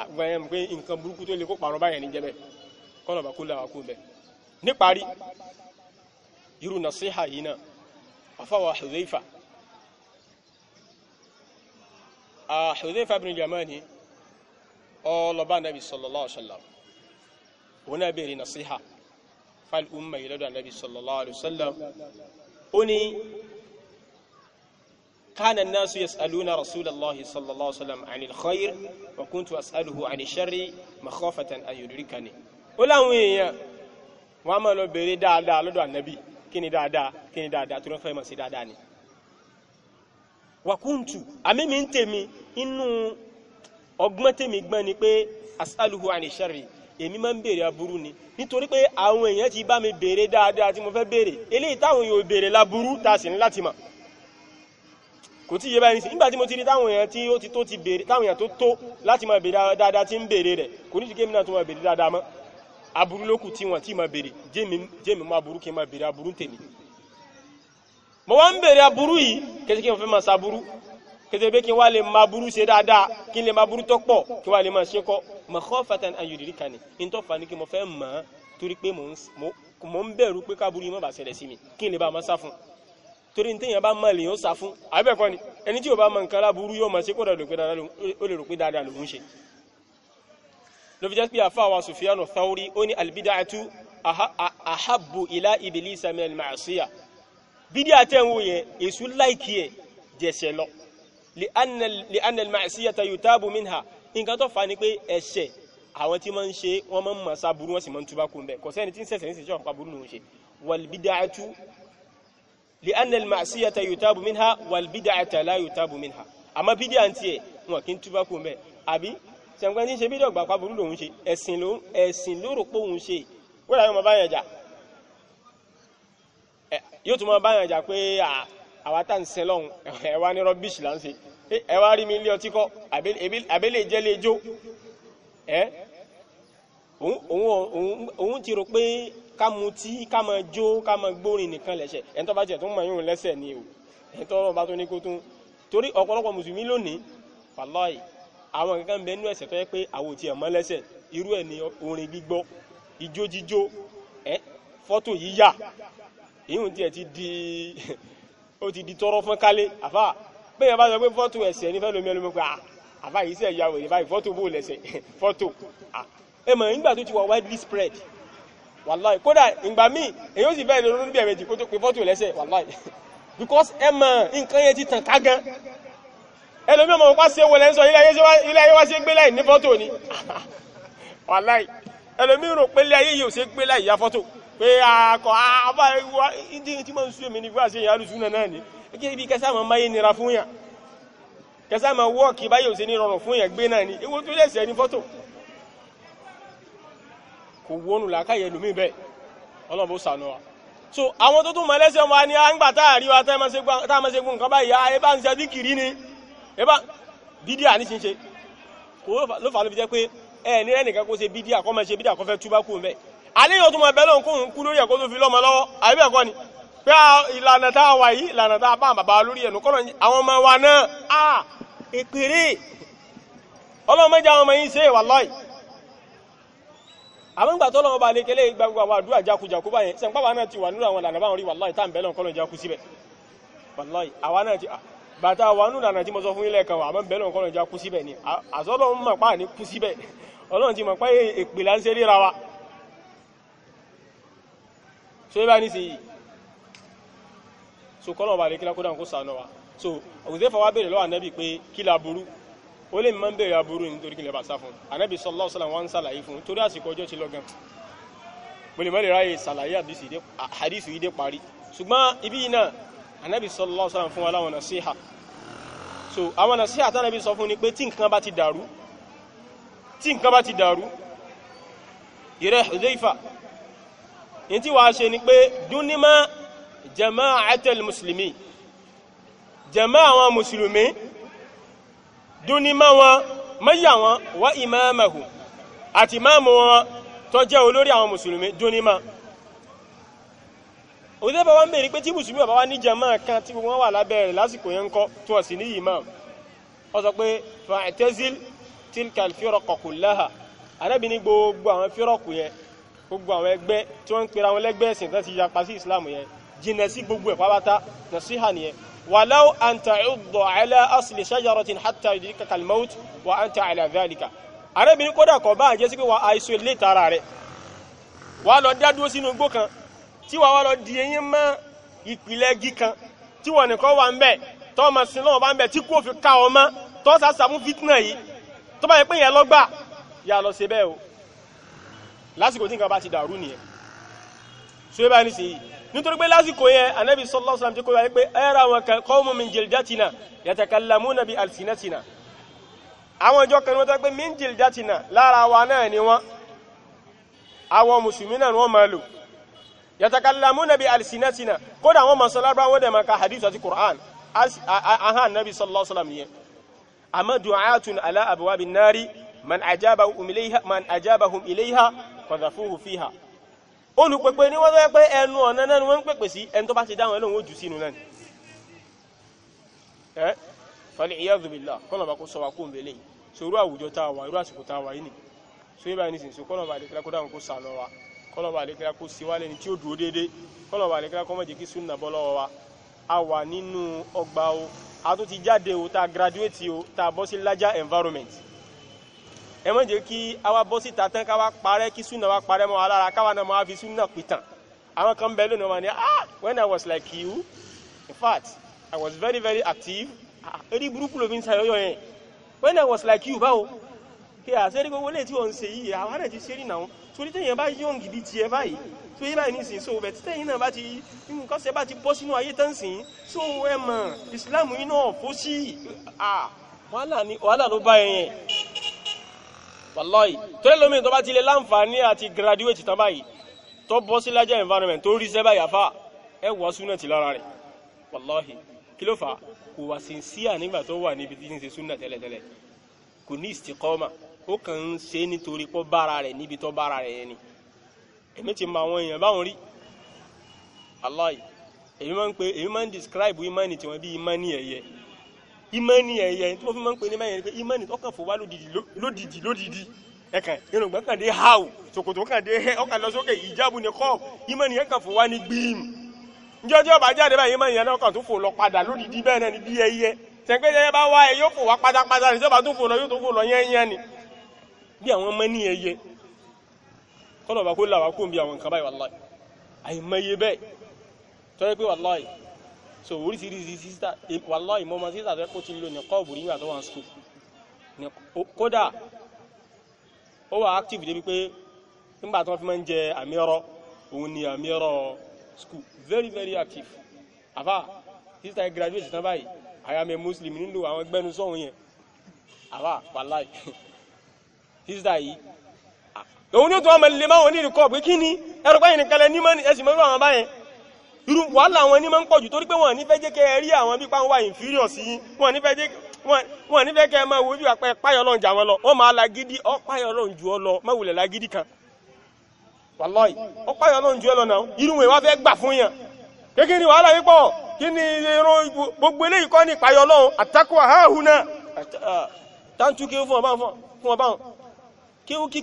Speaker 1: àgbẹ̀yẹn pé nǹkan burúkú tó lè kó parọ́ báyẹn ní jẹ́bẹ̀ kọ́nà bá kó làwà kó bẹ̀ níparí irú nasiha yìí náà afáwà Hudhaifa Hudhaifa bin Yamani ọlọ́ba nàbì sallallahu alaihi wasallam كان الناس يسألون رسول الله صلى الله عليه وسلم عن الخير وكنت أسأله عن الشر مخافة أن يدركني ولا وين وما لو بري دا دا لدو النبي كني دا دا كني دا دا ترون فهم سي دا دا وكنت أمي من تمي إنه ọgbọ́n tèmi gbọ́n ni pé as'aluhu ani sharri èmi máa ń béèrè aburú ni nítorí pé àwọn èèyàn ti bá mi béèrè dáadáa tí mo fẹ́ béèrè eléyìí táwọn yóò béèrè láburú tá a sì ní láti mọ̀ kò tí yé báyìí sí nígbàtí mo ti rí táwọn èèyàn tí ó ti tó ti béèrè táwọn èèyàn tó tó láti máa béèrè dáadáa tí ń béèrè rẹ̀ kò ní ti kémi náà tó máa béèrè dáadáa mọ́ aburú ló kù tí wọ́n ti máa béèrè jémi máa burú kí n máa béèrè aburú tèmi mo wá ń béèrè aburú yìí kété kí n fẹ́ máa saburú kété pé kí n wá lè máa burú ṣe dáadáa kí n lè máa burú tó pọ̀ kí n wá lè máa ṣe kọ́ mọ̀ kọ́ fatan ayòdìrí kan ní tó fà kí mo fẹ́ mọ̀ torí pé mo ń bẹ̀rù pé káburú yìí má bàa ṣẹlẹ̀ sí mi kí n lè bá a sá fún un torí ní téèyàn bá mọ̀ lèyàn ó sá fún àbẹ́ẹ̀kọ́ ni ẹni tí ò bá mọ̀ nǹkan láburú yóò mọ̀ sí kó dàdò pé dáadáa lòún ṣe ló fi jẹ́ pé àfáà wa Sufyanu Thawri ó ní albida'atu ahabbu ila iblisa min al-ma'siya bídí àtẹ̀wò yẹn èṣù láìkí ẹ̀ jẹ̀ṣẹ̀ lọ li anna al-ma'siyata yutabu minha nǹkan tó fà ní pé ẹ̀ṣẹ̀ àwọn tí máa ń ṣe wọ́n máa ń mọ̀ sá burú wọ́n sì máa ń túbá kú ń bẹ̀ tí ń ṣẹ̀ṣẹ̀ ń ṣe ṣọ́ọ̀pá burú lòún ṣe wal bida'atu لأن المعصية يتاب منها والبدعة لا يتاب منها أما بدعة أنتي wọn kì í túbá kú mẹ́ àbí sẹ̀ǹkan tí ń ṣe bí dọ̀gbà pa burú lòun ṣe ẹ̀sìn ló rò pé òun ṣe wọ́n làwọn ọmọ báyàn jà yóò tún mọ báyàn jà pé àwa tá à ń mi ilé ọtí kọ́ àbẹ́lẹ̀ jẹ́ lè òun ti rò pé ká mutí ká máa jó ká máa gbórin nìkan lẹ́sẹ̀ ẹni tó bá jẹ́ tó ń mọ̀ yóò lẹ́sẹ̀ ni o ẹni tó ọlọ́run bá tó ní kó tún torí ọ̀pọ̀lọpọ̀ mùsùlùmí lónìí wàláì àwọn kankan bẹ́ẹ̀ nú ẹ̀ṣẹ̀ tó yẹ pé àwọn ò tiẹ̀ mọ́ lẹ́sẹ̀ irú ẹ̀ ni orin gbígbọ́ ijó jíjó ẹ fọ́tò yíyà ìhùn tiẹ̀ ti di ó ti di tọrọ fún kálé àfà bẹ́ẹ̀ bá sọ pé fọ́tò ẹ̀ṣẹ̀ ní fẹ́ lomi ẹlòmí pé àfà yìí sẹ̀ ya wèrè báyìí fọ́tò bó lẹ́sẹ̀ fọ́tò ẹ mọ̀ nígbà tó ti wà widely spread wàláì kódà ìgbà míì èyí ó sì bẹ́ẹ̀ lórí bí ẹ̀mẹ́jì kó tó pe fọ́tò lẹ́sẹ̀ wàláì because ẹ mọ̀ nǹkan yẹn ti tàn ká gan ẹlòmí ọmọ wá sí ewòlẹ́ ń sọ ilé ayé wá sí gbé láì ní fọ́tò ni wàláì ẹlòmí rò pé ilé ayé yìí ò sí gbé láì ya fọ́tò pé akọ àbá ìwà ìdí tí mo ń sú èmi ní fún àṣeyàn alùsùn náà ní kí ibi kẹsà máa máyé nira fún yàn kẹsà máa wọ́ọ̀kì báyìí ò sí ní rọrùn fún yàn gbé náà ní ewu tó lẹ́sẹ̀ ní fọ́tò kò wónú làákàyè lómi bẹ́ẹ̀ ọlọ́run sànú wa so àwọn tó tún mọ ẹlẹ́sẹ̀ wa ni àǹgbà tá a rí wa tá a máa ṣe gbọ́n nǹkan báyìí ẹ bá ń ṣe díkìrí ni ẹ bá bídíà ní ṣinṣe kò ló fà ló fi jẹ́ pé ẹ ní ẹnìkan kó ṣe bídíà kọ́ máa ṣe bídíà kọ́ fẹ́ túbá kú mẹ́ àníyàn tó mọ ẹbẹ́ lóhun kóhun kú lórí ẹ̀kọ́ tó fi lọ́mọ lọ́wọ́ àbí ẹ̀kọ́ ni pé ìlànà tá a wà yìí ìlànà tá a bá bàbá lórí ẹ̀nu kọ́nà àwọn ọmọ wa náà à ìpèrè ọlọ́mọdé àwọn ọmọ yìí ṣe wà lọ́yìí àmọ́ngbà tó lọ́wọ́ bá lè kélé gbogbo àwọn àdúrà jákujàkú báyẹn sẹ́ pápá náà ti wà nínú àwọn ìlànà báwọn rí wàláì tá ń bẹ̀lọ́n kọ́lọ̀ jákú síbẹ̀ wàláì àwa náà ti bàtà wà nínú ìlànà tí mo sọ fún ilẹ̀ kan àmọ́ bẹ̀lọ́n kọ́lọ̀ jákú síbẹ̀ ni àsọ́lọ́ ń mọ̀ páà ní kú síbẹ̀ ọlọ́run ti mọ̀ pé èpè là ń ríra wa so ibà ní sí yìí so kọ́lọ̀ bá lè kílákó dáhùn kó sànù wa so òkùnzẹ́fà wa béèrè lọ́wọ́ ó lè máa ń bẹ̀rẹ̀ aburú nítorí kí lè bá sá fún anábì sallallahu alaihi wasallam wọn ń sàlàyé fún torí àsìkò ọjọ́ ti lọ gan mo lè má lè ráyè sàlàyé àdìsù yìí dé parí ṣùgbọ́n ibi yìí náà anábì sallallahu alaihi fún wa láwọn nasiha so àwọn nasiha tánábì sọ fún ni pé tí nǹkan bá ti dàrú tí nǹkan bá ti dàrú ìrẹ́ Hudhayfa ní tí wàá ṣe ni pé dúnímọ̀ jama'atul muslimin jama àwọn mùsùlùmí dúnni mọ́ wọn mọ́yà wọn wá ìmáàmàhù àti máàmù wọn tó jẹ́ olórí àwọn mùsùlùmí dúnni mọ́ òdẹ́bà wá ń bèèrè pé tí mùsùlùmí bàbá wá ní jàmáà kan tí wọ́n wà lábẹ́ rẹ̀ lásìkò yẹn ń kọ́ tó ọ̀sìn ní ìmáàmù ó sọ pé fa'tazil tilka al-firqa kullaha arábìnrin gbogbo àwọn fírọ̀kù yẹn gbogbo àwọn ẹgbẹ́ tí wọ́n ń pera wọn lẹ́gbẹ́ ẹ̀sìn tó ti yapa sí ìsìláàmù yẹn jìnnà sí gbogbo ẹ̀ pápátá nasiha nìyẹn ولو أن تعض على أصل شجرة حتى يدركك الموت وأنت على ذلك arábìnrin kódà kọ̀ bá jẹ́ sí pé wà àìsàn ilé tara rẹ̀ wà lọ dádúró sínú igbó kan tí wà wà lọ di eyín mọ́ ìpìlẹ̀ igi kan tí wọ́n nìkan wà ń bẹ̀ tọ́ ọmọ sí lọ́wọ́ bá ń bẹ̀ tí kú òfin ká ọmọ tọ́ sàṣà fún fitna yìí tó bá yẹ pé yẹn lọ́gbà yà lọ ṣe bẹ́ẹ̀ o lásìkò tí nǹkan bá ti dàrú nìyẹn so yẹ bá ní sèyí nítorí pé lásìkò yẹn anabi sallallahu alaihi wasallam ti kó wáyé pé ẹ̀rọ àwọn kan qawmun min jildatina yatakallamuna bi alsinatina àwọn ìjọ kan ní wọ́n tẹ́ pé min jildatina lára wa náà ni wọ́n àwọn mùsùlùmí náà ni wọ́n máa lò yatakallamuna bi alsinatina kódà wọ́n máa sọ lábúrá wọ́n dẹ̀ máa ka hadith àti Qur'an ahán anabi sallallahu alaihi yẹn àmọ́ du'atun ala abwabi nari man ajabahum ilayha man fiha olùpẹ̀pẹ̀ ní wọ́n tó yẹ pé ẹnu ọ̀nà náà ni wọ́n ń pẹ̀pẹ̀ sí ẹni tó bá ti dáhùn ẹlòmọ́ jù sínú náà ẹ́ fàlẹ̀ ìyáàzùbìlá kọ́nàbà kó sọ wa kó ń belé sòrò àwùjọ tá irú àsìkò tá yìí ni so yíba ẹni sìn so kọ́nàbà àlekẹ́lá kó dáhùn kó sànà wa kọ́nàbà àlekẹ́lá kó sí wálé ni tí ó dúró déédé kọ́nàbà àlekẹ́lá kó má jẹ́ kí súnà bọ́ lọ́wọ́ wa a wà nínú ọgbà o a tún ti jáde o tá graduate o tá bọ́ sí larger environment ẹ má jẹ́ kí àwa bọ́ síta tán káwa parẹ́ kí súnà wa parẹ́ mọ́ alára káwa náà máa fi súnà pìtàn àwọn kan bẹ́ẹ̀ lónìí wọn ni ah when I was like you in fact I was very very active ah, ah, eré burúkú ló fi ń sayọyọ yẹn when I was like you báwo kí àṣẹ́rí gbogbo lè tí wọ́n ń ṣe yìí àwọn àrẹ̀ ti ṣe rí náà torí tẹ̀yìn bá yọ̀ǹ gidi tiẹ̀ báyìí tó yé báyìí nísìnyí so bẹ̀ tẹ̀yìn náà bá ti nǹkan ṣe bá ti bọ́ sínú ayé tán sìn so ẹ mọ̀ Islam yìí náà fọ́ sí ah, wàhálà ló bá yẹn yẹn wàláì tó lómi tó bá ti lè láǹfààní àti graduate tán báyìí tó bọ́ sí lájẹ́ environment tó rí iṣẹ́ báyìí àfà ẹ wọ́ súnà ti lára rẹ̀ wàláì kí ló fà kò wà sincere nígbà tó wà níbi tí ń ṣe súnà tẹ́lẹ̀tẹ́lẹ̀ kò ní ìsìkọ́mà ó kàn ń ṣe nítorí pọ́ bára rẹ̀ níbi tó bára rẹ̀ yẹn ni èmi ti mọ àwọn èèyàn báwọn rí wàláì èmi máa ń pe èmi máa ń describe imani tiwọn bí imani ẹ̀yẹ ìmánì ẹ̀yẹ tí wọ́n fi máa ń pè ní mẹ́yẹ ni pé ìmánì ọkàn fò wá lódìdí lódìdí ẹ̀kàn irùngbọ́n kàn dé hàù ṣòkòtò kàn dé hẹ́ ọkàn lọ sókè ìjábù ní kọ́ọ̀bù ìmánì yẹn kàn fò wá ní gbìm njẹ́ ọjọ́ ọba jáde báyìí ìmánì yẹn náà kàn tó fò lọ padà lódìdí bẹ́ẹ̀ náà ni bí ẹyẹ tẹ̀gbẹ́ yẹn bá wá ẹ yóò fò wá pátápátá ní sọ́ba tó fò lọ yóò tó fò lọ yẹ́nyẹ́ ni bí àwọn ọmọ ní ẹyẹ kọ́nà ọba kó là wá kó ń bí àwọn nǹkan báyìí so oríṣiríṣi sísítà e, wàláhì ìmọ̀ ọmọ sísítà tó kó ti lò ní kọ́ọ̀bù nígbà tó wà ní skul kódà ó wà active débi pé nígbà tó wọ́n fi máa ń jẹ àmì ọ̀rọ̀ òun ni àmì ọ̀rọ̀ skul very very active àfà sísítà yẹn graduate tán báyìí àyàmẹ muslim nílò àwọn gbẹnu sọ̀hún yẹn àfà wàláhì sísítà yìí òun ni ó tún wọn mọ lè máa wọn ní ìrìkọ́ pé kí ni ẹrù pẹ́yìn nìkan lẹ ní mọ́ni ẹ̀sìn mọ́ni irú wàhálà àwọn ní máa ń pọ̀jù torí pé wọ́n ní fẹ́ jẹ́ kẹ́ rí àwọn bí pa ń wà inferior sí wọ́n ní fẹ́ kẹ́ máa wo bí àpẹ páyọ̀ jà wọn lọ wọ́n ọ jù ọ lọ mẹ́wùlẹ̀ kan wàlọ́ì ọ jù ọ lọ náà irú wọn wá fẹ́ gbà fún yàn kékeré wàhálà wípọ̀ ni gbogbo eléyìí kọ́ náà táǹtú kí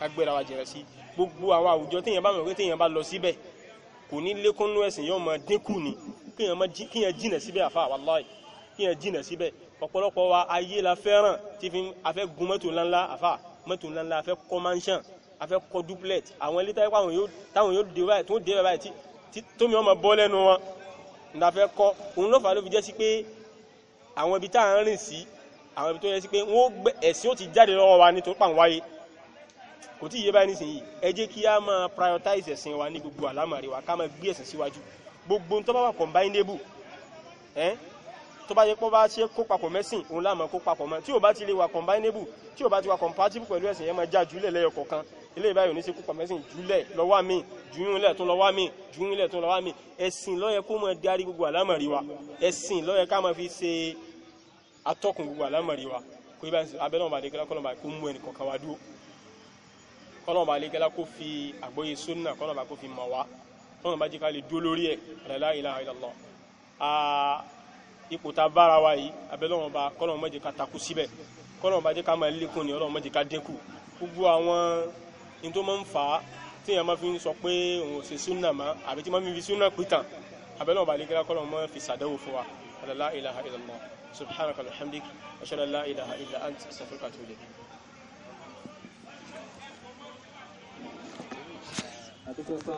Speaker 1: agbẹ́ra wa jẹ̀rẹ̀ sí gbogbo àwọn àwùjọ téèyàn bá mọ̀ pé téèyàn bá lọ síbẹ̀ kò ní lékúnnú ẹ̀sìn yóò mọ dínkù ni kíyàn jìnà síbẹ̀ àfa wàláì kíyàn jìnà síbẹ̀ ọ̀pọ̀lọpọ̀ wa ayé la fẹ́ràn tí fi afẹ́ gun mọ́tò ńláńlá àfa mọ́tò ńláńlá afẹ́ kọ́ mansion afẹ́ kọ́ duplet àwọn ilé táwọn yóò dé báyìí tó dé báyìí tí tómi ọmọ bọ́ lẹ́nu wọn ńlá fẹ́ kọ́ òun ló fà ló fi jẹ́ sí pé àwọn ibi tá à ń rìn sí àwọn ibi tó yẹ sí pé ẹ̀sìn ó ti jáde lọ́wọ́ wa nítorí pàǹwáyé kò tí ì yé báyìí nísìnyí ẹ jẹ́ kí a máa prioritize ẹ̀sìn wa ní gbogbo àlámàrí wa ká máa gbé ẹ̀sìn síwájú gbogbo tó bá wà combinable ẹ́ tó bá yẹ pé bá ṣe kó papọ̀ mẹ́sìn òun láàmú kó papọ̀ mọ́ tí ò bá ti lè wà combinable tí ò bá ti wà compatible pẹ̀lú ẹ̀sìn yẹn máa já jùlẹ̀ lẹ́yọ kọ̀ọ̀kan ilé ìbáyọ̀ ní ṣe kó papọ̀ mẹ́sìn jùlẹ̀ lọ́wọ́ mi jùyúnlẹ̀ tó lọ́wọ́ mi jùyúnlẹ̀ tó lọ́wọ́ mi ẹ̀sìn ló kó máa darí gbogbo àlámọ̀rí wa ẹ̀sìn ló ká máa fi ṣe atọ́kùn gbogbo àlámọ̀rí wa kó ibà abẹ́ náà kọ́nà bá lè gẹ́lá kó fi àgbóyé súnà kọ́nà bá kó fi mọ̀ wá kọ́nà bá jẹ́ ká lè dúó lórí ẹ̀ la ilaha illallah ipò ta bára wa yìí abẹ́lọ́wọ̀n bá kọ́nà má jẹ́ ká takú síbẹ̀ kọ́nà bá jẹ́ ká máa lékún ní ọlọ́run má jẹ́ ká dínkù gbogbo àwọn ní tó máa ń fà á tí èèyàn máa fi ń sọ pé òun ò ṣe súnà mọ́ àbí tí máa fi súnà pìtàn abẹ́lọ́wọ̀n bá lè kọ́nà má fi sàdẹ́wò fún wa la ilaha illallah subhanaka alhamdik ashhadu an la ilaha illa ant astaghfiruka wa A tu eso,